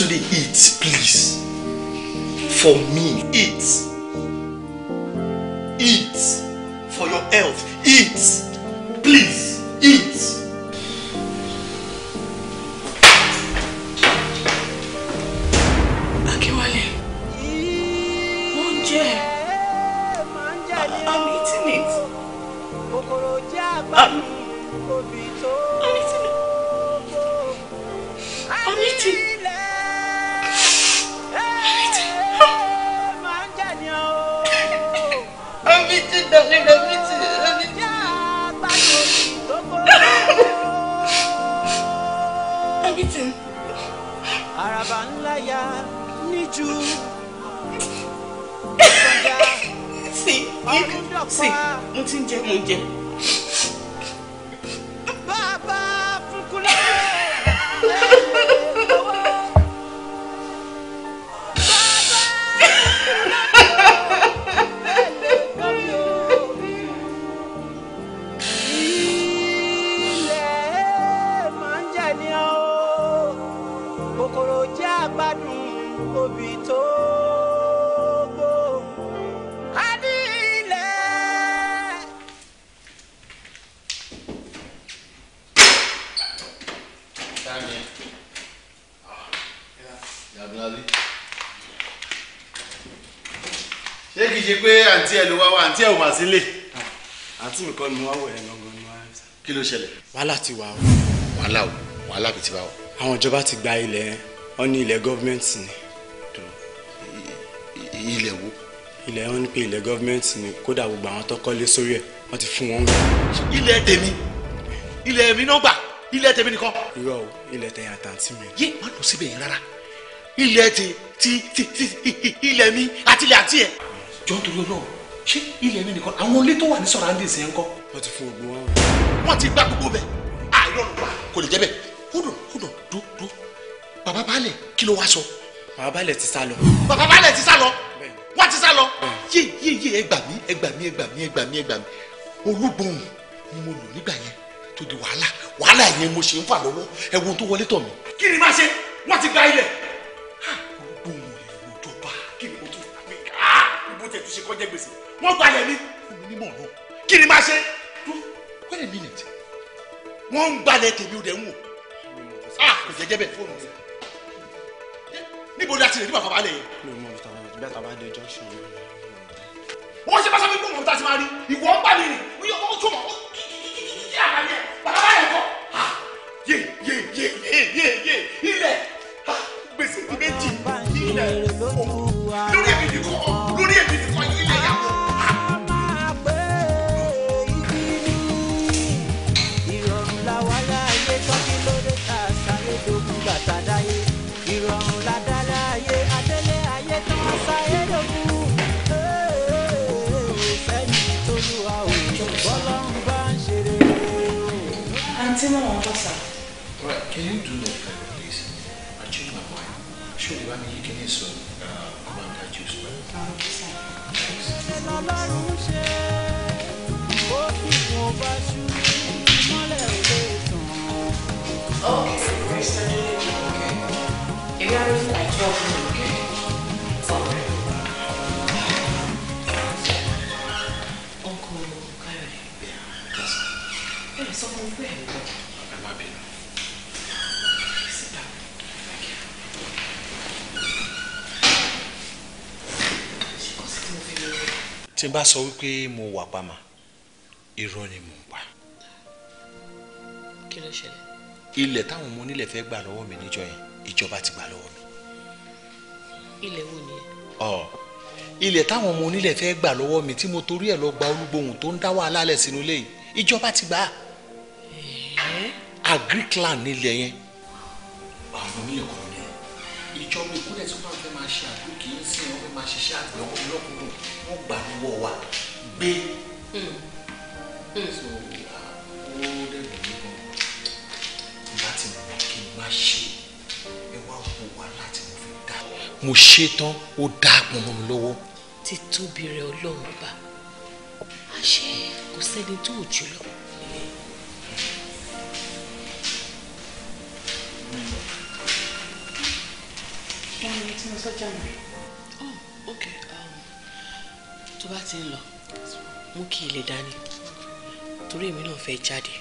Actually, eat, please. For me, eat. Eat. For your health, eat. Please, eat. àǹtí mi kọ́ ni wọ́n wẹ̀ ẹ́ gangan ni wọ́n á kí ló ṣẹlẹ̀. wàhálà ti wà o. wàhálà o wàhálà bíi ti bá o. àwọn ìjọba ti gba ilẹ̀ wọn ní ilẹ̀ gọ́ọ̀mẹ̀ntì ni. ilẹ̀ wo. ilẹ̀ wọn ní pé ilẹ̀ gọ́ọ̀mẹ̀ntì ni kódà gbogbo àwọn tó kọ́lé sórí ẹ̀ wọ́n ti fún wọn. ilẹ̀ tèmi ilẹ̀ mi náà gbà ilẹ̀ tèmi nìkan. irọ́ o ilẹ̀ tẹ̀yìn àtàntì mi. yé má lọ síbẹ̀ yẹn rárá ilẹ̀ ti ti ti ilẹ̀ mi àti ilẹ̀ àti ẹ̀. jọ́ntorí ọlọ́run ṣé ilẹ̀ mi nìkan àwọn ilé tó wà ní surroundings yẹn ń kọ́. wọ́n ti fún ogun wa. wọ́n ti gbá gbogbo bẹ́ẹ̀ àìrọ̀ ló wà kò lè jẹ́ bẹ́ẹ̀ kúndùn kúndùn dó dó bàbá baálẹ̀ kí ló wá sọ. bàbá baálẹ̀ ti sá lọ. bàbá baálẹ̀ ti sá lọ wọ́n ti sá lọ. yé yé yé ẹ gbà mí ẹ gbà mí ẹ gbà mí ẹ gbà mí ẹ gbà mí olúgbòhùn ni mo lò nígbà yẹn tó di wàhálà wàhálà yẹn mo ṣe ń fà lọ́wọ́ ẹ wo tó wọlé tọ̀ mí. kí ni máa ṣe wọ́n ti gba ilẹ̀ ah, olúgbòhùn ẹ̀ lọ́jọ́ bá kí ni mo tún fà mí. ibo ah, tẹ̀ tún ṣe kọ́jẹ́ gbèsè wọ́n palẹ̀ mi èmi ní mọ̀ náà kí ni máa ṣe tó wait a minute wọ́n ń gbalẹ̀ tèmi ò dẹ̀ ń wò ah kò jẹ́jẹ́ bẹ́ẹ̀ fóònù rẹ̀ níbo ni a ti lè rí bàbá balẹ̀ yẹn. mi ò mọ bàtà bàtà bá dé junction yìí. wọ́n ṣe bá sábẹ́ kó mọ̀ bàtà ti máa rí ìwọ ń bà mí rìn wíyọ ó tún mọ̀ ó kí àgbàdo yẹn bàbá balẹ̀ kọ́ yé yé yé yé yé ilẹ̀ gbèsè ti méjì ilẹ̀ Can you do that a favor, please? I changed my mind. Surely, I mean, you can also some uh, commander juice, but. Thanks. Okay, we're starting. Okay. If you are like 12 tí n bá sọ wípé mo wà pamà irọ́ ni mo pa. kí ló ṣẹlẹ̀. ilẹ̀ táwọn ọmọ onílẹ̀ fẹ́ gbà lọ́wọ́ mi níjọ yẹn ìjọba ti gbà lọ́wọ́ mi. ilẹ̀ wo ni. ọ ilẹ̀ táwọn ọmọ onílẹ̀ fẹ́ gbà lọ́wọ́ mi tí mo torí ẹ̀ lọ gba olúgbòhùn tó ń dá wàhálà lẹ̀ sínú ilé yìí ìjọba ti gbà á. agricland nílẹ̀ yẹn. àwọn mi kọ́ ni ìjọba ìkúlẹ̀ tí wọ́n fẹ́ máa ṣe àdókè ń sìn ó gbà lọ́wọ́ wa gbé. Hmm. Hmm. so ah, ó dẹ̀gbọ̀n mi gan láti mọ kí n má ṣe ẹ wá wo wa láti mo fi dá. mo ṣe tán ó dá àpọn mọ́ mi lọ́wọ́. ti tóbi rẹ ọlọ́run bá àṣẹ kò sẹ́ni tó ò jùlọ. Thank you tó bá ti ń lọ mú kí ilẹ̀ dání torí èmi náà fẹ́ jáde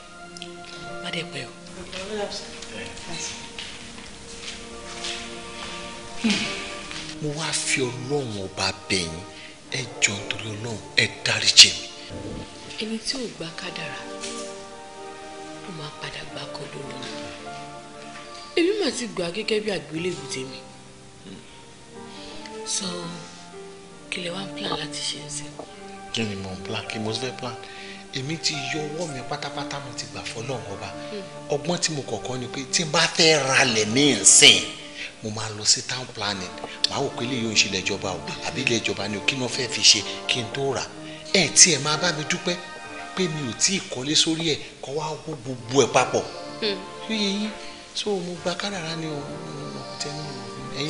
má dẹ̀ pẹ́ o. mo wá fi ọlọ́run ọba bẹ̀yìn ẹ jọ nítorí ọlọ́run ẹ dáríjì mi. ẹni tí ò gba kádàrá ó máa padà gba kọ́dọ̀ lọ́nà èmi mà ti gbà gẹ́gẹ́ bí àgbélébù tèmi. so kí lè wá ń plan láti ṣe ń sìn. kí ni mo ń plan kí mo fẹ́ plan èmi ti yọ ọwọ́ mi pátápátá mo ti gbà fọlọ́run ọba hmm. ọgbọ́n tí mo kọ̀kọ́ ni pé tí n bá fẹ́ ralẹ̀ ní ìsìn mo máa lọ sí town planning màá wò pé ilé yóò ń ṣe lẹ́jọba o àbí ilé ìjọba ni o kí náà fẹ́ẹ́ fi ṣe kí n tó rà ẹ tí ẹ máa bá mi dúpẹ́ pé mi ò tí ì kọ́lé sórí ẹ̀ kọ́ wá wó gbogbo ẹ̀ papọ̀ hmm. yóò yẹ yín so mo gba kádàrá ni o tẹnu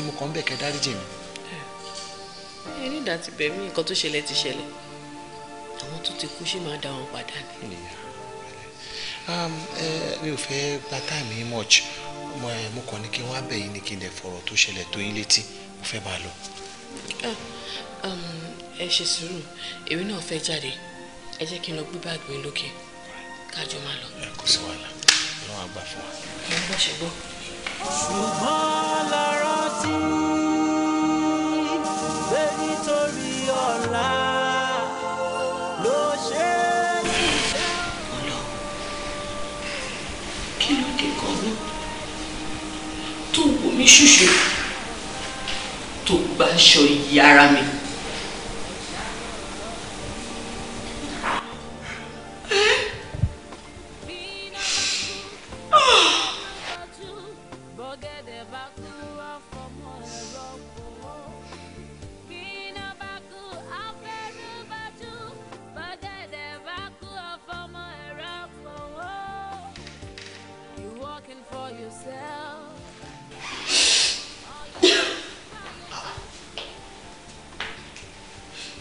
mo kàn ń bẹ̀ kẹ́ dáríjì mi ẹni ìdá ti bẹ̀ mí nǹkan tó ṣẹlẹ̀ ti ṣẹlẹ̀ àwọn tó ti kú ṣé máa dá wọn padà ni. Um, mi ò fẹ́ gba táìmì much mo kàn ní kí wọ́n á bẹ̀ yín ní kí n lè fọ̀rọ̀ tó ṣẹlẹ̀ tó yín létí mo fẹ́ máa lọ. Ah, um, ẹ ṣe sùúrù èmi náà fẹ́ jáde ẹ jẹ́ kí n lọ gbé báàgì mi lókè kájọ máa lọ. ẹ kò sí wàhálà ọlọ́run àgbà fún wa. mo ń bọ̀ ṣe gbọ́. ṣùgbọ́n lára tún. ọ̀la ló ṣe é ṣiṣẹ́. ọ̀nà kí ló dé kan tó wù mí tó gbaṣọ ìyá ara mi.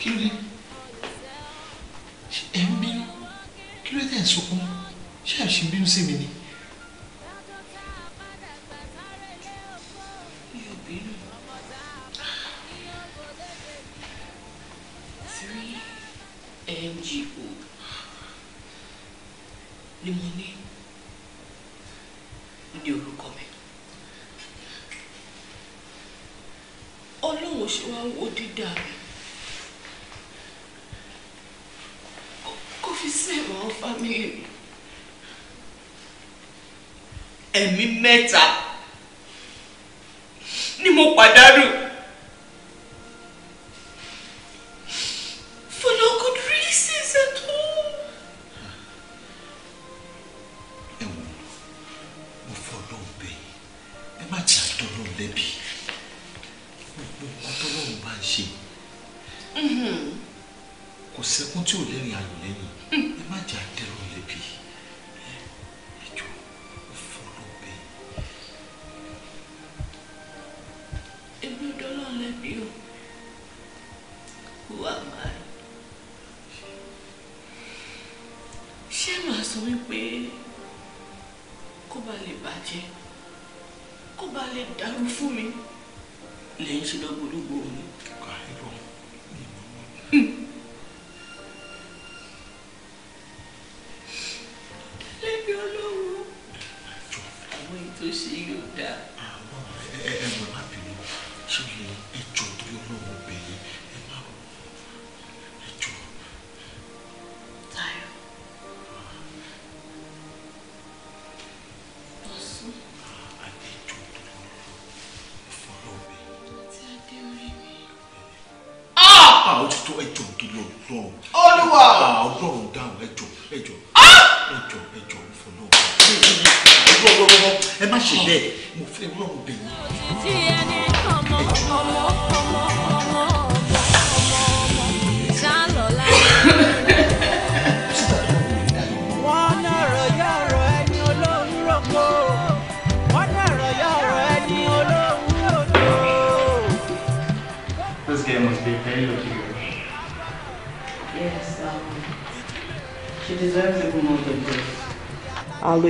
kí ló dé ẹ ń bínú kí ló dé tẹ̀ ń sunkún ṣé ẹ ṣì ń bínú sí mi ni. NGO ni mo ní ní orúkọ mi ọlọ́run ṣe wá ń wo dídá mi. àwọn fámìlì mi ẹ̀mí mẹ́ta ni mo pàdánù.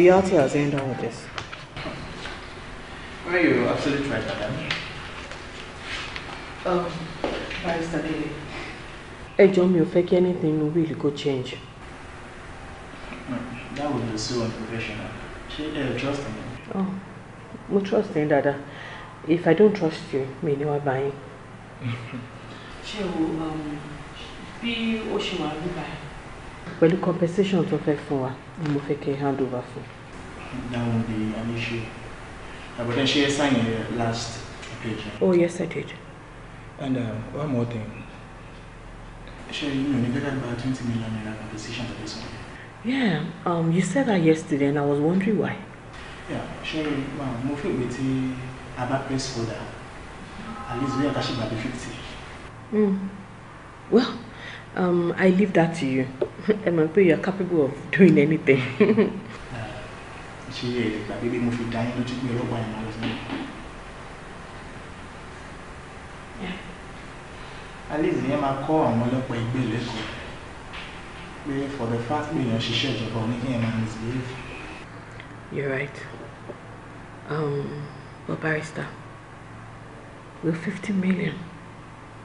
Yelty has ended all this. Well, you're absolutely right, madam. Um, I study. Hey, John, you fake anything in the will go change. No, hmm, that would be so unprofessional. She uh, trust me. Oh, mo trust yín dáadáa. If I don't trust you, mi ni wá She yín. be, o she um, ó ṣe wà ní báyìí? compensation tó fẹ́ fún wa ni mo fẹ́ kí hand over fún that won't be an issue. Uh, but then she signed the last page. Right? Oh, yes, I did. And uh, one more thing. Sure, you know, you about 20 million naira compensation for this one. Yeah, um, you said that yesterday and I was wondering why. Yeah, sure, well, mo feel with the about press folder, At least we are cashing about 50. Mm. Well, um, I leave that to you. and I pray you are capable of doing anything. ṣé mo fi dá yín lójú pé lọ yẹn kọ́ àwọn for the fact pé èèyàn ṣiṣẹ́ ìjọba òní you're right um, but barrister will fifty million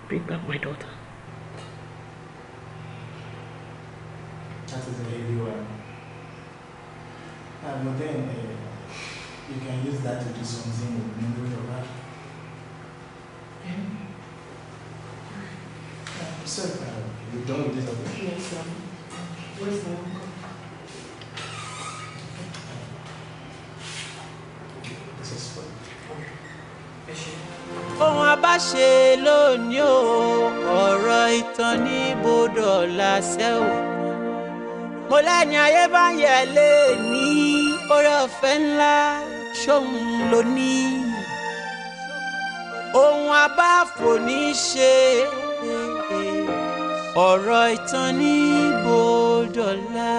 bring back my daughter. that is a heavy one. Uh, but then uh, you can use that to do something with memory of that. Um, so, uh, you're done with this already? Yes, um, where's my uncle? This is fun. Ohun abáṣe lónìí o, ọ̀rọ̀ ìtàn ní bodò ọ̀la mo lẹ́ni ayé bá ń yẹ lé ní oore ọ̀fẹ́ ńlá ṣóun ló ní ohun abáfò ní ṣe ọ̀rọ̀ ìtàn ní bòdọ̀lá.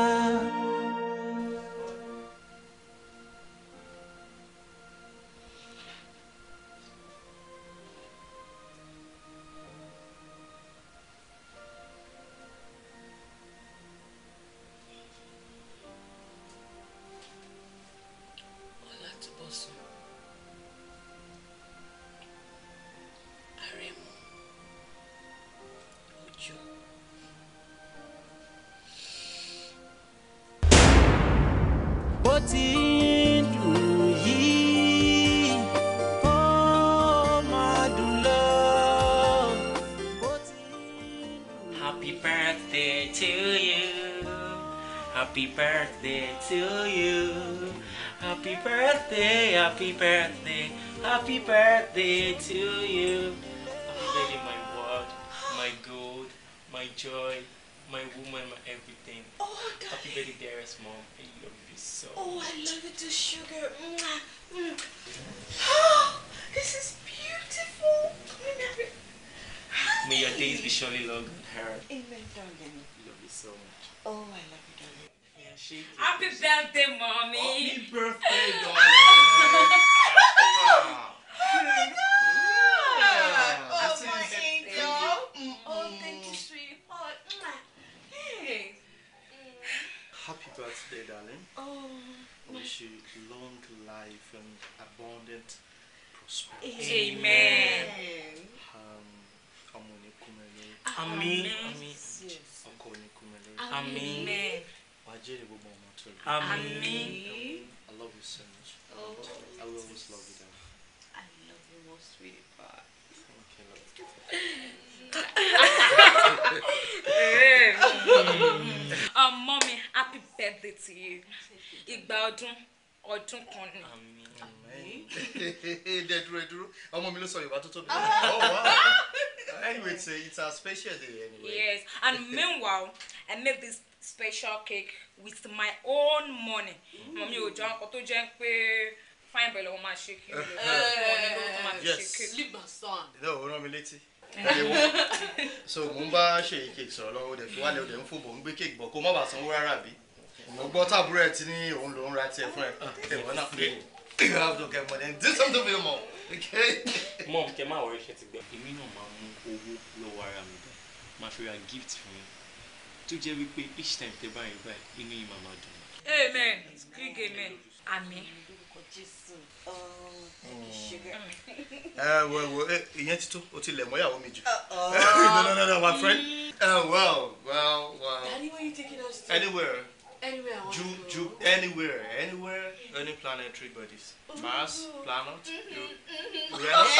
birthday to you. Happy birthday, happy birthday, happy birthday to you. Happy birthday, my world, my gold, my joy, my woman, my everything. Oh, God. Happy birthday, dearest mom. I love you so. Oh, I love you too, sugar. Oh, this is beautiful. May your days be surely long and hard. Amen, darling. Love you so much. Oh, I love you. Shake Happy birthday, mommy. Happy birthday, darling. oh my God. Oh, my angel. Oh, thank you, sweetheart. Hey. Happy birthday, darling. Oh. Wish you long life and abundant prosperity. Amen. Um, Amen. Amen. Amen. Amen. Amen. Amen. Amen. Amen. Amen. wàá jèrè gbogbo ọmọ tó I love you so much. Oh. I will always love you down. I love you more, sweetheart. Okay, love. um, mommy, happy birthday to you. Ìgbà ọdún ọdún kan ni. Amen. Dẹ dúró dúró, ọmọ mi ló sọ Yorùbá tó tóbi. Ah. Oh wow. Anyway, it's a, it's a special day anyway. Yes, and meanwhile, I make this special cake with my own money mọ mi ò jọ ọkọ tó jẹ́ pé fine bẹ̀rẹ̀ lọ́wọ́ máa ṣe kí ló eh. lọ́wọ́ máa ṣe kí. libasan. ìdáwọ̀ wọ́n rán mi létí so mo ń bá ṣèyí kéèkì sọ̀rọ̀ lọ́wọ́ dẹ̀ fi wálẹ̀ ọ̀dẹ̀ ń fò bọ̀ ń gbé kéèkì bọ̀ kó má bàa sanwó rárá bí mo gbọ́ táàbúrò ẹ̀ tí ní òun lòún ra tiẹ̀ fún ẹ̀ ah. ẹ̀wọ̀n náà pé you have to get money do something for your mom okay. mom kẹ máa wọrí iṣẹ́ ti gbẹ. èmi náà máa mú owó lọ́wọ́ ara mi bẹ́ẹ̀ máa fi ra gift fún yín tó jẹ́ wípé each time tẹ báyìí báyìí inú yìí màmá dùn. amen big amen àmín. ẹ wo wo ìyẹn ti tó o ti lẹ̀ mọ́yàwó mi jù. no no no my friend. Uh, well well well. Daddy, where you taking us to? anywhere. Anywhere I want Jew, anywhere, anywhere, any planetary bodies. Mm-hmm. Mars, mm-hmm. planet, mm-hmm. Uranus,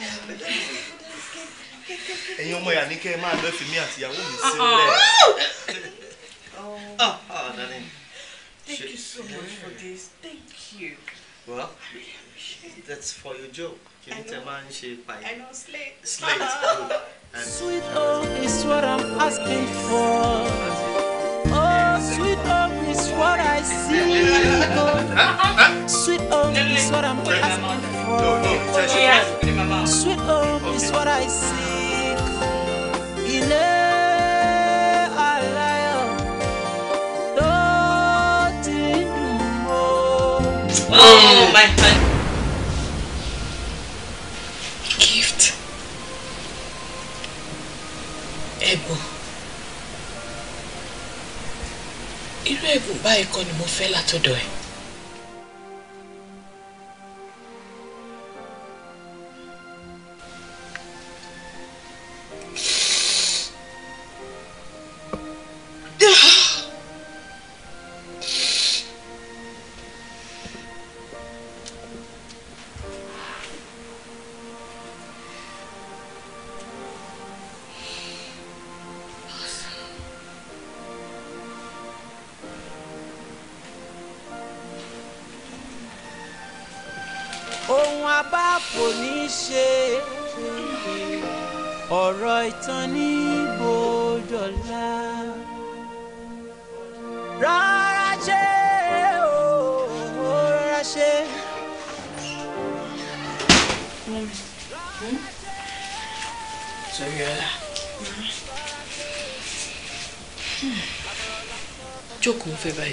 Pluto. Ẹ̀yin ọmọ ìyá ní kẹ́ ẹ máa lọ fi mí àtìyàwó mi sílẹ̀. Uh-huh. Oh. Ah, ah, Thank you so much for this. Thank you. Well, that's for your joke. Kí ni tẹ máa ń ṣe pàyẹ? I know slate. Slate. Sweet home is what I'm asking for. Sweet home is what I see. Sweet home is what I'm asking for. Sweet home is what I seek. Ilé aláyọ̀ Oh, my friend. irú ẹ̀bùn báyìí kọ́ ni mo fẹ́ látọ̀dọ̀ ẹ̀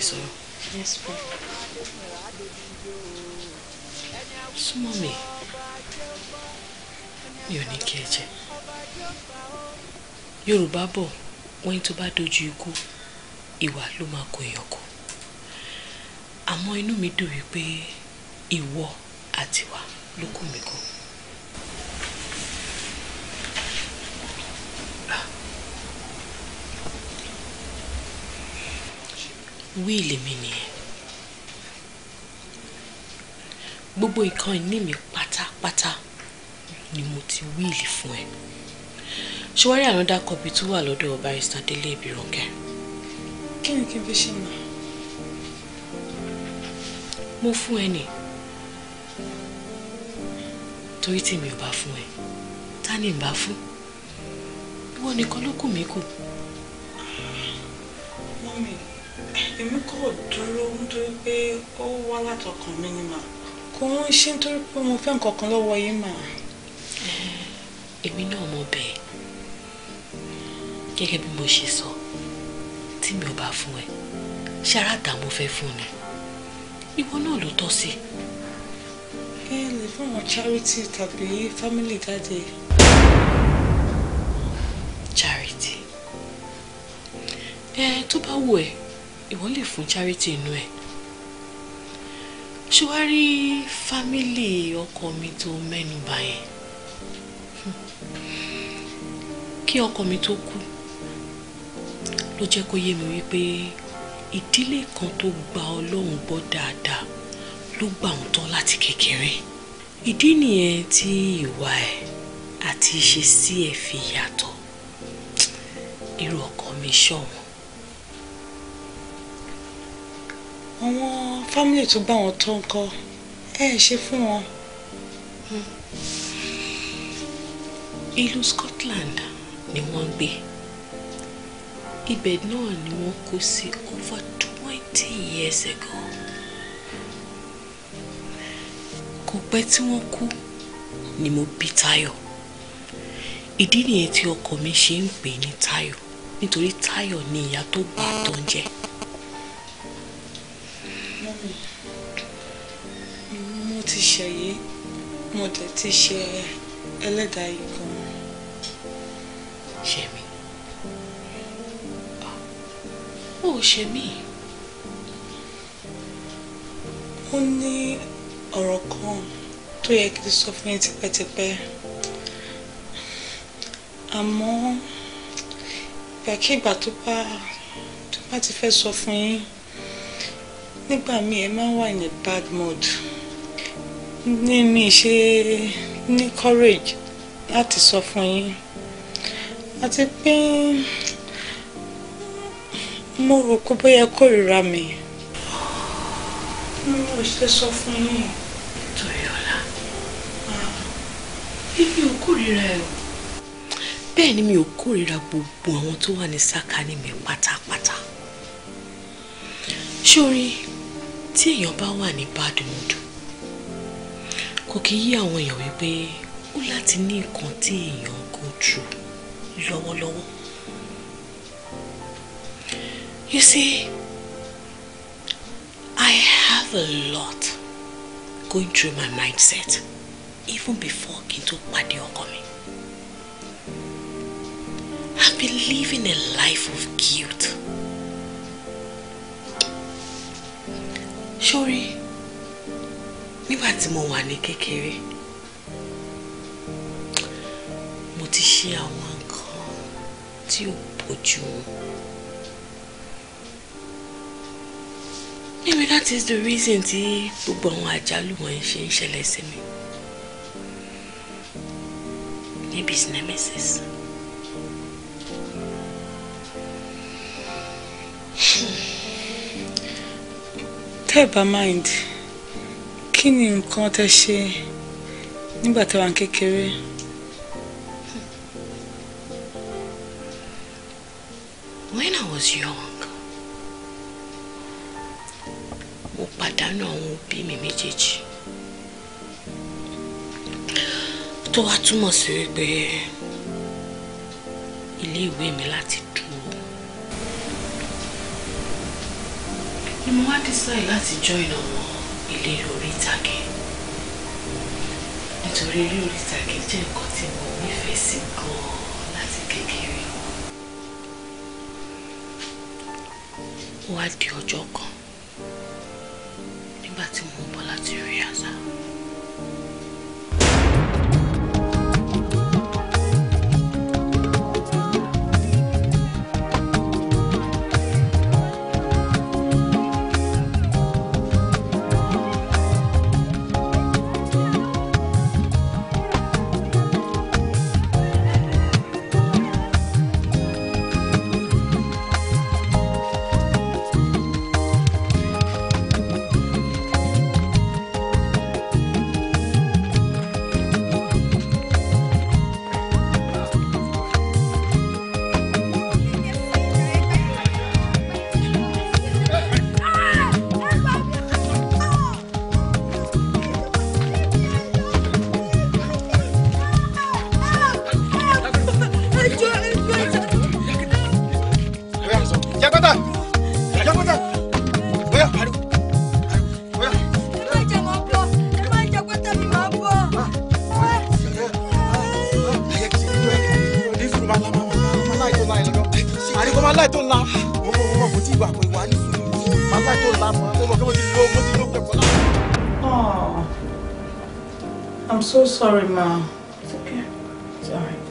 ẹ yes ma. súnmọ́ mi mi ò ní kí ẹ jẹ yorùbá bọ̀ wọ́n tó bá dojú ikú ìwà ló máa kó èèyàn kù àmọ́ inú mi dùn wípé ìwọ àtiwà ló kù wíìlì mi nìyẹn gbogbo nǹkan ìní mi pátápátá ni mo ti wíìlì fún ẹ ṣọwárí ànádà kọbi tó wà lọ́dọ̀ barrister Délé Ìbírànkẹ́. kí ni kí n fi ṣe mọ. mo fún ẹ nì torí tí mi ò bá fún ẹ ta ni n bá fún ìwọ nìkan ló kù mí kù. mọ́mí èmi kò dúró nítorí pé ó wá látọkàn mi ni mà kò ń ṣe nítorí pé mo fẹ́ nǹkan kan lọ́wọ́ yín mà. èmi náà mọ̀ bẹ́ẹ̀ gẹ́gẹ́ bí mo ṣe sọ tí mi ò bá fún ẹ ṣe aráàtà mo fẹ́ fún ni ìwọ náà ló tọ́ sí. ẹ lè fún àwọn charity tàbí family dáadé. charity ẹ tó bá wù ẹ́ ìwọ lè fún charity inú ẹ ṣé wàá rí fámílì ọkọ mi tó mẹ́nu bà yẹn kí ọkọ mi tó kú ló jẹ́ kó yé mi wípé ìdílé kan tó gba ọlọ́run gbọ́ dáadáa ló gbà wọ́n tán láti kékeré ìdí nìyẹn tí ìwà ẹ̀ àti ìṣesí ẹ̀ fi yàtọ̀ irú ọkọ mi ṣọ̀wọ́n. àwọn fámìlì tó bá wọn tó ń kọ ẹ ṣe fún wọn. ìlú Scotland ni wọ́n ń gbé ibẹ̀ náà ni wọ́n kó sí over twenty years ago kò pẹ́ tí wọ́n kú ni mo bí Táyọ̀ ìdí nìyẹn tí ọkọ mi ṣe ń pè ní Táyọ̀ nítorí Táyọ̀ ni ìyá tó bá tó ń jẹ́. mo dẹ̀ ti ṣe ẹlẹ́dàá yìí gan-an. ṣe mí ah, ó ṣe mí. ó ní ọ̀rọ̀ kan tó yẹ kí n sọ fún yín tipẹ́tipẹ́ àmọ́ ìgbàkigbà tó bá tó bá ti fẹ́ sọ fún yín nígbà míì ẹ máa ń wà ní bad mood ní mi ṣe ní courage láti sọ fún yín àti pé mo rò kó bóyá kórìíra mi mo ò ṣe sọ fún yín. Toriola èmi ò kórìíra ẹ o. bẹ́ẹ̀ ni mi ò kórìíra gbogbo àwọn tó wà ní sàkání mi pátápátá ṣé orí tí èèyàn bá wà ní bad mood kò kí yé àwọn èèyàn wípé ó láti ní nǹkan tí èèyàn go through lọ́wọ́lọ́wọ́ you see I have a lot going through my mindset even before kí n tó pàdé ọkọ mi I've been living a life of guilt. Sorry nígbà mo wà ní kékeré mo ti ṣe àwọn nǹkan tí ò bójú mu maybe that is the reason tí gbogbo àwọn àjálù wọ̀nyí ṣe ń ṣẹlẹ̀ sí mi maybe it's nemesis. Hmm. tẹ́ ẹ mind kí ni nǹkan tẹ́ ṣe nígbà tẹ́ wà ń kékeré. When I was young mo pàdánù àwọn òbí mi méjèèjì tó wá túmọ̀ sí wípé ilé ìwé mi láti dúró ni mo wá dísáì láti join àwọn eléré orí ìtàgé nítorí eré orí ìtàgé jẹ́ nǹkan tí mo nífẹ̀ẹ́ sí gan-an láti kékeré ó wá di ọjọ́ kan nígbà tí mo ń bọ̀ láti rí àṣà. sorry, ma. It's okay. It's alright.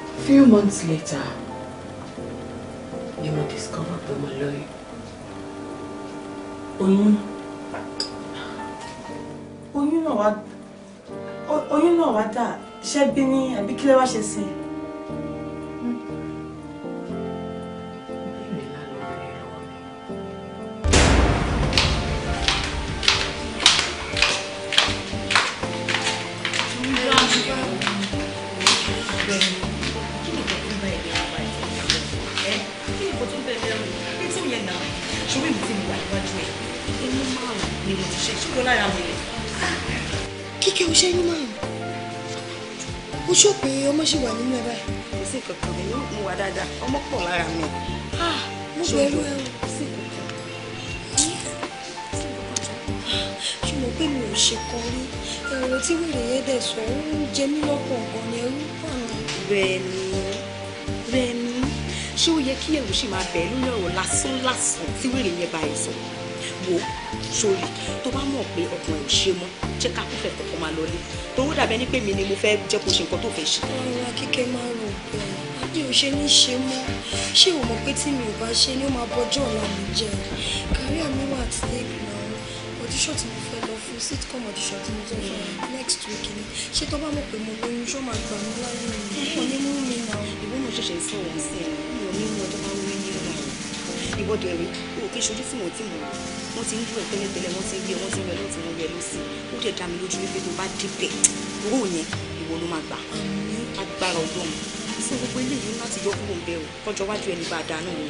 A few months later, kí èrò sì máa bẹ̀ lórí ọ̀rọ̀ lásán tí wèrè yẹn bá yẹn sọ wo sórí tó bá mọ̀ pé ọkàn ò ṣe mọ́ jẹ́ ká kúfẹ̀ kọ̀ọ̀kan máa lọlé tówó dàbẹ́ ni pé mi ni mo fẹ́ jẹ́ kó ṣe nǹkan tó fẹ́ ṣe. ọ̀rọ̀ akíkẹ́ máa rò bẹ́ẹ̀ mi ò ṣe ní ṣe mọ́ ṣé o mọ̀ pé tí mi ò bá ṣe ni ó máa bọjọ́ ọ̀la mi jẹ́ kárí àmì wà àti lẹ́gbẹ̀ẹ́ tí mo fẹ́ lọ fún sitcom audition tí mo tó fẹ́ next week ni ṣé tó bá mọ̀ pé mo lóyún ṣó máa gbà mí láyé mi kò ní mú mi náà. ìwé mi ṣẹ̀ṣẹ̀ sọ̀rọ̀ sí ẹ̀ bọ́dọ̀ ẹ̀rí o kì í ṣojú tí mo ti mọ̀ wọ́n ti ń dúró tẹ́lẹ̀tẹ́lẹ̀ wọ́n ti ń yẹ wọ́n ti ń yẹ lọ́tún wọ́n yẹ lọ́sí ó dẹ̀ dá mi lójú wípé tó bá débẹ̀ owó yẹn ìwọ ló máa gbà agbára ọgbọ́n sí gbogbo eléyìí láti yọ kúrò bẹ́ẹ̀ o kọjọ́ wájú ẹni bá dáná wọn.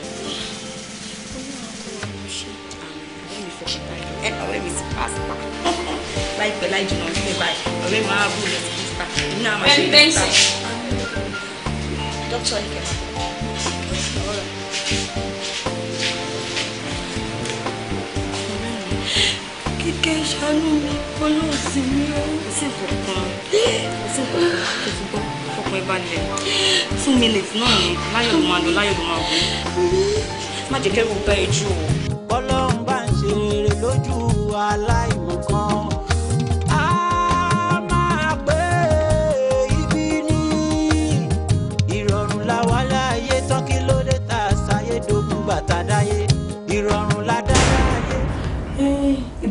ọ̀rẹ́ mi ti pàṣípà láìpẹ́ láì jìnnà ní pẹ́ báyìí ọ̀rẹ́ mi máa bú ti pàṣípà èmi máa ṣe é ṣàánú mi olóòsì mi ó sì fọkàn sì fọkàn tó ti gbọ́ fọkàn ìbàlẹ̀ two minutes náà ni láyọ̀ ló máa lọ láyọ̀ ló máa bọ̀ má jẹ́ kẹ́rù bá ẹ jù o.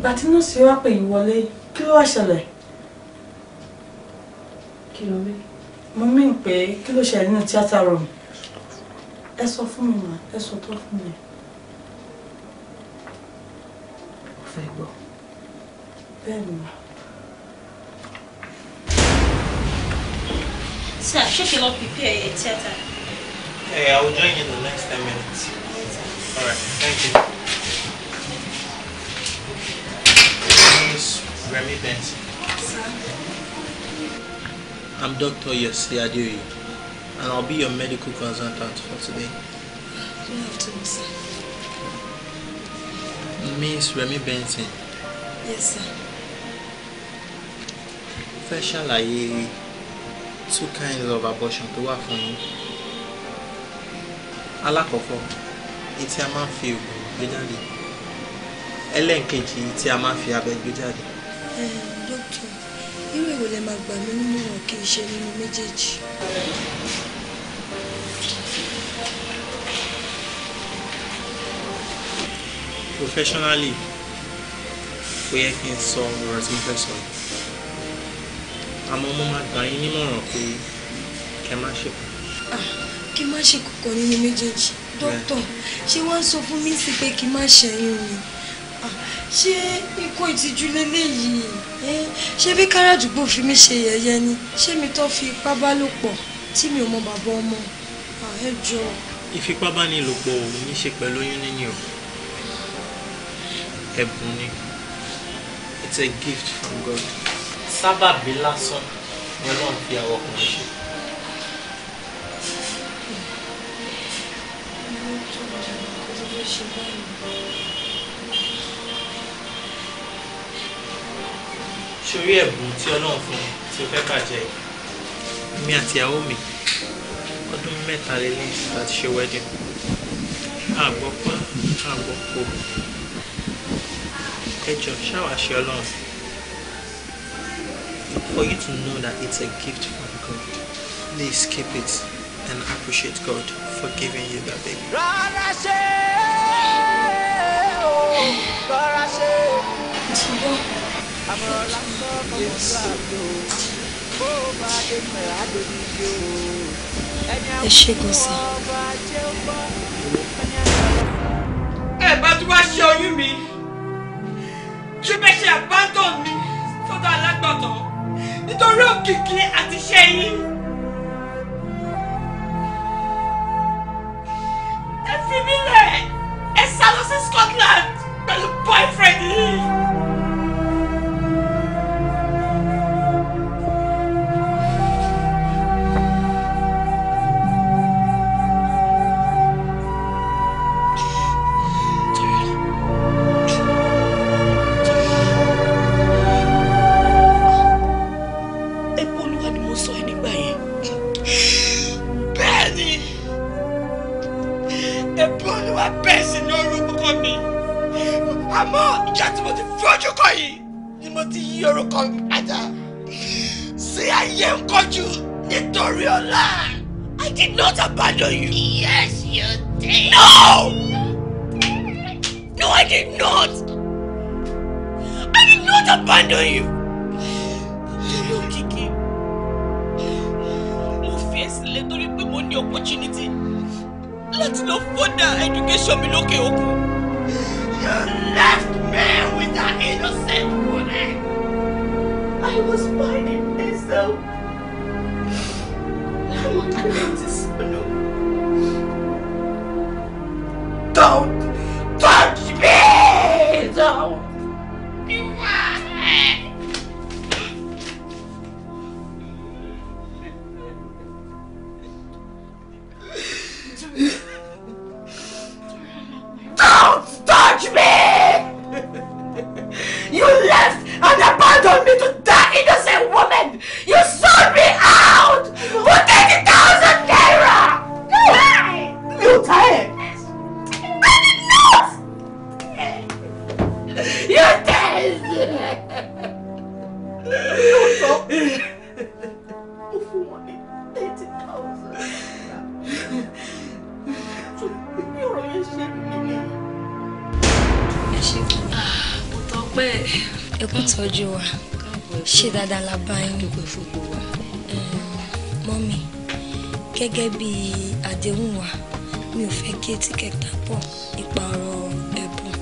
ìgbà tí nọ́ọ̀sì wá pè yín wọlé kí ló wá ṣẹlẹ̀. kí ló rí. mo mí pé kí ló ṣẹlẹ̀ nínú tíátà rọ̀ mi. ẹ sọ fún mi mà ẹ sọ tó fún mi. mo fẹ́ gbọ́. bẹ́ẹ̀ ni mà. Sir, she should not prepare a theater. Hey, I will join you in the next ten minutes. all right thank you. Remy Benson. I'm Dr. Yossi Adeoye, and I'll be your medical consultant for today. Good afternoon, sir. Miss Remy Benson. Yes, sir. First, Fẹ́ ṣàlàyé two kinds of abortion to work for you. Alákọ̀ọ́kọ́, èyí tí a máa ń fi oògùn gbé jáde. Ẹlẹ́ẹ̀kejì, èyí tí a man ń fi abẹ dókítà mm, irú èrò lẹ máa gbà mí nínú wọn kì í ṣe nínú méjèèjì. professionally ó yẹ kí n sọ ọ̀rọ̀ tí mo fẹ́ sọ àmọ́ mo máa gbà yín nímọ̀ràn pé kẹ má ṣe kù. Ah, kí n má ṣe kọ̀kọ̀ nínú méjèèjì dókítà ṣé wọ́n sọ fún mi sí pé kí n má ṣẹ́yún ni. Ah ṣé ikú ìtìjú leléyìí ṣé bí káràdúgbò fi mí ṣe yẹ̀yẹ́ ni ṣé mi tó fi ipá bá lò pọ̀ tí mi ò mọ bàbá ọmọ ẹ jọ. ìfipábánilòpọ̀ ò ní ṣe pẹ̀lú oyún níní o ẹ̀bùn ni it's a gift from God sábàbí lásán ni Ọlọ́run fi àwọn ọkùnrin ṣe. Thank you. sórí ẹ̀bùn tí ọlọ́run fún mi tí o fẹ́ bàjẹ́ mi àti mi ọdún mẹ́tàlélẹ́yìn láti ṣe wedding àgbọ̀ pa àgbọ̀ po ẹjọ́ ṣáwà ṣe ọlọ́run for you to know that it's a gift from God please keep it and appreciate God for giving you that baby. rárá ṣe é o rárá ṣe é àmọ̀ràn lásán kò ní lọ àjò bó o bá dé mẹ́rà ló ní yó. ẹ ṣe kò sá. ẹ bá tún wá ṣe oyún mi ṣé bẹ́ẹ̀ ṣe abandon mi sọ́dọ̀ alágbàtọ́ nítorí òkìkí àti ṣẹ́yìn. ẹ fi mí lẹ̀ ẹ sá lọ sí Scotland pẹ̀lú boyfriend yìí. abandon you. Yes, you did. No! No, I did not. I did not abandon you. No, Kiki. Mo fi ẹ̀sìn lé torí pé mo ní opportunity láti lọ fọ́dà education mi lókè òkun. You left me with that innocent woman. I was finding myself. I want to Don't touch me! Don't! gẹ́gẹ́ bí àdéhùn wa mi ò fẹ́ kí etí kẹta pọ̀ nípa ọ̀rọ̀ ẹ̀bùn.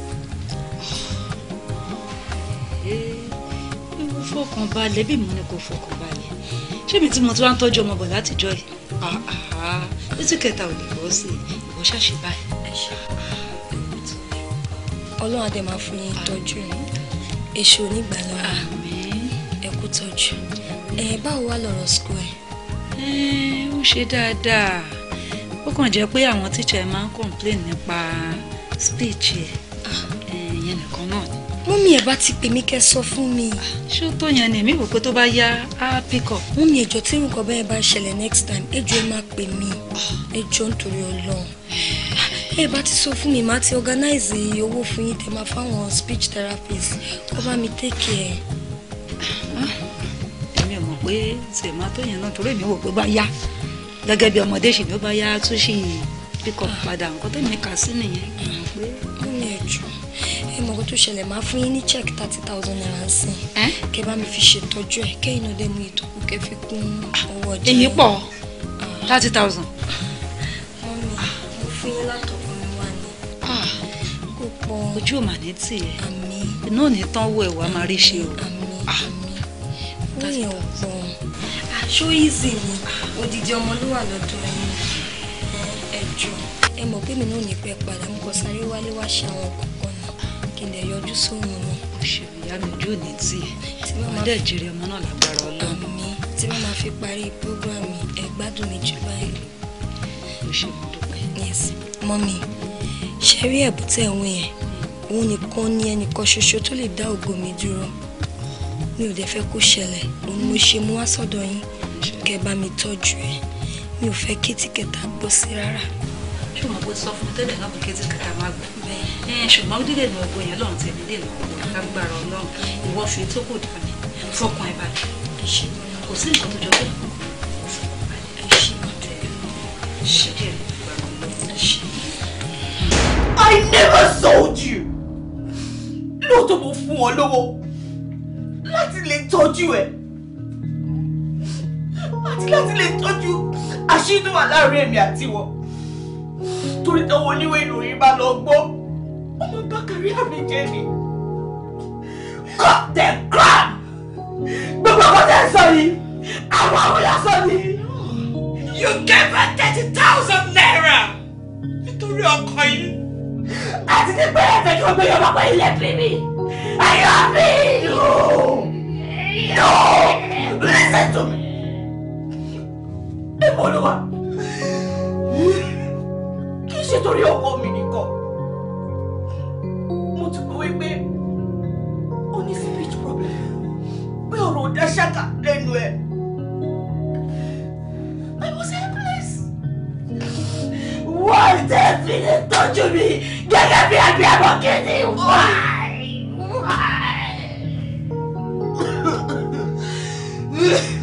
bí mo fọkàn balẹ̀ bí mo ní kò fọkàn balẹ̀ ṣé mi tí mo ti wá ń tọ́jú ọmọ bọ̀ látijọ́ yìí etí kẹta ò lè bọ́ sí ìwọ ṣàṣì báyìí. ọlọ́run adé máa fún yín tọ́jú èṣù onígbàlọ́ra ẹ̀kú tọ́jú ẹ̀ báwo wá lọ́rọ̀ school ẹ̀ ó ṣe dáadáa ó kàn jẹ́ pé àwọn tíṣà ẹ̀ máa ń complain nípa speech ẹ̀ ìyẹn nìkan náà. mọ́mí ẹ̀ bá ti pè mí kẹ́ sọ fún mi. ṣé ó tó yẹn ni èmi wò pé tó bá yá á pick up. mọ́mí ẹ̀jọ̀ tí nǹkan bẹ́ẹ̀ bá ṣẹlẹ̀ next time ẹ̀jọ̀ ẹ̀ máa pè mí ẹ̀jọ̀ nítorí ọlọ́run ẹ bá ti sọ fún mi màá ti organize owó fún yín tẹ máa fáwọn speech therapist kó bá mi take care pé sèmá tó yẹn náà torí èmi wò pé bá yá gẹ́gẹ́ bí ọmọdé ṣì ni bá yá tó ṣì píkọ̀ padà nǹkan tó mi kà sí nìyẹn. ó ní ẹ̀jú ẹ mọ̀ kó tó ṣẹlẹ̀ máa fún yín ní check thirty thousand naira ń sìn kẹ bá mi fi ṣètọ́jú ẹ kẹ́yìn náà dé mú ìtọ́kù kẹ fi kún owó ọjà. èyí pọ̀ ah. thirty thousand. mọ́mí mo fún yín látọkùnrin wa ni ah. kò pọ̀. ojú ò ní tì ẹ́ àmín inú ò ní tán wọ ẹ̀wà máa rí ṣe o. àmín ah. àmín lọ́dọ̀ yẹn ò pọ̀ aṣọ easy ni odidi ọmọ ló wà lọ́dọ̀ yẹn ẹjọ́ ẹ mọ̀ pé mi náà ní pẹ́ padà mo kọ sáré wálé wá ṣe àwọn kọ̀ọ̀kan náà kí n lè yọjú sóhun náà. òṣèré ìyá mi ojú ní tì í ọdẹ jèrè ọmọ àmì tí wọ́n máa fi parí program ẹ gbádùn mi jù báyìí. mo ṣe mo dúpẹ́. yes mọ́mí ṣe rí ẹ̀bùn tẹ̀ wọ́n yẹn òun nìkan ni ẹnìkan ṣoṣo tó lè dá ògo mi dúró mi ò dẹ̀ fẹ́ kó ṣẹlẹ̀ òun mo ṣe mú wá sọ́dọ̀ yín kẹ́ bá mi tọ́jú ẹ̀ mi ò fẹ́ kétí kẹta sí rárá. ṣùgbọ́n mo sọ fún tẹ́lẹ̀ náà kó kétí máa gbọ́ bẹ́ẹ̀ ṣùgbọ́n dídè ní ọgbọ́n yẹn lọ́run tẹ̀lé dè lọ́wọ́ lágbára ọlọ́run ìwọ fi tó kò dà fọkàn ẹ̀ balẹ̀ kò sí nǹkan tó jọ bẹ́ẹ̀ fọkàn balẹ̀ ṣe kẹ́ ẹ̀ gbàgbọ́ I never sold you. Lóòótọ́ mo fún ọ lówó láti lè tọ́jú ẹ àti láti lè tọ́jú àṣírí wà láàrin èmi àti wọ torí táwọn oníwèé ìròyìn bá lọ gbọ́ ọmọ bá kárí àmì jẹ ni cut them crap gbogbo ọmọ tẹ sọ yìí àwọn àwọn lásán ni you gave her thirty thousand naira nítorí ọkọ yìí àti ní pẹ́ẹ́rẹ́ tẹ́jú ọgbẹ́ yọ̀ọ́ bá pẹ́ ilẹ̀ bíbí ayọ̀ àbí yóò. No! Listen to me! Olúwa, kì í ṣe torí ọkọ mi nìkan. Mo ti gbọ́ wípé ó ní speech problem. Pé ọ̀rọ̀ ò dá ṣáká lẹ́nu ẹ̀. I was helpless. Wọ́n ti fi lè tọ́jú mi gẹ́gẹ́ bí abiyamọ kìíní. Why? Why? Ugh!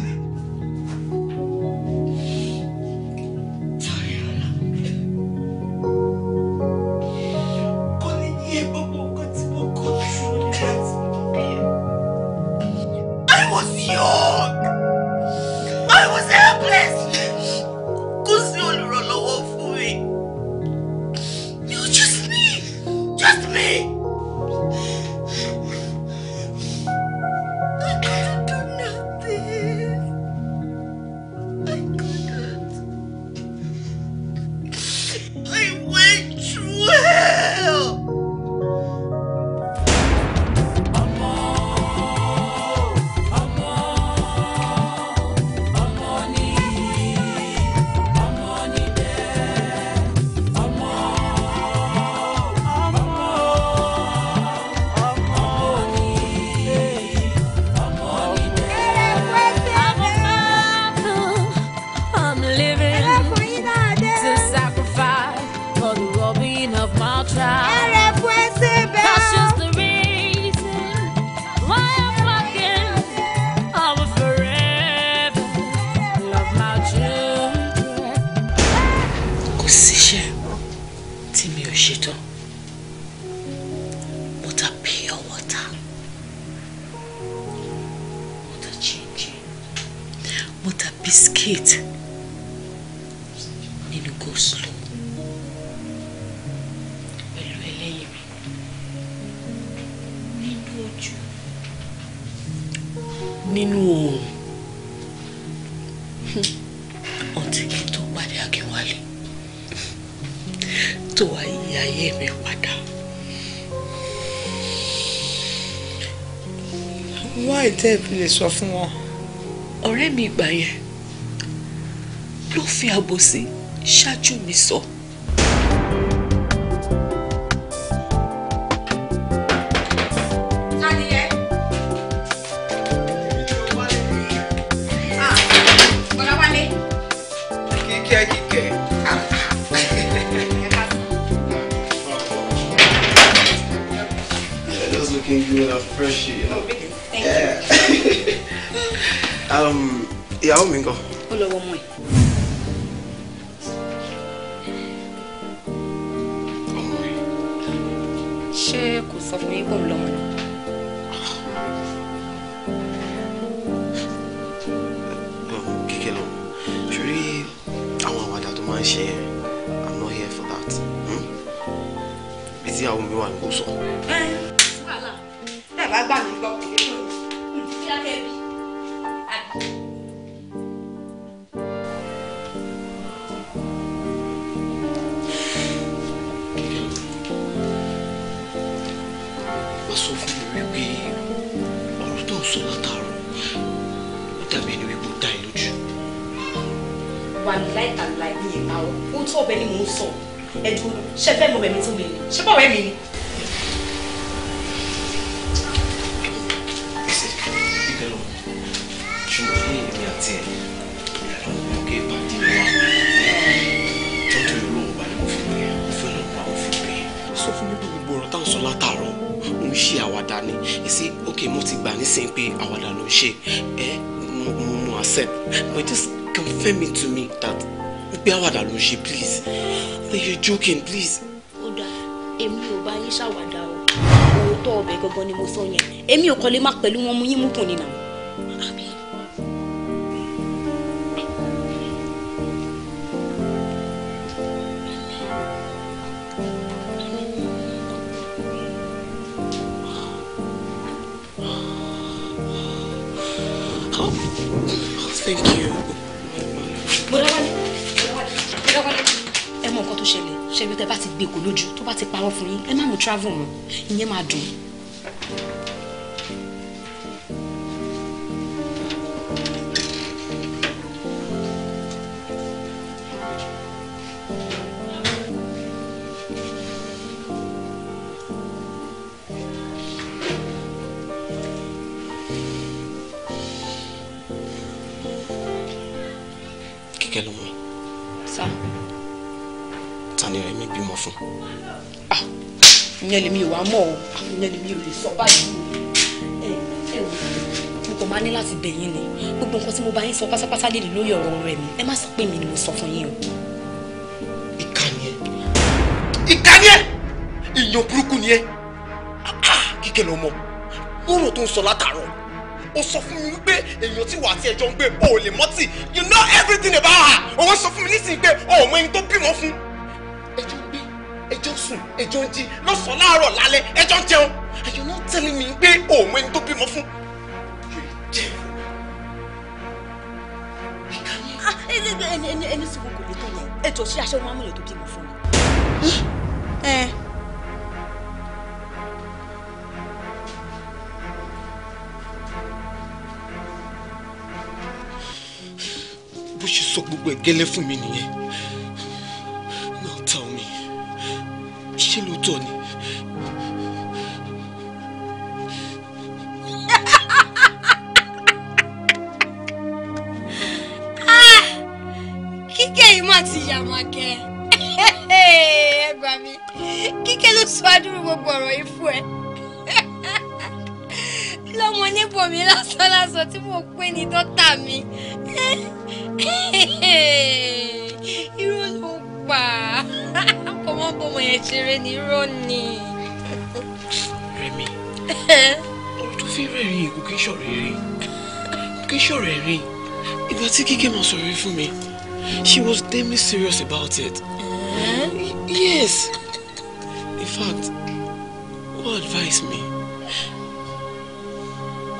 lè sọ fún wọn. ọ̀rẹ́ mi ìgbà yẹn ló fi àbòsí ṣáájú mi sọ. So. ìyàwó mi gan. ó lọ wọ ọmọ ẹ. ṣé kò sọ fún yín bóun lọmọ náà. kíkẹ́ lọ ṣorí àwọn àwàdà tó máa ń ṣe yẹn i'm not here for that. Hmm? bí tí àwọn mi wà ní sọ. wàhálà tẹ̀ bá gbà mí gbọ́ wa ni láì tàbí láì ní ìpa o ó tó ọbẹ̀ ni mò ń sọ ẹ̀dùn ṣe fẹ́ mọ bẹ̀mí tó mi ni ṣé bọ̀wẹ́ mi ni. látàárọ̀ mo ń ṣe àwàdà ni ẹ ṣe mo ti gbà nísìnyí pé àwàdà ló ń ṣe ẹ mo mo accept but Fẹ́mi to me that wípé àwàdà ló ń ṣe please you joking please. ó dáa èmi ò bá yín ṣàwàdà o òótọ́ ọbẹ̀ gangan ni mo sọ yẹn èmi ò kọ́ lè má pẹ̀lú wọn mú yín mú kùn nínà. travel mọ́ ìyẹn máa dùn ìyẹn lèmi ò wá mọ̀ o ìyẹn lèmi ò lè sọ báyìí o ẹ ẹ wò mo kàn máa ní láti bẹ̀ yín ni gbogbo nǹkan tí mo bá yín sọ pátápátá lè lórí ọ̀rọ̀ rẹ̀ mi ẹ má sọ pé mi ni mo sọ fún yín o. ìkànnì ẹ ìkànnì ẹ èèyàn burúkú ni ẹ ah, ah, kíkẹ́ lọ́mọ lọ́rọ̀ tó ń sọ látàárọ̀ ó sọ fún mi wípé èèyàn tí wàá tí ẹjọ́ ń gbé o mọ́tì you know everything about her òun sọ fún mi nísìnyí pé o ẹni tó bímọ fún un sùn ẹjọ́ ń jí lọ́sàn-án láàárọ̀ lálẹ́ ẹjọ́ ń jẹun are you not telling me pé òun ẹni tó bímọ fún. Ah, ẹni sọ kò lè tọ̀lẹ̀ ètò ṣé aṣẹ́wó máa ń múlẹ̀ tó bímọ fún mi. bó ṣe sọ gbogbo ẹ̀ gẹ́lẹ́ fún mi nìyẹn. jàre ní rọ́ọ̀nì. Rẹ̀mí ọ̀rọ̀ tó fi rẹ̀ rìn kò kí ń ṣọ̀rọ̀ rìn kò kí ń rìn ìgbà tí kíkẹ́ máa sọ̀rọ̀ fún mi she was damn serious about it. Eh? Yes in fact ó advise me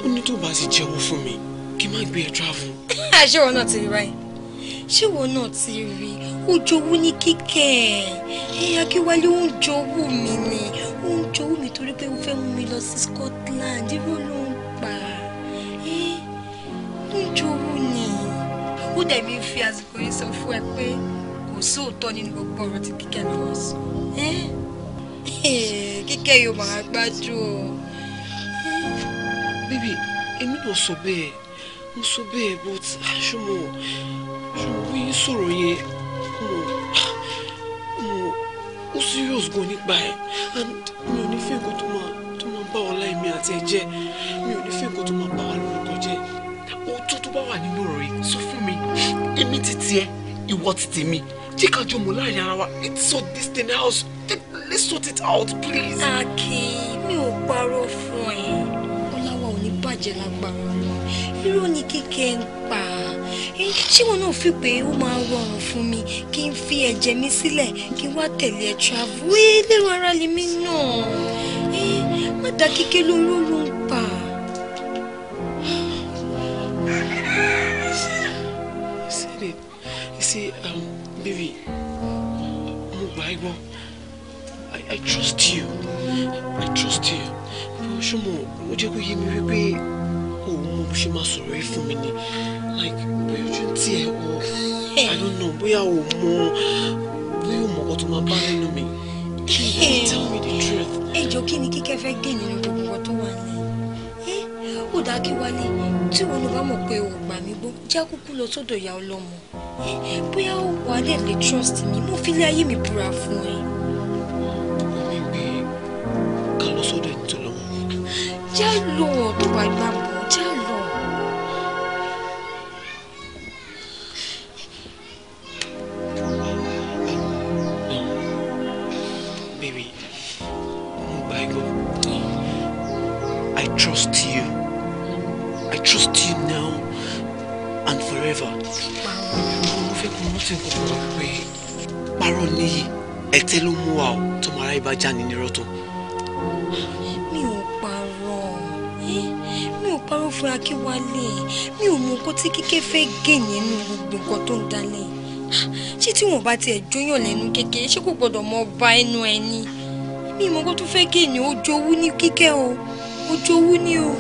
ó ní tó bá ti jẹ́wọ́ fún mi kí n má gbé ẹ travel. àṣé ah, wọn náà ti rí báyìí ṣé wọn náà ti rí ojú owó ní kíkẹ́ ẹ akíwálé ó ń jowú mi ni ó ń jowú mi torí pé ó fẹ́ mú mi lọ sí Scotland irú ló ń pa ẹ ó ni ó dẹ̀ mi fi àsìkò yìí sọ fún ẹ pé kò sóòótọ́ nínú gbogbo ọ̀rọ̀ tí kíkẹ́ lọ́wọ́ sọ kíkẹ́ yóò máa gbájú o. bíbí èmi náà sọ bẹ́ẹ̀ mo sọ bẹ́ẹ̀ but ṣùgbọ́n ṣùgbọ́n bí sọ̀rọ̀ yẹn serious gan nípa ẹ̀ and mi ò ní fẹ́ nǹkan tó máa tó máa bá ọlá èmi àti ẹ jẹ́ mi ò ní fẹ́ nǹkan tó máa bá wa lórúkọ jẹ́ òótọ́ tó bá wà nínú ọ̀rọ̀ yìí sọ fún mi èmi ti tiẹ̀ ìwọ ti tèmi jẹ́ ká jọ mọ̀ láàrin ara wa let's sort this thing let's sort it out please. Aki mi ò parọ́ fún ẹ ọlá wa ò ní bàjẹ́ lágbára irú ni kíkẹ́ ń pa á ṣé wọn náà fi pé ó máa rọrùn fún mi kí n fi ẹ̀jẹ̀ mi sílẹ̀ kí n wá tẹ̀lé ẹ̀ travel wí lérò ara lè mí náà má dá kíkẹ́ lóró ló ń pa. You see, um, baby, mo gbà ẹ́ I trust you. I trust you. Ṣé mo jẹ́ kó yé mi wípé òun mo ṣe máa sọ̀rọ̀ yìí fún mi ni? like bóyá ojú tí ẹ wọ i don't know bóyá o mọ bóyá o mọ ọkọ tó máa bá nínú mi please tell me the truth. ẹ jọ kí ni kíkẹ́ fẹ́ gé nínú gbogbo ọkọ tó wà ní ó dáa kí wálé tí wọn bá mọ̀ pé o gbà mí gbọ́ jẹ́ kúkú lọ sọ́dọ̀ ìyá ọlọ́mọ bóyá ó wà á dẹ̀ lè trust mi mo fi lé ayé mi búra fún ẹ. ká lọ sọ́dọ̀ ẹ̀ tó lọ́wọ́. jẹ́ lọ́wọ́ tó mọ́. aráyé bá jáni nírọ́ tán. mi ò parọ́ mi ò parọ́ fún akínwálé e. mi ò mọ nǹkan tí kíkẹ́ fẹ́ gé nínú gbogbo nǹkan tó ń dalẹ̀ ṣé tí wọn bá tiẹ̀ jóyàn lẹ́nu kékeré ṣé kò gbọ́dọ̀ mọ ọba ẹnu ẹni mi ò mọ nǹkan tó fẹ́ gé ní ojú owú ní kíkẹ́ o ojú owú ní o.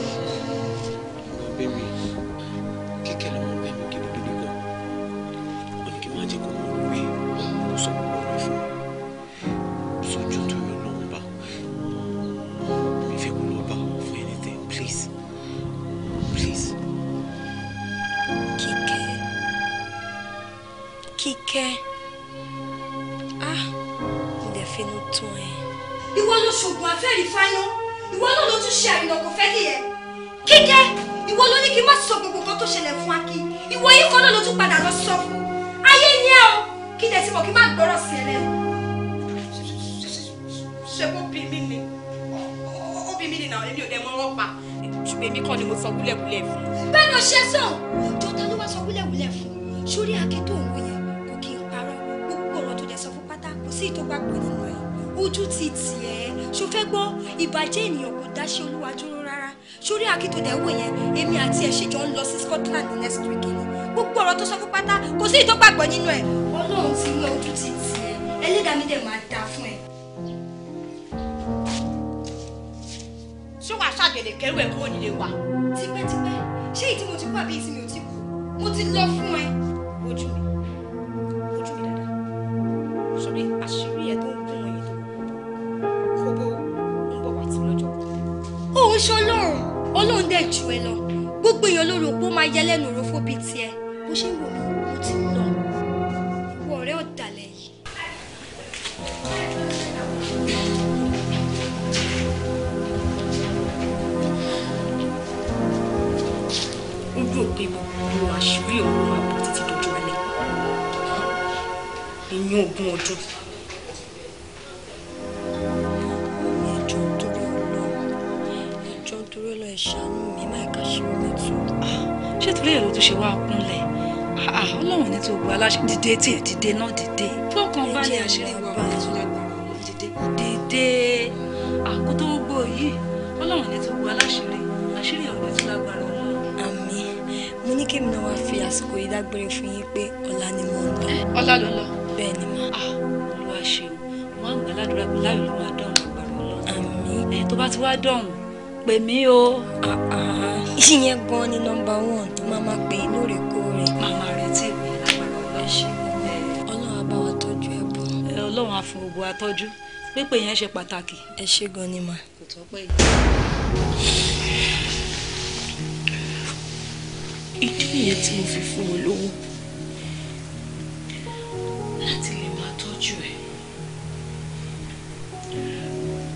nínú ẹ̀ ọlọ́run ti ní ojú ti tì ẹ́ ẹlẹ́dàá mi máa da fún ẹ. ṣé wàá ṣàgbẹ̀lẹ̀ kẹrù ẹ̀ kúrò nílé wa. tipẹ́tipẹ́ ṣé ìdí mo ti kú àbí ìdí ò ti kú mo ti lọ fún ẹ ojú mi ojú mi dáadáa sórí àṣírí ẹ tó ń gún ẹyìn tó kóbó ń bọ̀ wá tí lọ́jọ́. òun ṣe ọlọ́run ọlọ́run dẹ̀ jù ẹ lọ gbogbo èèyàn ló rò máa yẹ lẹ́nu òròfó bíi tiẹ̀ bó ṣe ń wò mí mo ti mú. àṣírí òun máa bọ̀ títí dojú alẹ́ ìyún ogún ọdún. ẹjọ́ torí ọlọ́run ẹjọ́ torí ọlọ́run ẹ̀ṣánú mi máa kà ṣe omi tó. ṣé torí ẹ̀ ló tún ṣe wá kúnlẹ̀ ọlọ́run ní àṣírí wa wà lọ́sùn lágbára dìde. àkótó gbò yìí ọlọ́run ní tó gba aláṣẹ àṣírí ọ̀rẹ́ tó lágbára kí mi náà wá fi àsìkò yìí dágbére fún yín pé ọ̀la ni mo ń lọ. ọ̀la ló lọ. bẹ́ẹ̀ ni mà. Ah, olúwa ṣe o wọn àgbà ládùúrà pé láyò ló máa dọ̀hún agbára ọlọ́run. àmì. tó bá ti wá dọ̀hún pè mí o. Ah, ah, ìyẹn gan ni nọ́mbà one tó máa máa pè é lóòrèkóòrè. màmá rẹ tí ìwé agbára ọlọ́run ṣe. ọlọ́run á bá wa tọ́jú ẹ bọ̀. ọlọ́run á ìdí nìyẹn tí mo fi fún wọn lówó láti lè máa tọ́jú ẹ̀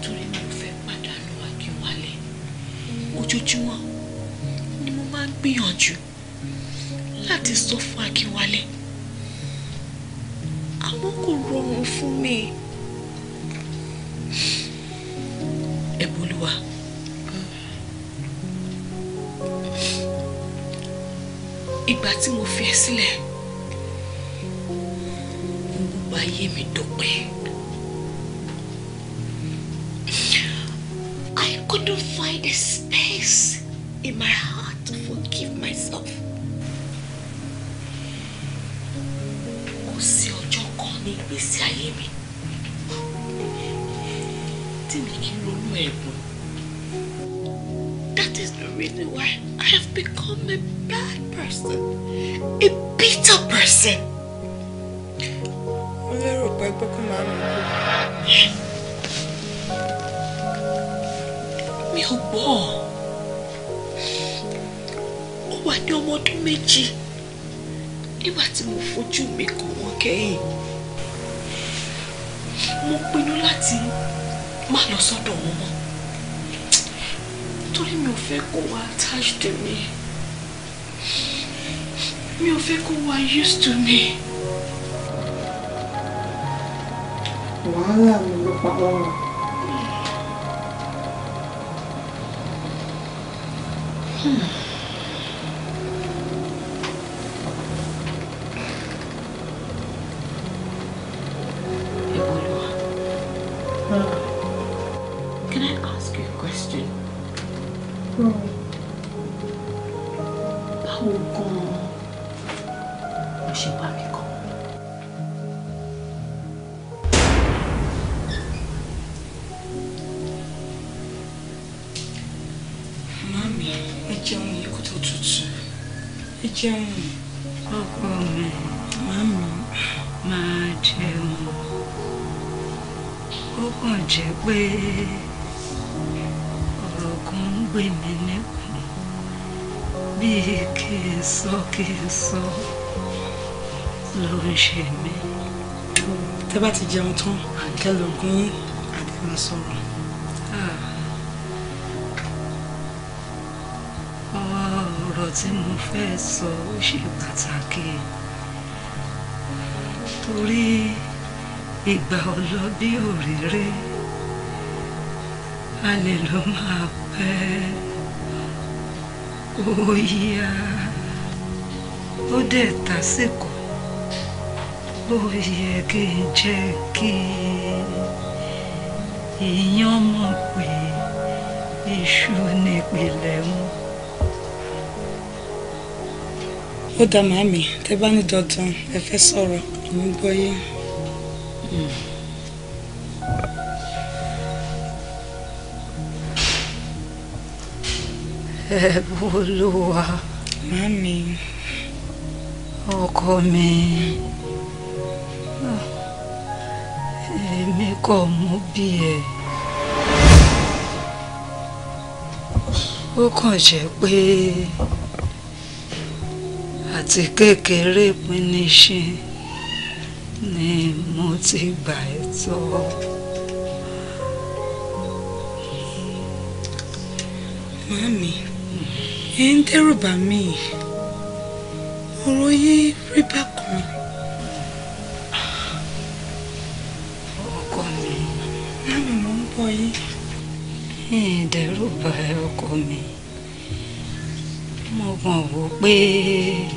torí mi ò fẹ́ pàdánù Akínwálé ojoojúmọ́ ni mo máa ń gbìyànjú láti sọ fún Akínwálé àmọ́ kò rọrùn fún mi ẹ̀bùn olúwa. E ìgbà tí mo fi ẹ sílẹ̀ gbogbo ayé mi dópin. I couldn't find a space in my heart to forgive myself. Kò sí ọjọ́ kan ní ìgbésí ayé mi tí mi kì í ronú ẹ̀bùn. That is the reason why. I have become a bad person, a bitter person. Mo lérò pé gbọ́kú máa ń mú un. Mi ò gbọ́. Ó wà ní ọmọ ọdún méjì nígbà tí mo fojú mi kàn wọ́n kẹ́yìn. Mo pinnu láti má lọ sọ́dọ̀ wọn mọ́ torí mi ò fẹ́ kó wá attached to me mi ò fẹ́ kó wá used to me. wàhálà mi ló pa ọ́rọ̀. Hmm. ẹ jẹun yìí kó tó tutù ẹ jẹun ọkọ mi màmí máa jẹun ó kàn jẹ́ pé ọ̀rọ̀ kan ń gbè mí níkùn bíi kí n sọ kí n sọ ló ń ṣe mí. tẹ́ bá ti jẹun tán kẹ́ lọ́gùn yín àti máa tí mo fẹ́ sọ ó ṣe pàtàkì torí ìgbà ọlọ́bí òréré a lè lọ máa pẹ́ ó yá ó dẹ̀ tásìkò ó yẹ kí n jẹ́ kí èèyàn mọ̀ pé iṣu nípìnlẹ̀ wọn. ọ da mụ ami n'agbanyeghi efe sọrọ onugbu ọhịa eboluwa mụ ọkọ mi ọ emi kọ mụ biya ọ ọ kọjá epe. láti kékeré pínṣin ni mo ti gbà ẹ́ tọ́. màmí ẹ ń dẹ́rù mí ọ̀rọ̀ yìí rí bákan. ọkọ mi. màmí mo ń bọ̀ yìí. ẹ ń dẹ́rù ẹ ọkọ mi mo kàn wò pé. Pe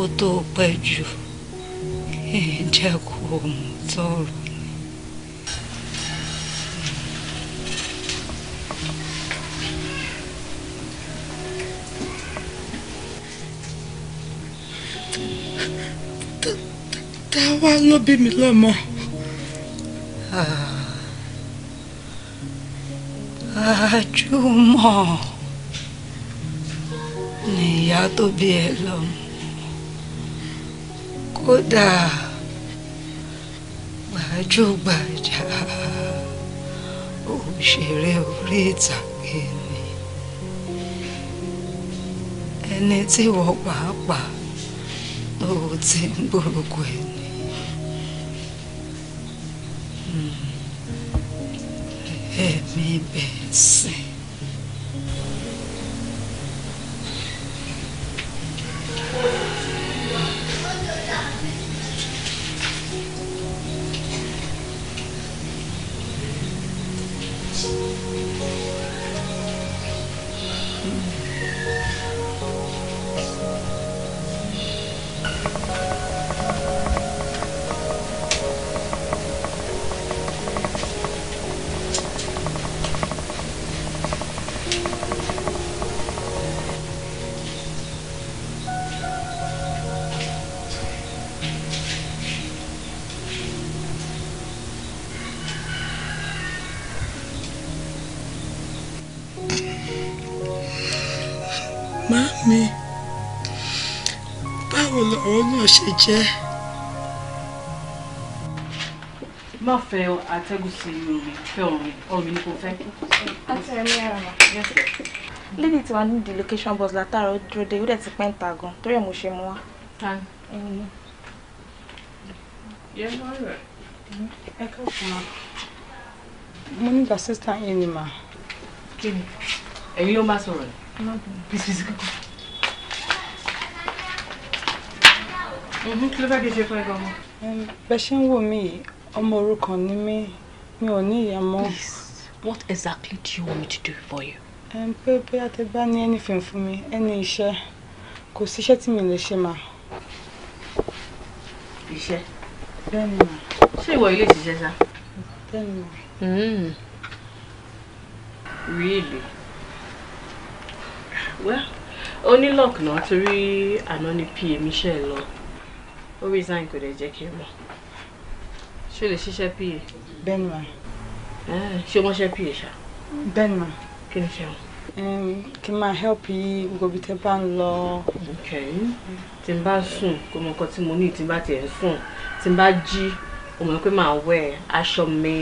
kó tó pẹ́ jù ẹ jẹ́ kó mú tọrọ. Táwa ló bí mi lọ́mọ. Ah, Àjùmọ̀ nìyá tó bí ẹ lọ́mọ kódà gbajúgbajà òṣèré orí ìtàgé ni ẹni tí wọ́n pàápàá tó ti ń gbórúkọ ẹ̀ ni. Hmm, ẹ̀mí bẹ́ẹ̀ sìn. ṣe jẹ́. má fẹ́ atẹ́gùn sí inú mi fẹ́ ọ̀run ọ̀run ni kò fẹ́. látàrí ẹ̀rọ mà. lady tiwa ní the location bus látàrọ dúró de ìwúdẹ̀ ti pẹ́ǹta gan torí ẹ̀ mo ṣe mú wa. mo nígbà sísá yín ni mà. kí ni ẹ̀yin ló máa sọ̀rọ̀ yìí bísí sí kíkọ́. Mhm, kí ló fẹ́ kí ṣe fún ẹ gan-an? ṣe ń wò mí ọmọ òrukàn ni mí mi ò ní ìyá mọ́. please what exactly do you want me to do for you? pé bóyá tẹ bá ní anything fún mi any iṣẹ́ kò síṣẹ́ tí mi lè ṣe mà. iṣẹ́. bẹ́ẹ̀ ni mà. ṣé ìwọ ilé ìṣiṣẹ́ sá. bẹ́ẹ̀ mà. Hmm. really well onílọ̀kùnà torí àná ni pa mi ṣe lọ ó resign kò dẹ̀ jẹ́ kí n mọ̀ ṣé o lè ṣiṣẹ́ pa. bẹ́ẹ̀ni ma. Eh, ṣé o mọṣẹ́ pa ṣá. bẹ́ẹ̀ni ma. kí ni ṣe wọn. kí n máa help yí gbogbo tẹ bá ń lọ. tí n bá sùn kò mọ nǹkan tí mo ní tí n bá tiẹ̀ ń sùn tí n bá jí o mọ̀ pé màá wẹ̀ aṣọ mi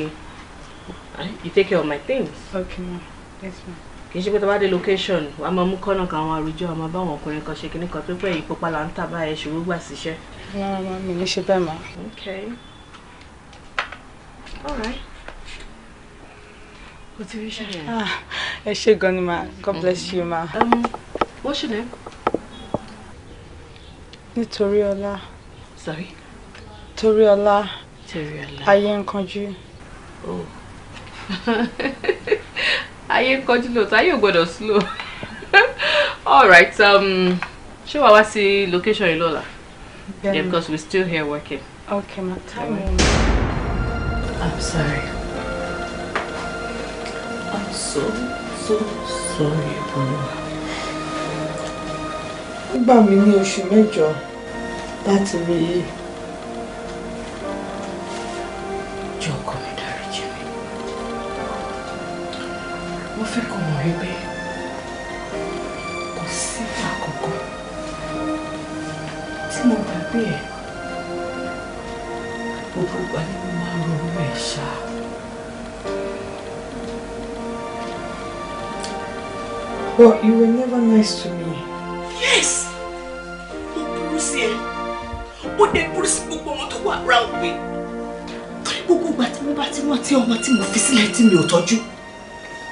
you take care of my things. okay ma yes ma kì í ṣe pé tó bá dé location wàá máa mú kọ́nà kan àwọn àròjọ àmọ́ báwọn ọkùnrin kan ṣe kíní kan tó pẹ́ yìí pópa là ń tà báyẹn ṣòro gbà síṣẹ́. Rárá máa mi ní ṣe bẹ́ẹ̀ máa. Okay. All right. Ó ti rí ṣẹlẹ̀. Ẹ ṣé gan ni ma. God mm. bless you ma. Um, what's your name? Toriola. Sorry? Toriola. Toriola. Torí ọlá. Ayé ń Oh. ayé ń kanjú lóòótọ́ ayé ò going slow. All right. Um, show wàá wá location yìí lọ́la? Then yeah, because we're still here working. Okay, my time. I'm sorry. I'm so, so sorry, Bruno. Nígbà mi ní oṣù mẹ́jọ that's rí me. But you were never nice to me. Yes! Mo burú sí ẹ. Ó dé burú sí gbogbo ọmọ tó wà round me. Torí gbogbo ìgbà me mo bá ti rántí ọmọ tí mo fi sílẹ̀ tí mi ò tọ́jú,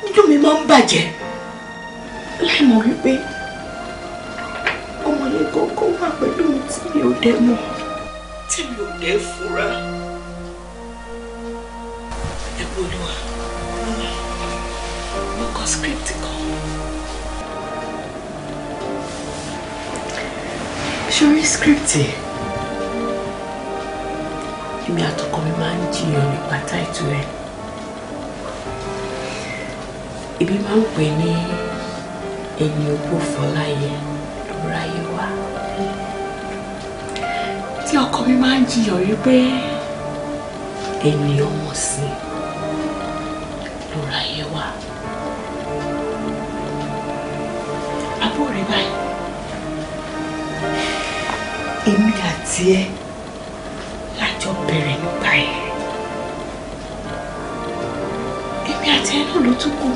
inú mi máa ń bàjẹ́. ibi máa ń pè ní ẹni ogún fọláyẹ lóráyé wá tí ọkọ mi máa ń jiyàn wípé ẹni ọmọ sí lóráyé wá àbúrò báyìí èmi àti ẹ lájọ bẹ̀rẹ̀ nípa ẹ èmi àti ẹ náà ló tún kù.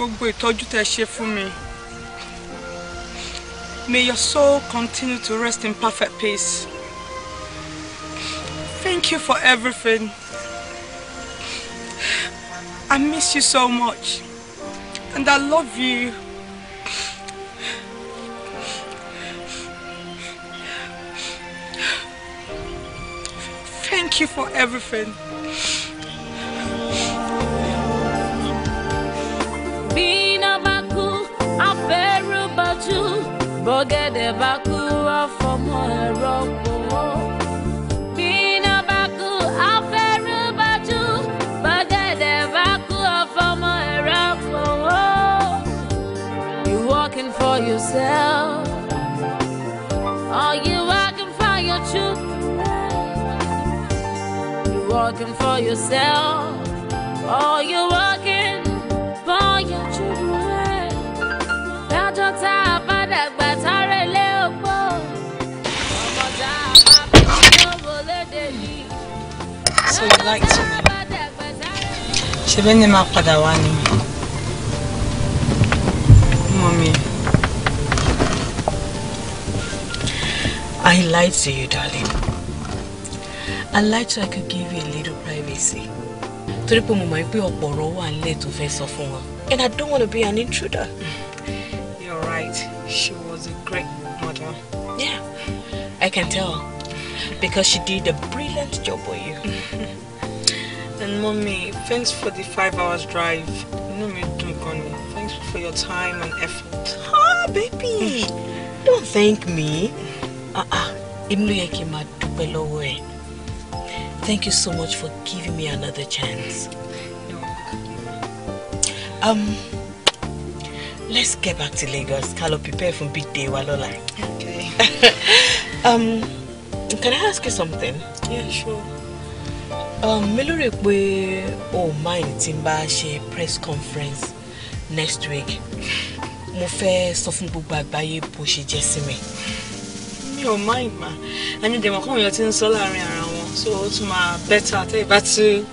gbogbo ìtọ́jú tẹ́ ṣe fún mi. May your soul continue to rest in perfect peace. Thank you for everything. I miss you so much. And I love you. Thank you for everything. mina baku aferu baju bogede baku afomo ero powo mina baku aferu baju bogede baku afomo ero you working for yourself are you working for your truth you working for yourself are you working fọyànjú rẹ̀ dájọ́ tá a bá dàgbà sáré lé ògbó ọmọ tá a bá So you liked me. ṣebí ni máa padà wá ni mommy I lied to you darling I lied so I could give you a little privacy torí pé mo mọ̀ pé ọ̀pọ̀ ọ̀rọ̀ wà nílẹ̀ tó fẹ́ sọ fún wa and I don't want to be an intruder. Mm. You're right. She was a great mother. Yeah, I can tell because she did a brilliant job for you. and mommy, thanks for the five hours drive. No mi dùn gan ni. Thanks for your time and effort. Ah, baby, mm. don't thank me. Ah, ah, èmi ló yẹ kí máa dúpẹ́ lọ́wọ́ ẹ̀. Thank you so much for giving me another chance. Um, let's get back to Lagos. Carlo, prepare for big day, Walola. Okay. um, can I ask you something? Yeah, sure. Um, mi lórí pé o mind tí n bá press conference next week. Mo fẹ́ sọ fún gbogbo àgbáyé bó ṣe jẹ́ mi. Mi ò mind ma. Ẹni dẹ̀mọ̀ kọ́mọ̀yọ́ ti ń sọ láàrin ara so to tún better tẹ́ ẹ bá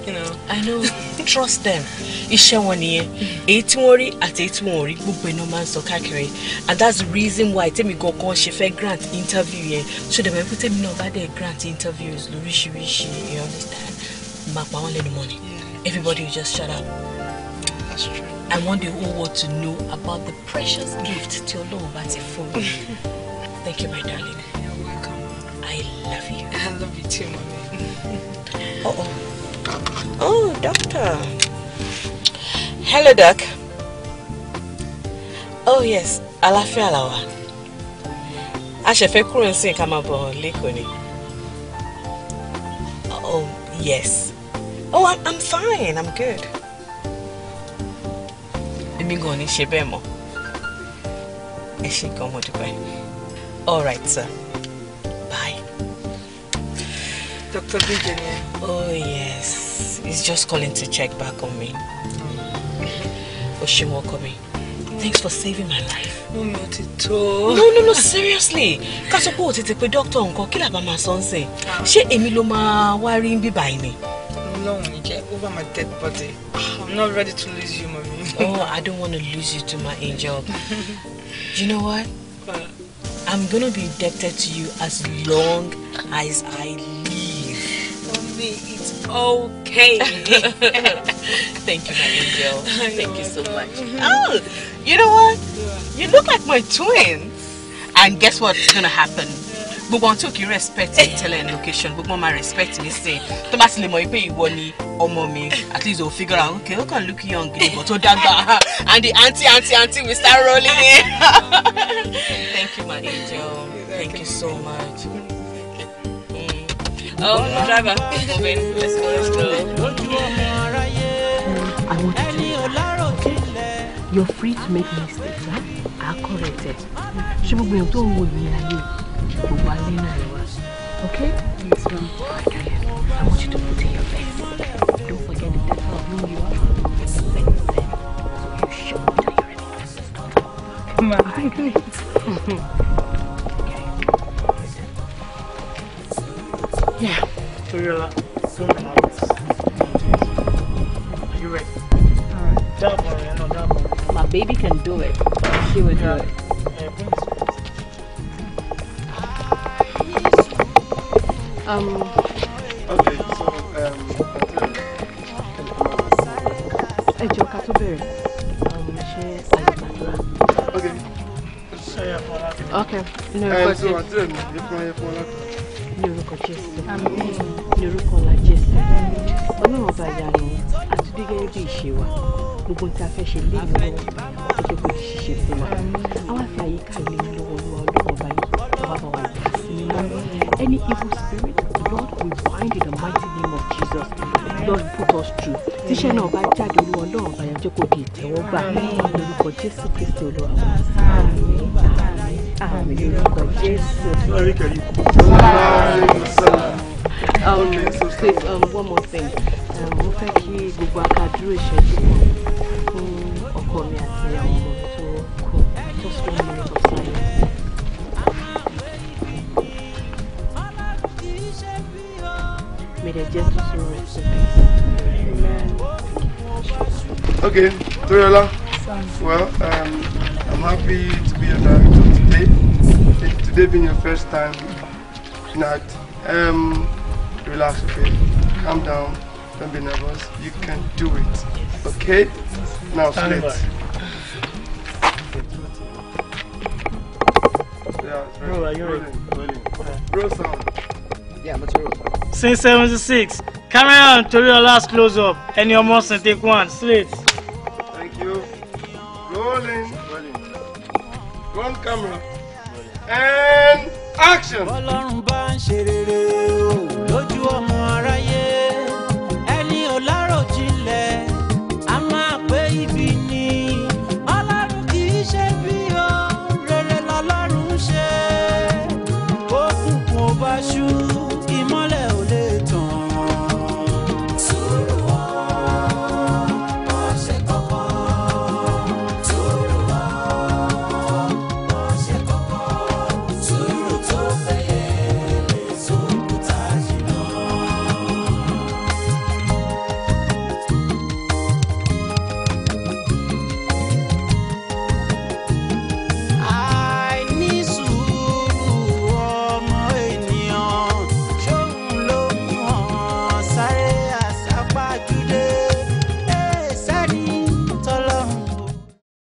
you know. i know trust them iṣẹ́ wọn nìyẹn mm-hmm. èyí tí wọ́n rí àti èyí tí wọ́n rí gbogbo ẹ̀ náà máa ń sọ káàkiri and that's the reason why tèmi gangan ṣe fẹ́ grant interview yẹn so dẹ̀ mẹ́fún tèmi náà bá dẹ̀ grant interviews lóríṣiríṣi you understand máa pa wọ́n lẹ́nu mọ́ni everybody will just shut up. that's true. I want the whole world to know about the precious gift tí Ọlọ́run bá ti fún mi. Thank you, my darling. You're welcome. I love you. I love you too, mommy. Uh-oh. Oh, doctor. Hello, doc. Oh, yes. Àlàáfíà la I A ṣe fẹ́ kúrò nsìn ká máa bọ̀ lẹ́kọ̀ọ́ ni. Oh, yes. Oh, I'm, I'm fine. I'm good. Let me go ní ṣe bẹ́ẹ̀ mọ́. Ẹ ṣé gan-an mo All right, sir. Dr. Virginia. Oh, yes. He's just calling to check back on me. Oshimokomi, oh, thanks for saving my life. No, not at all. No, no, no, seriously. Kaso po, pé o pe doctor nǹkan Kila ba máa sọ ń sìn. Ṣé èmi ló máa wá rí bí báyìí ni? Ọlọ́run over my dead body. I'm not ready to lose you, mommy. Oh, I don't want to lose you to my angel. You know what? What? I'm gonna be indebted to you as long as I live me. It's okay. Thank you, my angel. Thank you so much. Oh, you know what? You look like my twins. And guess what's gonna happen? gbogbo ohun tí ò kí respect mi tẹ́lẹ̀ location gbogbo ọmọ respect me. Say, Thomas bá sì lè mọ̀ pé ìwọ ni at least o figure out okay o can look young but ó dàgbà and the auntie, auntie, auntie, we start rolling in. thank you my angel thank you so much. Oh, driver, I want you You're free to make mistakes, huh? I'll correct it. She will be able to hold me and you. Okay? Yes, ma'am. I want you to put in your best. Don't forget the depth of who you are. Respect them. You show me that you're ready. Come on. Yeah, Toyota Are you ready? Alright. Don't worry, I know, don't worry. My baby can do it. She will yeah. do it. um. Okay, so, um. um okay. Okay. Ní orúkọ lórúkọ la jésù ọlọ́run ọba ìyá rẹ̀ àtúndé gẹ́gẹ́ bí ìṣe wa gbogbo tí a fẹ́ ṣe lé ìlú lọ́wọ́ ọjọ́ kò ti ṣiṣẹ́ fún wa àwọn àfi àyíká ìlú lọ́wọ́ lọ́wọ́ ọlọ́run ọba yìí ọba bá wa dá sí ẹni evil spirit ọlọ́run put us through tíṣẹ́ náà bá jáde olú ọlọ́run bá jẹ́ kó di ìtẹ́wọ́gbà lórúkọ jésù kristi olúwa wa lórúkọ jésù. Um, please, um, one more thing. Um, mo fẹ́ kí gbogbo akadúró ìṣẹ́jú kan fún ọkọ mi àti àwọn ọmọ tó kù. Just one minute of silence. May the gentle Okay, Toriola. Well, um, I'm happy to be on director today. Today being your first time not Um, relax, okay? Calm down. Don't be nervous. You can do it. Okay? Now split. Yeah, it's Bro, are you ready? Rolling. Roll sound. Yeah, material Since 76. Carry on Toriola last close up. And you monster take one. Slate. on camera and action.